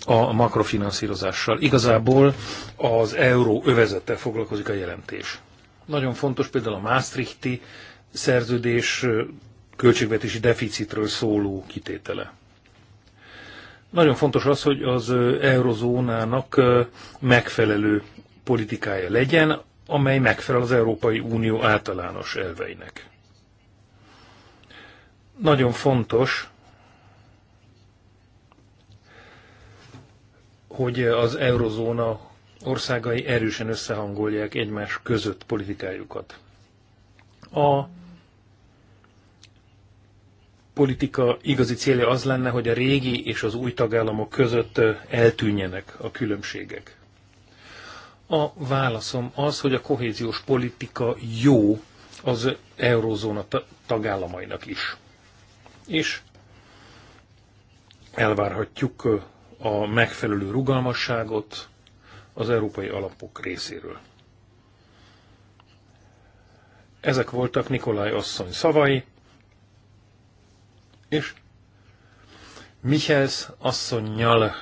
a makrofinanszírozással. Igazából az euró övezettel foglalkozik a jelentés. Nagyon fontos például a Maastrichti szerződés költségvetési deficitről szóló kitétele. Nagyon fontos az, hogy az eurozónának megfelelő politikája legyen, amely megfelel az Európai Unió általános elveinek. Nagyon fontos hogy az eurozóna országai erősen összehangolják egymás között politikájukat. A politika igazi célja az lenne, hogy a régi és az új tagállamok között eltűnjenek a különbségek. A válaszom az, hogy a kohéziós politika jó az eurozóna tagállamainak is. És elvárhatjuk a megfelelő rugalmasságot az európai alapok részéről. Ezek voltak Nikolaj asszony szavai, és Michels asszonynal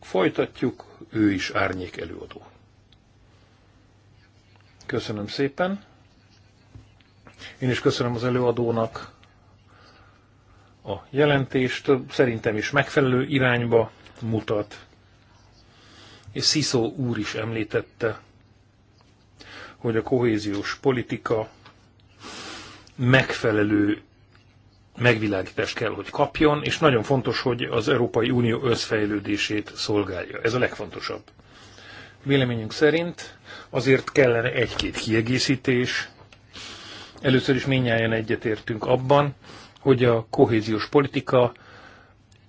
folytatjuk, ő is árnyék előadó. Köszönöm szépen. Én is köszönöm az előadónak a jelentést. Szerintem is megfelelő irányba mutat, és Sziszó úr is említette, hogy a kohéziós politika megfelelő megvilágítást kell, hogy kapjon, és nagyon fontos, hogy az Európai Unió összfejlődését szolgálja. Ez a legfontosabb. Véleményünk szerint azért kellene egy-két kiegészítés. Először is minnyáján egyetértünk abban, hogy a kohéziós politika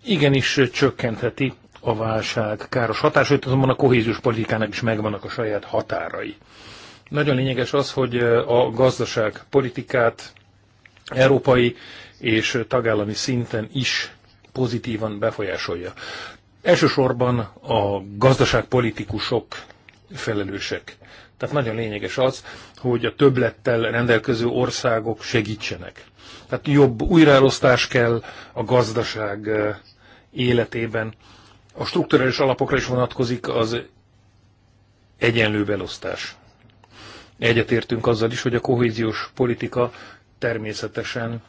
igenis csökkentheti a válság káros hatásait, azonban a kohéziós politikának is megvannak a saját határai. Nagyon lényeges az, hogy a gazdaság politikát európai és tagállami szinten is pozitívan befolyásolja. Elsősorban a gazdaságpolitikusok felelősek. Tehát nagyon lényeges az, hogy a többlettel rendelkező országok segítsenek. Tehát jobb újraelosztás kell, a gazdaság életében. A strukturális alapokra is vonatkozik az egyenlő belosztás. Egyetértünk azzal is, hogy a kohéziós politika természetesen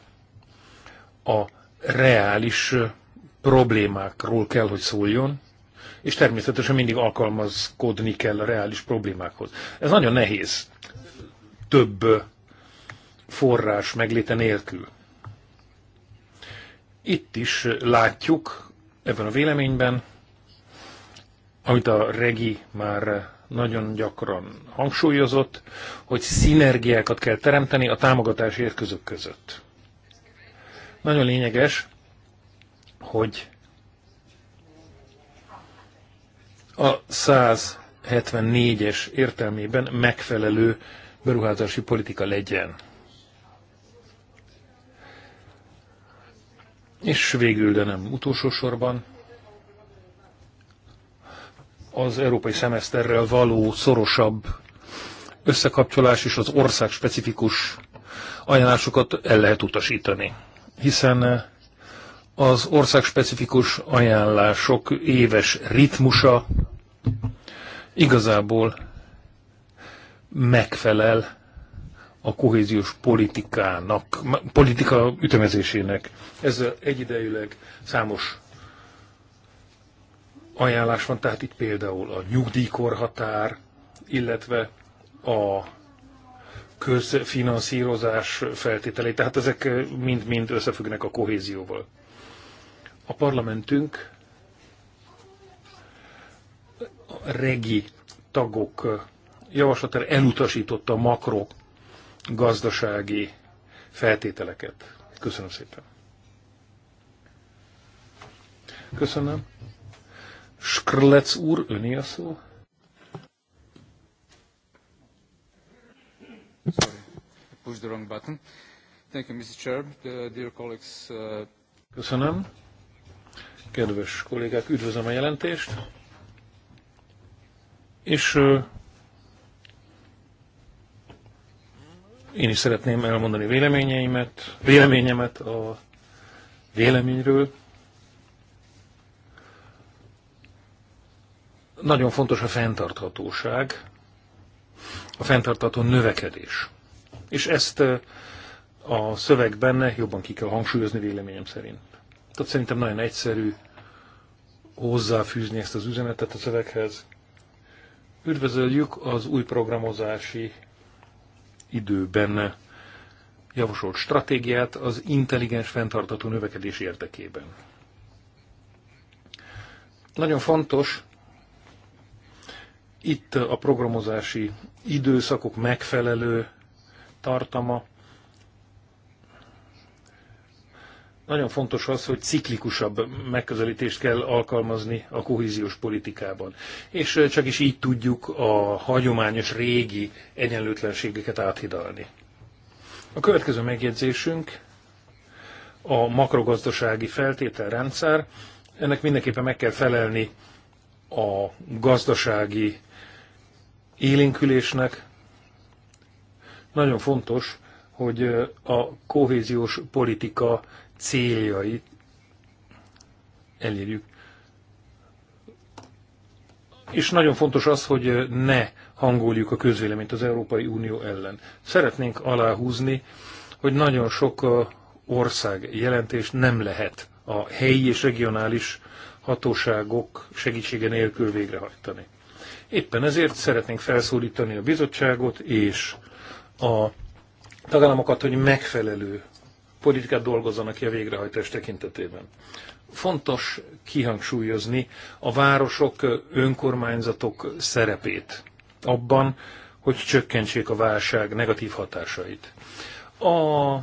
a reális problémákról kell, hogy szóljon, és természetesen mindig alkalmazkodni kell a reális problémákhoz. Ez nagyon nehéz több forrás megléte nélkül. Itt is látjuk, ebben a véleményben, amit a Regi már nagyon gyakran hangsúlyozott, hogy szinergiákat kell teremteni a támogatási eszközök között. Nagyon lényeges, hogy a 174-es értelmében megfelelő beruházási politika legyen. És végül, de nem utolsó sorban, az európai szemeszterrel való szorosabb összekapcsolás és az ország specifikus ajánlásokat el lehet utasítani. Hiszen az ország specifikus ajánlások éves ritmusa igazából megfelel a kohéziós politikának, politika ütemezésének. Ezzel egyidejűleg számos ajánlás van, tehát itt például a nyugdíjkorhatár, illetve a közfinanszírozás feltételei, tehát ezek mind-mind összefüggnek a kohézióval. A parlamentünk a regi tagok javaslatára elutasította a makro gazdasági feltételeket. Köszönöm szépen. Köszönöm. Skrlec úr, öné a szó. Sorry, the wrong button. Thank you, Mr. Chair, the dear colleagues. Uh... Köszönöm. Kedves kollégák, üdvözlöm a jelentést. És uh, Én is szeretném elmondani véleményeimet, véleményemet a véleményről. Nagyon fontos a fenntarthatóság, a fenntartható növekedés. És ezt a szövegben jobban ki kell hangsúlyozni véleményem szerint. Tehát szerintem nagyon egyszerű hozzáfűzni ezt az üzenetet a szöveghez. Üdvözöljük az új programozási időben javasolt stratégiát az intelligens fenntartató növekedés érdekében. Nagyon fontos itt a programozási időszakok megfelelő tartama, Nagyon fontos az, hogy ciklikusabb megközelítést kell alkalmazni a kohéziós politikában. És csak is így tudjuk a hagyományos régi egyenlőtlenségeket áthidalni. A következő megjegyzésünk a makrogazdasági feltételrendszer. Ennek mindenképpen meg kell felelni a gazdasági élénkülésnek. Nagyon fontos, hogy a kohéziós politika céljait elérjük. És nagyon fontos az, hogy ne hangoljuk a közvéleményt az Európai Unió ellen. Szeretnénk aláhúzni, hogy nagyon sok ország jelentés nem lehet a helyi és regionális hatóságok segítsége nélkül végrehajtani. Éppen ezért szeretnénk felszólítani a bizottságot és a tagállamokat, hogy megfelelő politikát dolgozzanak ki a végrehajtás tekintetében. Fontos kihangsúlyozni a városok, önkormányzatok szerepét abban, hogy csökkentsék a válság negatív hatásait. A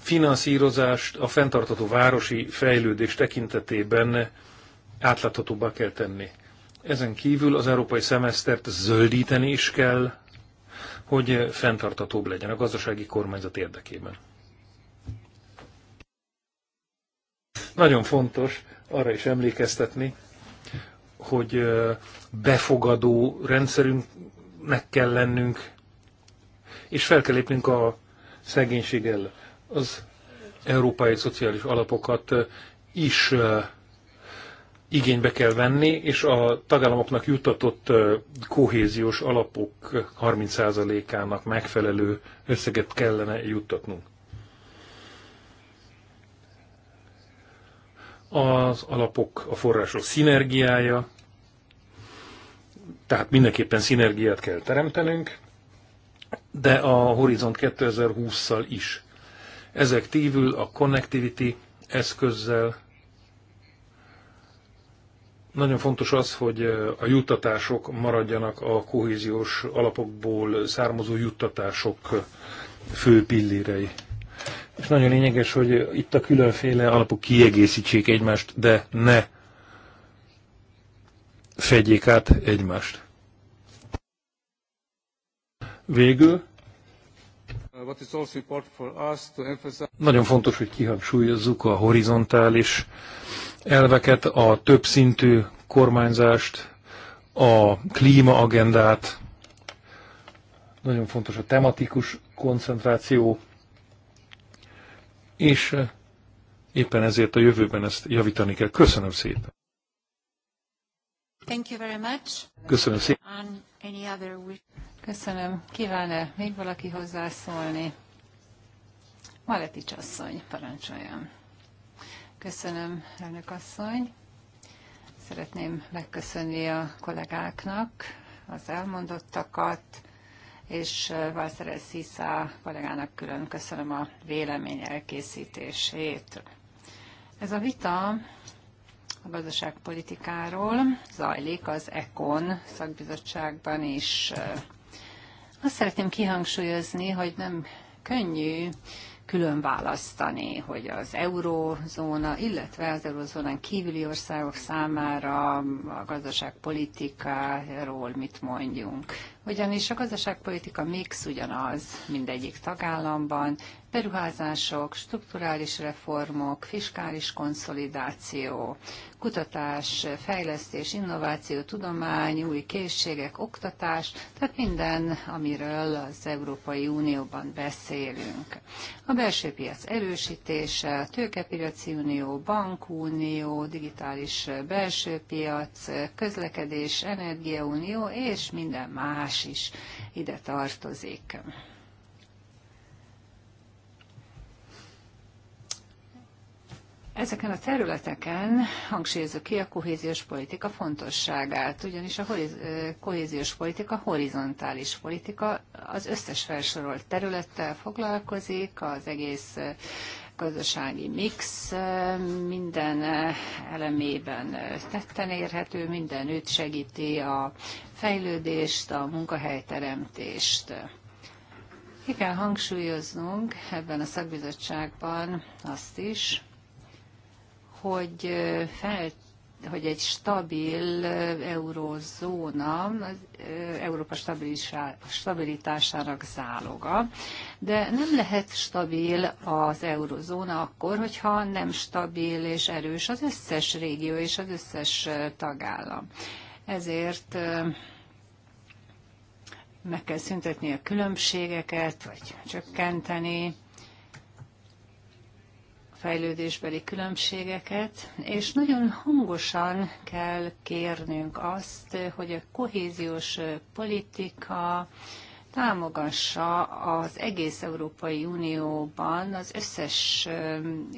finanszírozást a fenntartató városi fejlődés tekintetében átláthatóbbá kell tenni. Ezen kívül az európai szemesztert zöldíteni is kell, hogy fenntartatóbb legyen a gazdasági kormányzat érdekében. Nagyon fontos arra is emlékeztetni, hogy befogadó rendszerünknek kell lennünk, és fel kell lépnünk a szegénység ellen. Az európai szociális alapokat is igénybe kell venni, és a tagállamoknak jutatott kohéziós alapok 30%-ának megfelelő összeget kellene juttatnunk. az alapok, a források szinergiája, tehát mindenképpen szinergiát kell teremtenünk, de a Horizont 2020-szal is. Ezek tívül a connectivity eszközzel nagyon fontos az, hogy a juttatások maradjanak a kohéziós alapokból származó juttatások fő pillérei. És nagyon lényeges, hogy itt a különféle alapok kiegészítsék egymást, de ne fedjék át egymást. Végül. Nagyon fontos, hogy kihangsúlyozzuk a horizontális elveket, a többszintű kormányzást, a klímaagendát, nagyon fontos a tematikus koncentráció, és eh, éppen ezért a jövőben ezt javítani kell. Köszönöm szépen! Thank you very much. Köszönöm szépen! Köszönöm. Kíván-e még valaki hozzászólni? Maletics asszony, parancsoljon. Köszönöm, elnök asszony. Szeretném megköszönni a kollégáknak az elmondottakat, és eh, Valszeres Szisza kollégának külön köszönöm a vélemény elkészítését. Ez a vita a gazdaságpolitikáról zajlik az ECON szakbizottságban is. Eh, azt szeretném kihangsúlyozni, hogy nem könnyű külön választani, hogy az eurózóna, illetve az eurózónán kívüli országok számára a gazdaságpolitikáról mit mondjunk ugyanis a gazdaságpolitika mix ugyanaz mindegyik tagállamban, beruházások, strukturális reformok, fiskális konszolidáció, kutatás, fejlesztés, innováció, tudomány, új készségek, oktatás, tehát minden, amiről az Európai Unióban beszélünk. A belső piac erősítése, tőkepiaci unió, bankunió, digitális belső piac, közlekedés, energiaunió és minden más oktatás is ide tartozik. Ezeken a területeken hangsúlyozza ki a kohéziós politika fontosságát, ugyanis a kohéziós politika horizontális politika, az összes felsorolt területtel foglalkozik, az egész gazdasági mix minden elemében tetten érhető, mindenütt segíti a fejlődést, a munkahelyteremtést. Ki kell hangsúlyoznunk ebben a szakbizottságban azt is, hogy felt hogy egy stabil eurózóna az Európa stabilitásának záloga, de nem lehet stabil az eurózóna akkor, hogyha nem stabil és erős az összes régió és az összes tagállam. Ezért meg kell szüntetni a különbségeket, vagy csökkenteni, fejlődésbeli különbségeket, és nagyon hangosan kell kérnünk azt, hogy a kohéziós politika támogassa az egész Európai Unióban az összes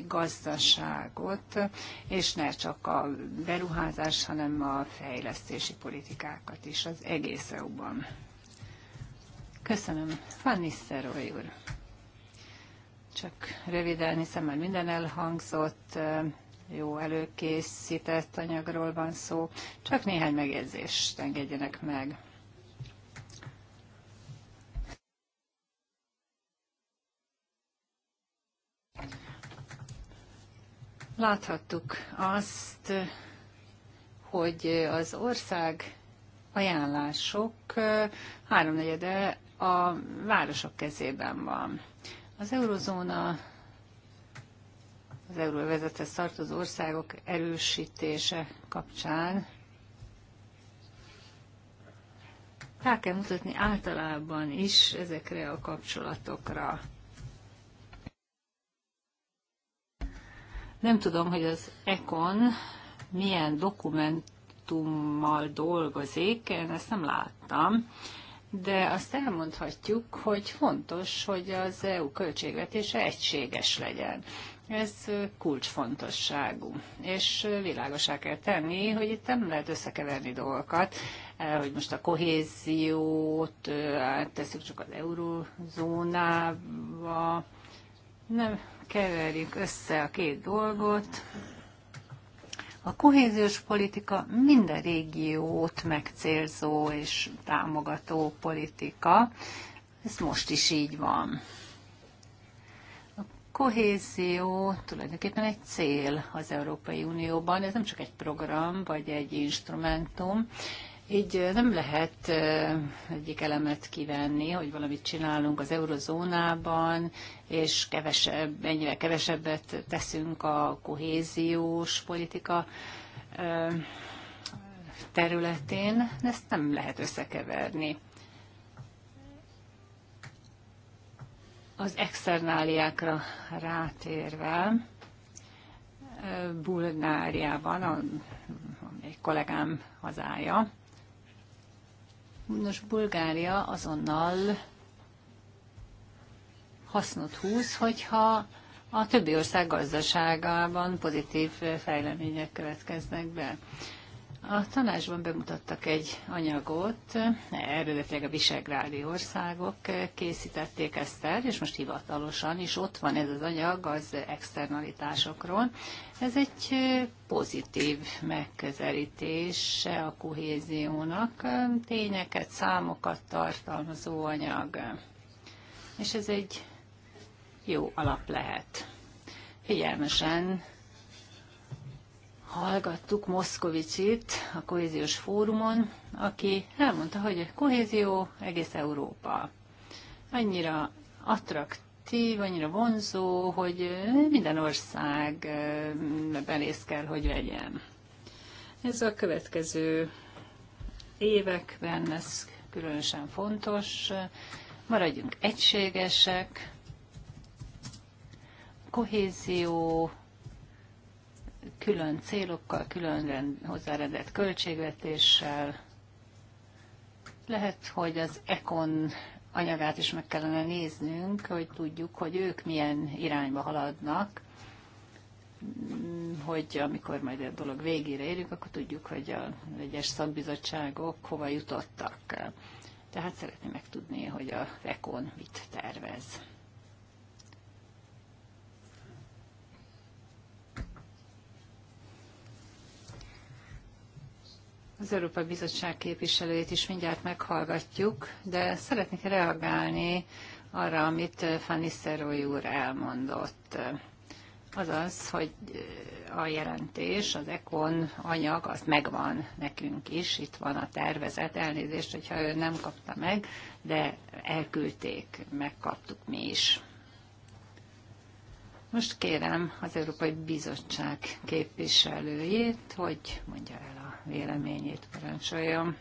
gazdaságot, és ne csak a beruházás, hanem a fejlesztési politikákat is az egész EU-ban. Köszönöm. Fanny Szeroly úr. Csak röviden, hiszen már minden elhangzott, jó előkészített anyagról van szó. Csak néhány megjegyzést engedjenek meg. Láthattuk azt, hogy az ország ajánlások háromnegyede a városok kezében van. Az eurozóna az euróvezethez tartozó országok erősítése kapcsán rá kell mutatni általában is ezekre a kapcsolatokra. Nem tudom, hogy az Econ milyen dokumentummal dolgozik, én ezt nem láttam, de azt elmondhatjuk, hogy fontos, hogy az EU költségvetése egységes legyen. Ez kulcsfontosságú, és világosá kell tenni, hogy itt nem lehet összekeverni dolgokat, eh, hogy most a kohéziót eh, tesszük csak az eurózónába. nem keverjük össze a két dolgot, a kohéziós politika minden régiót megcélzó és támogató politika. Ez most is így van. A kohézió tulajdonképpen egy cél az Európai Unióban. Ez nem csak egy program vagy egy instrumentum. Így nem lehet egyik elemet kivenni, hogy valamit csinálunk az eurozónában, és kevesebb, mennyivel kevesebbet teszünk a kohéziós politika területén, ezt nem lehet összekeverni. Az externáliákra rátérve, Bulgáriában, a, egy kollégám hazája, Nos, Bulgária azonnal hasznot húz, hogyha a többi ország gazdaságában pozitív fejlemények következnek be. A tanácsban bemutattak egy anyagot, eredetileg a visegrádi országok készítették ezt el, és most hivatalosan is ott van ez az anyag az externalitásokról. Ez egy pozitív megközelítése a kohéziónak, tényeket, számokat tartalmazó anyag. És ez egy jó alap lehet. Figyelmesen hallgattuk Moszkovicsit a kohéziós fórumon, aki elmondta, hogy a kohézió egész Európa. Annyira attraktív, annyira vonzó, hogy minden ország belész kell, hogy vegyen. Ez a következő években lesz különösen fontos. Maradjunk egységesek, kohézió külön célokkal, külön rend, hozzárendelt költségvetéssel. Lehet, hogy az ECON anyagát is meg kellene néznünk, hogy tudjuk, hogy ők milyen irányba haladnak, mm, hogy amikor majd a dolog végére érünk, akkor tudjuk, hogy a egyes szakbizottságok hova jutottak. Tehát szeretném megtudni, hogy a Rekon mit tervez. Az Európai Bizottság képviselőjét is mindjárt meghallgatjuk, de szeretnék reagálni arra, amit Fanny Szerói úr elmondott. Azaz, hogy a jelentés, az ECON anyag, az megvan nekünk is, itt van a tervezet, elnézést, hogyha ő nem kapta meg, de elküldték, megkaptuk mi is. Most kérem az Európai Bizottság képviselőjét, hogy mondja el véleményét parancsoljon.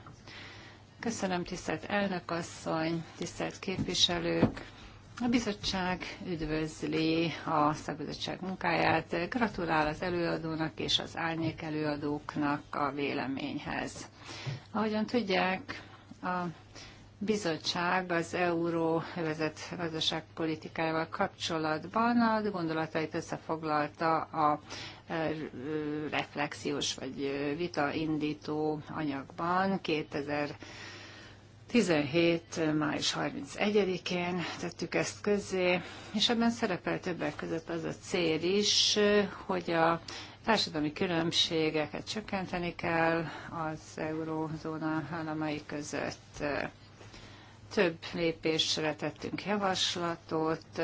Köszönöm, tisztelt elnök asszony, tisztelt képviselők! A bizottság üdvözli a szakbizottság munkáját, gratulál az előadónak és az árnyék előadóknak a véleményhez. Ahogyan tudják, a bizottság az euró vezet kapcsolatban a gondolatait összefoglalta a reflexiós vagy vitaindító anyagban 2000 17. május 31-én tettük ezt közzé, és ebben szerepel többek között az a cél is, hogy a társadalmi különbségeket csökkenteni kell az eurózóna államai között több lépésre tettünk javaslatot,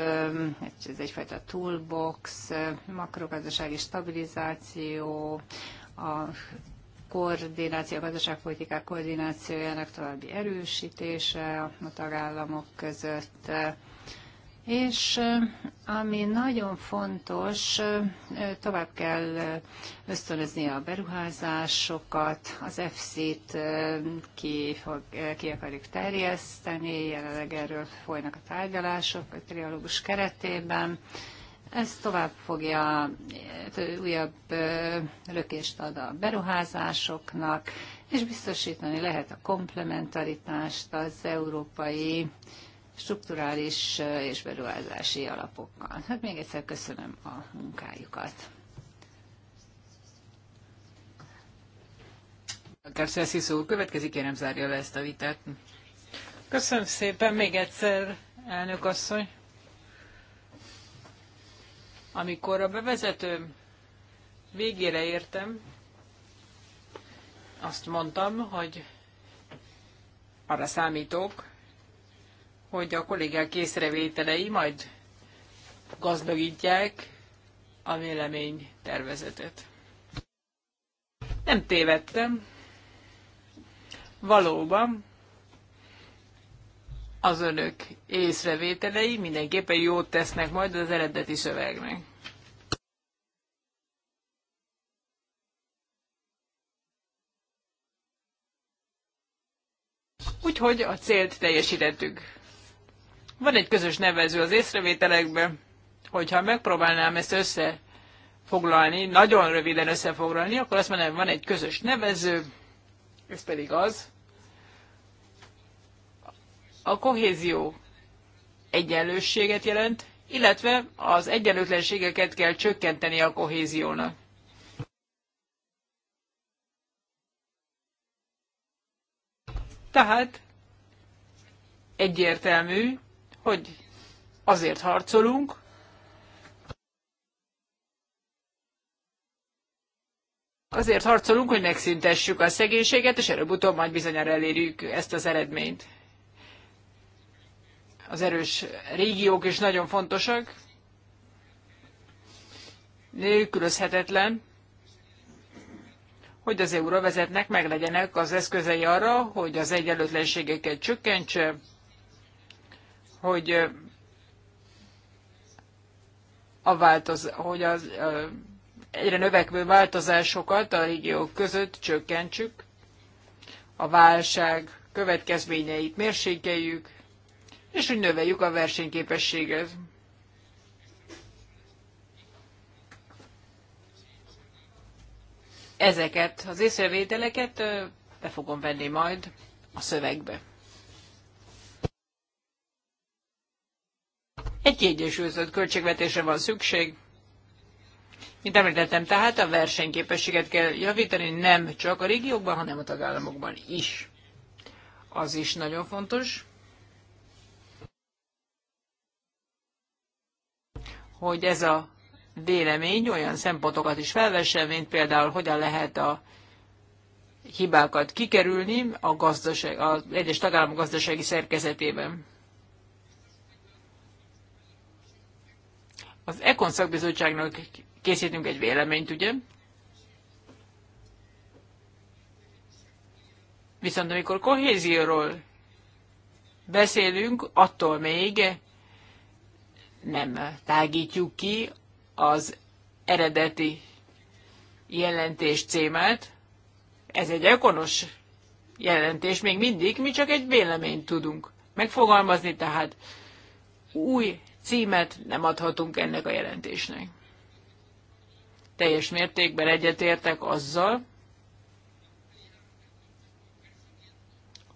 ez egyfajta toolbox, makrogazdasági stabilizáció, a koordináció, a gazdaságpolitikák koordinációjának további erősítése a tagállamok között, és ami nagyon fontos, tovább kell ösztönözni a beruházásokat, az FC-t ki, ki akarjuk terjeszteni, jelenleg erről folynak a tárgyalások a trialógus keretében. Ez tovább fogja, újabb lökést ad a beruházásoknak, és biztosítani lehet a komplementaritást az európai strukturális eh, és beruházási alapokkal. Hát még egyszer köszönöm a munkájukat. Garcia Sziszó, következik, kérem zárja le ezt a vitát. Köszönöm szépen még egyszer, elnök asszony. Amikor a bevezetőm végére értem, azt mondtam, hogy arra számítok, hogy a kollégák észrevételei majd gazdagítják a vélemény tervezetet. Nem tévedtem. Valóban az önök észrevételei mindenképpen jót tesznek majd az eredeti szövegnek. Úgyhogy a célt teljesítettük. Van egy közös nevező az észrevételekben, hogyha megpróbálnám ezt összefoglalni, nagyon röviden összefoglalni, akkor azt mondanám, van egy közös nevező, ez pedig az, a kohézió egyenlősséget jelent, illetve az egyenlőtlenségeket kell csökkenteni a kohéziónak. Tehát egyértelmű, hogy azért harcolunk, Azért harcolunk, hogy megszüntessük a szegénységet, és előbb-utóbb majd bizonyára elérjük ezt az eredményt. Az erős régiók is nagyon fontosak, nélkülözhetetlen, hogy az euróvezetnek meglegyenek az eszközei arra, hogy az egyenlőtlenségeket csökkentse, hogy a változ, hogy az egyre növekvő változásokat a régiók között csökkentsük, a válság következményeit mérsékeljük, és hogy növeljük a versenyképességet. Ezeket az észrevételeket be fogom venni majd a szövegbe. Egy kiegyensúlyozott költségvetésre van szükség. Mint említettem, tehát a versenyképességet kell javítani nem csak a régiókban, hanem a tagállamokban is. Az is nagyon fontos, hogy ez a vélemény olyan szempontokat is felvesse, mint például hogyan lehet a hibákat kikerülni a gazdaság, az egyes tagállamok gazdasági szerkezetében. Az Ekon szakbizottságnak készítünk egy véleményt, ugye? Viszont amikor kohézióról beszélünk, attól még nem tágítjuk ki az eredeti jelentés címet. Ez egy ekonos jelentés, még mindig mi csak egy véleményt tudunk megfogalmazni, tehát új címet nem adhatunk ennek a jelentésnek. Teljes mértékben egyetértek azzal,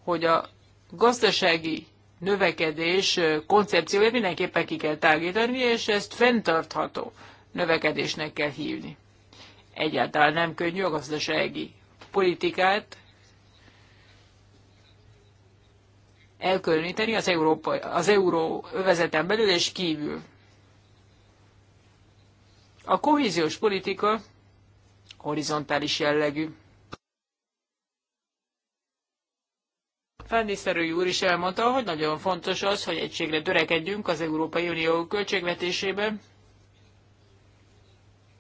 hogy a gazdasági növekedés koncepcióját mindenképpen ki kell tágítani, és ezt fenntartható növekedésnek kell hívni. Egyáltalán nem könnyű a gazdasági politikát elkülöníteni az, Európa, az euró övezeten belül és kívül. A kohéziós politika horizontális jellegű. Fendiszerői úr is elmondta, hogy nagyon fontos az, hogy egységre törekedjünk az Európai Unió költségvetésében.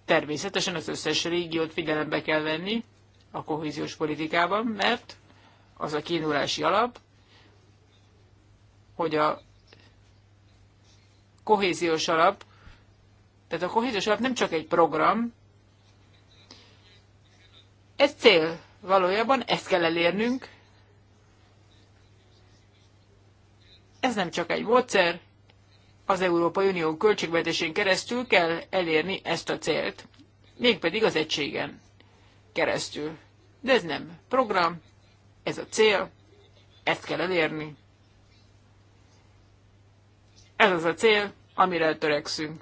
Természetesen az összes régiót figyelembe kell venni a kohéziós politikában, mert az a kínulási alap, hogy a kohéziós alap, tehát a kohéziós alap nem csak egy program, ez cél valójában, ezt kell elérnünk. Ez nem csak egy módszer, az Európai Unió költségvetésén keresztül kell elérni ezt a célt, mégpedig az egységen keresztül. De ez nem program, ez a cél, ezt kell elérni. Ez az a cél, amire törekszünk.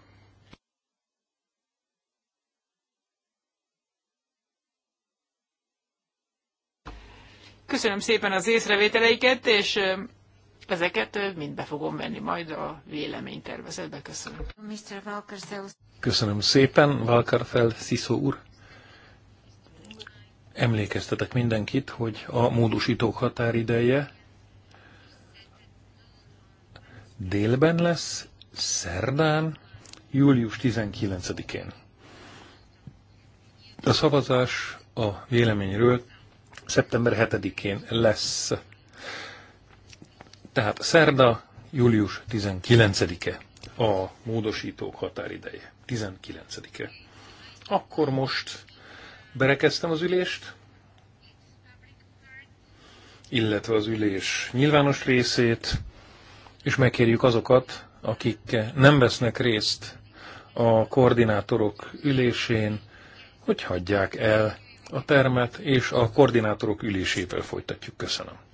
Köszönöm szépen az észrevételeiket, és ezeket mind be fogom venni majd a véleménytervezetbe. Köszönöm. Köszönöm szépen, Valkarfel Sziszó úr. Emlékeztetek mindenkit, hogy a módosítók határideje délben lesz, szerdán, július 19-én. A szavazás a véleményről szeptember 7-én lesz. Tehát szerda, július 19-e a módosítók határideje. 19-e. Akkor most berekeztem az ülést, illetve az ülés nyilvános részét, és megkérjük azokat, akik nem vesznek részt a koordinátorok ülésén, hogy hagyják el a termet, és a koordinátorok ülésével folytatjuk. Köszönöm.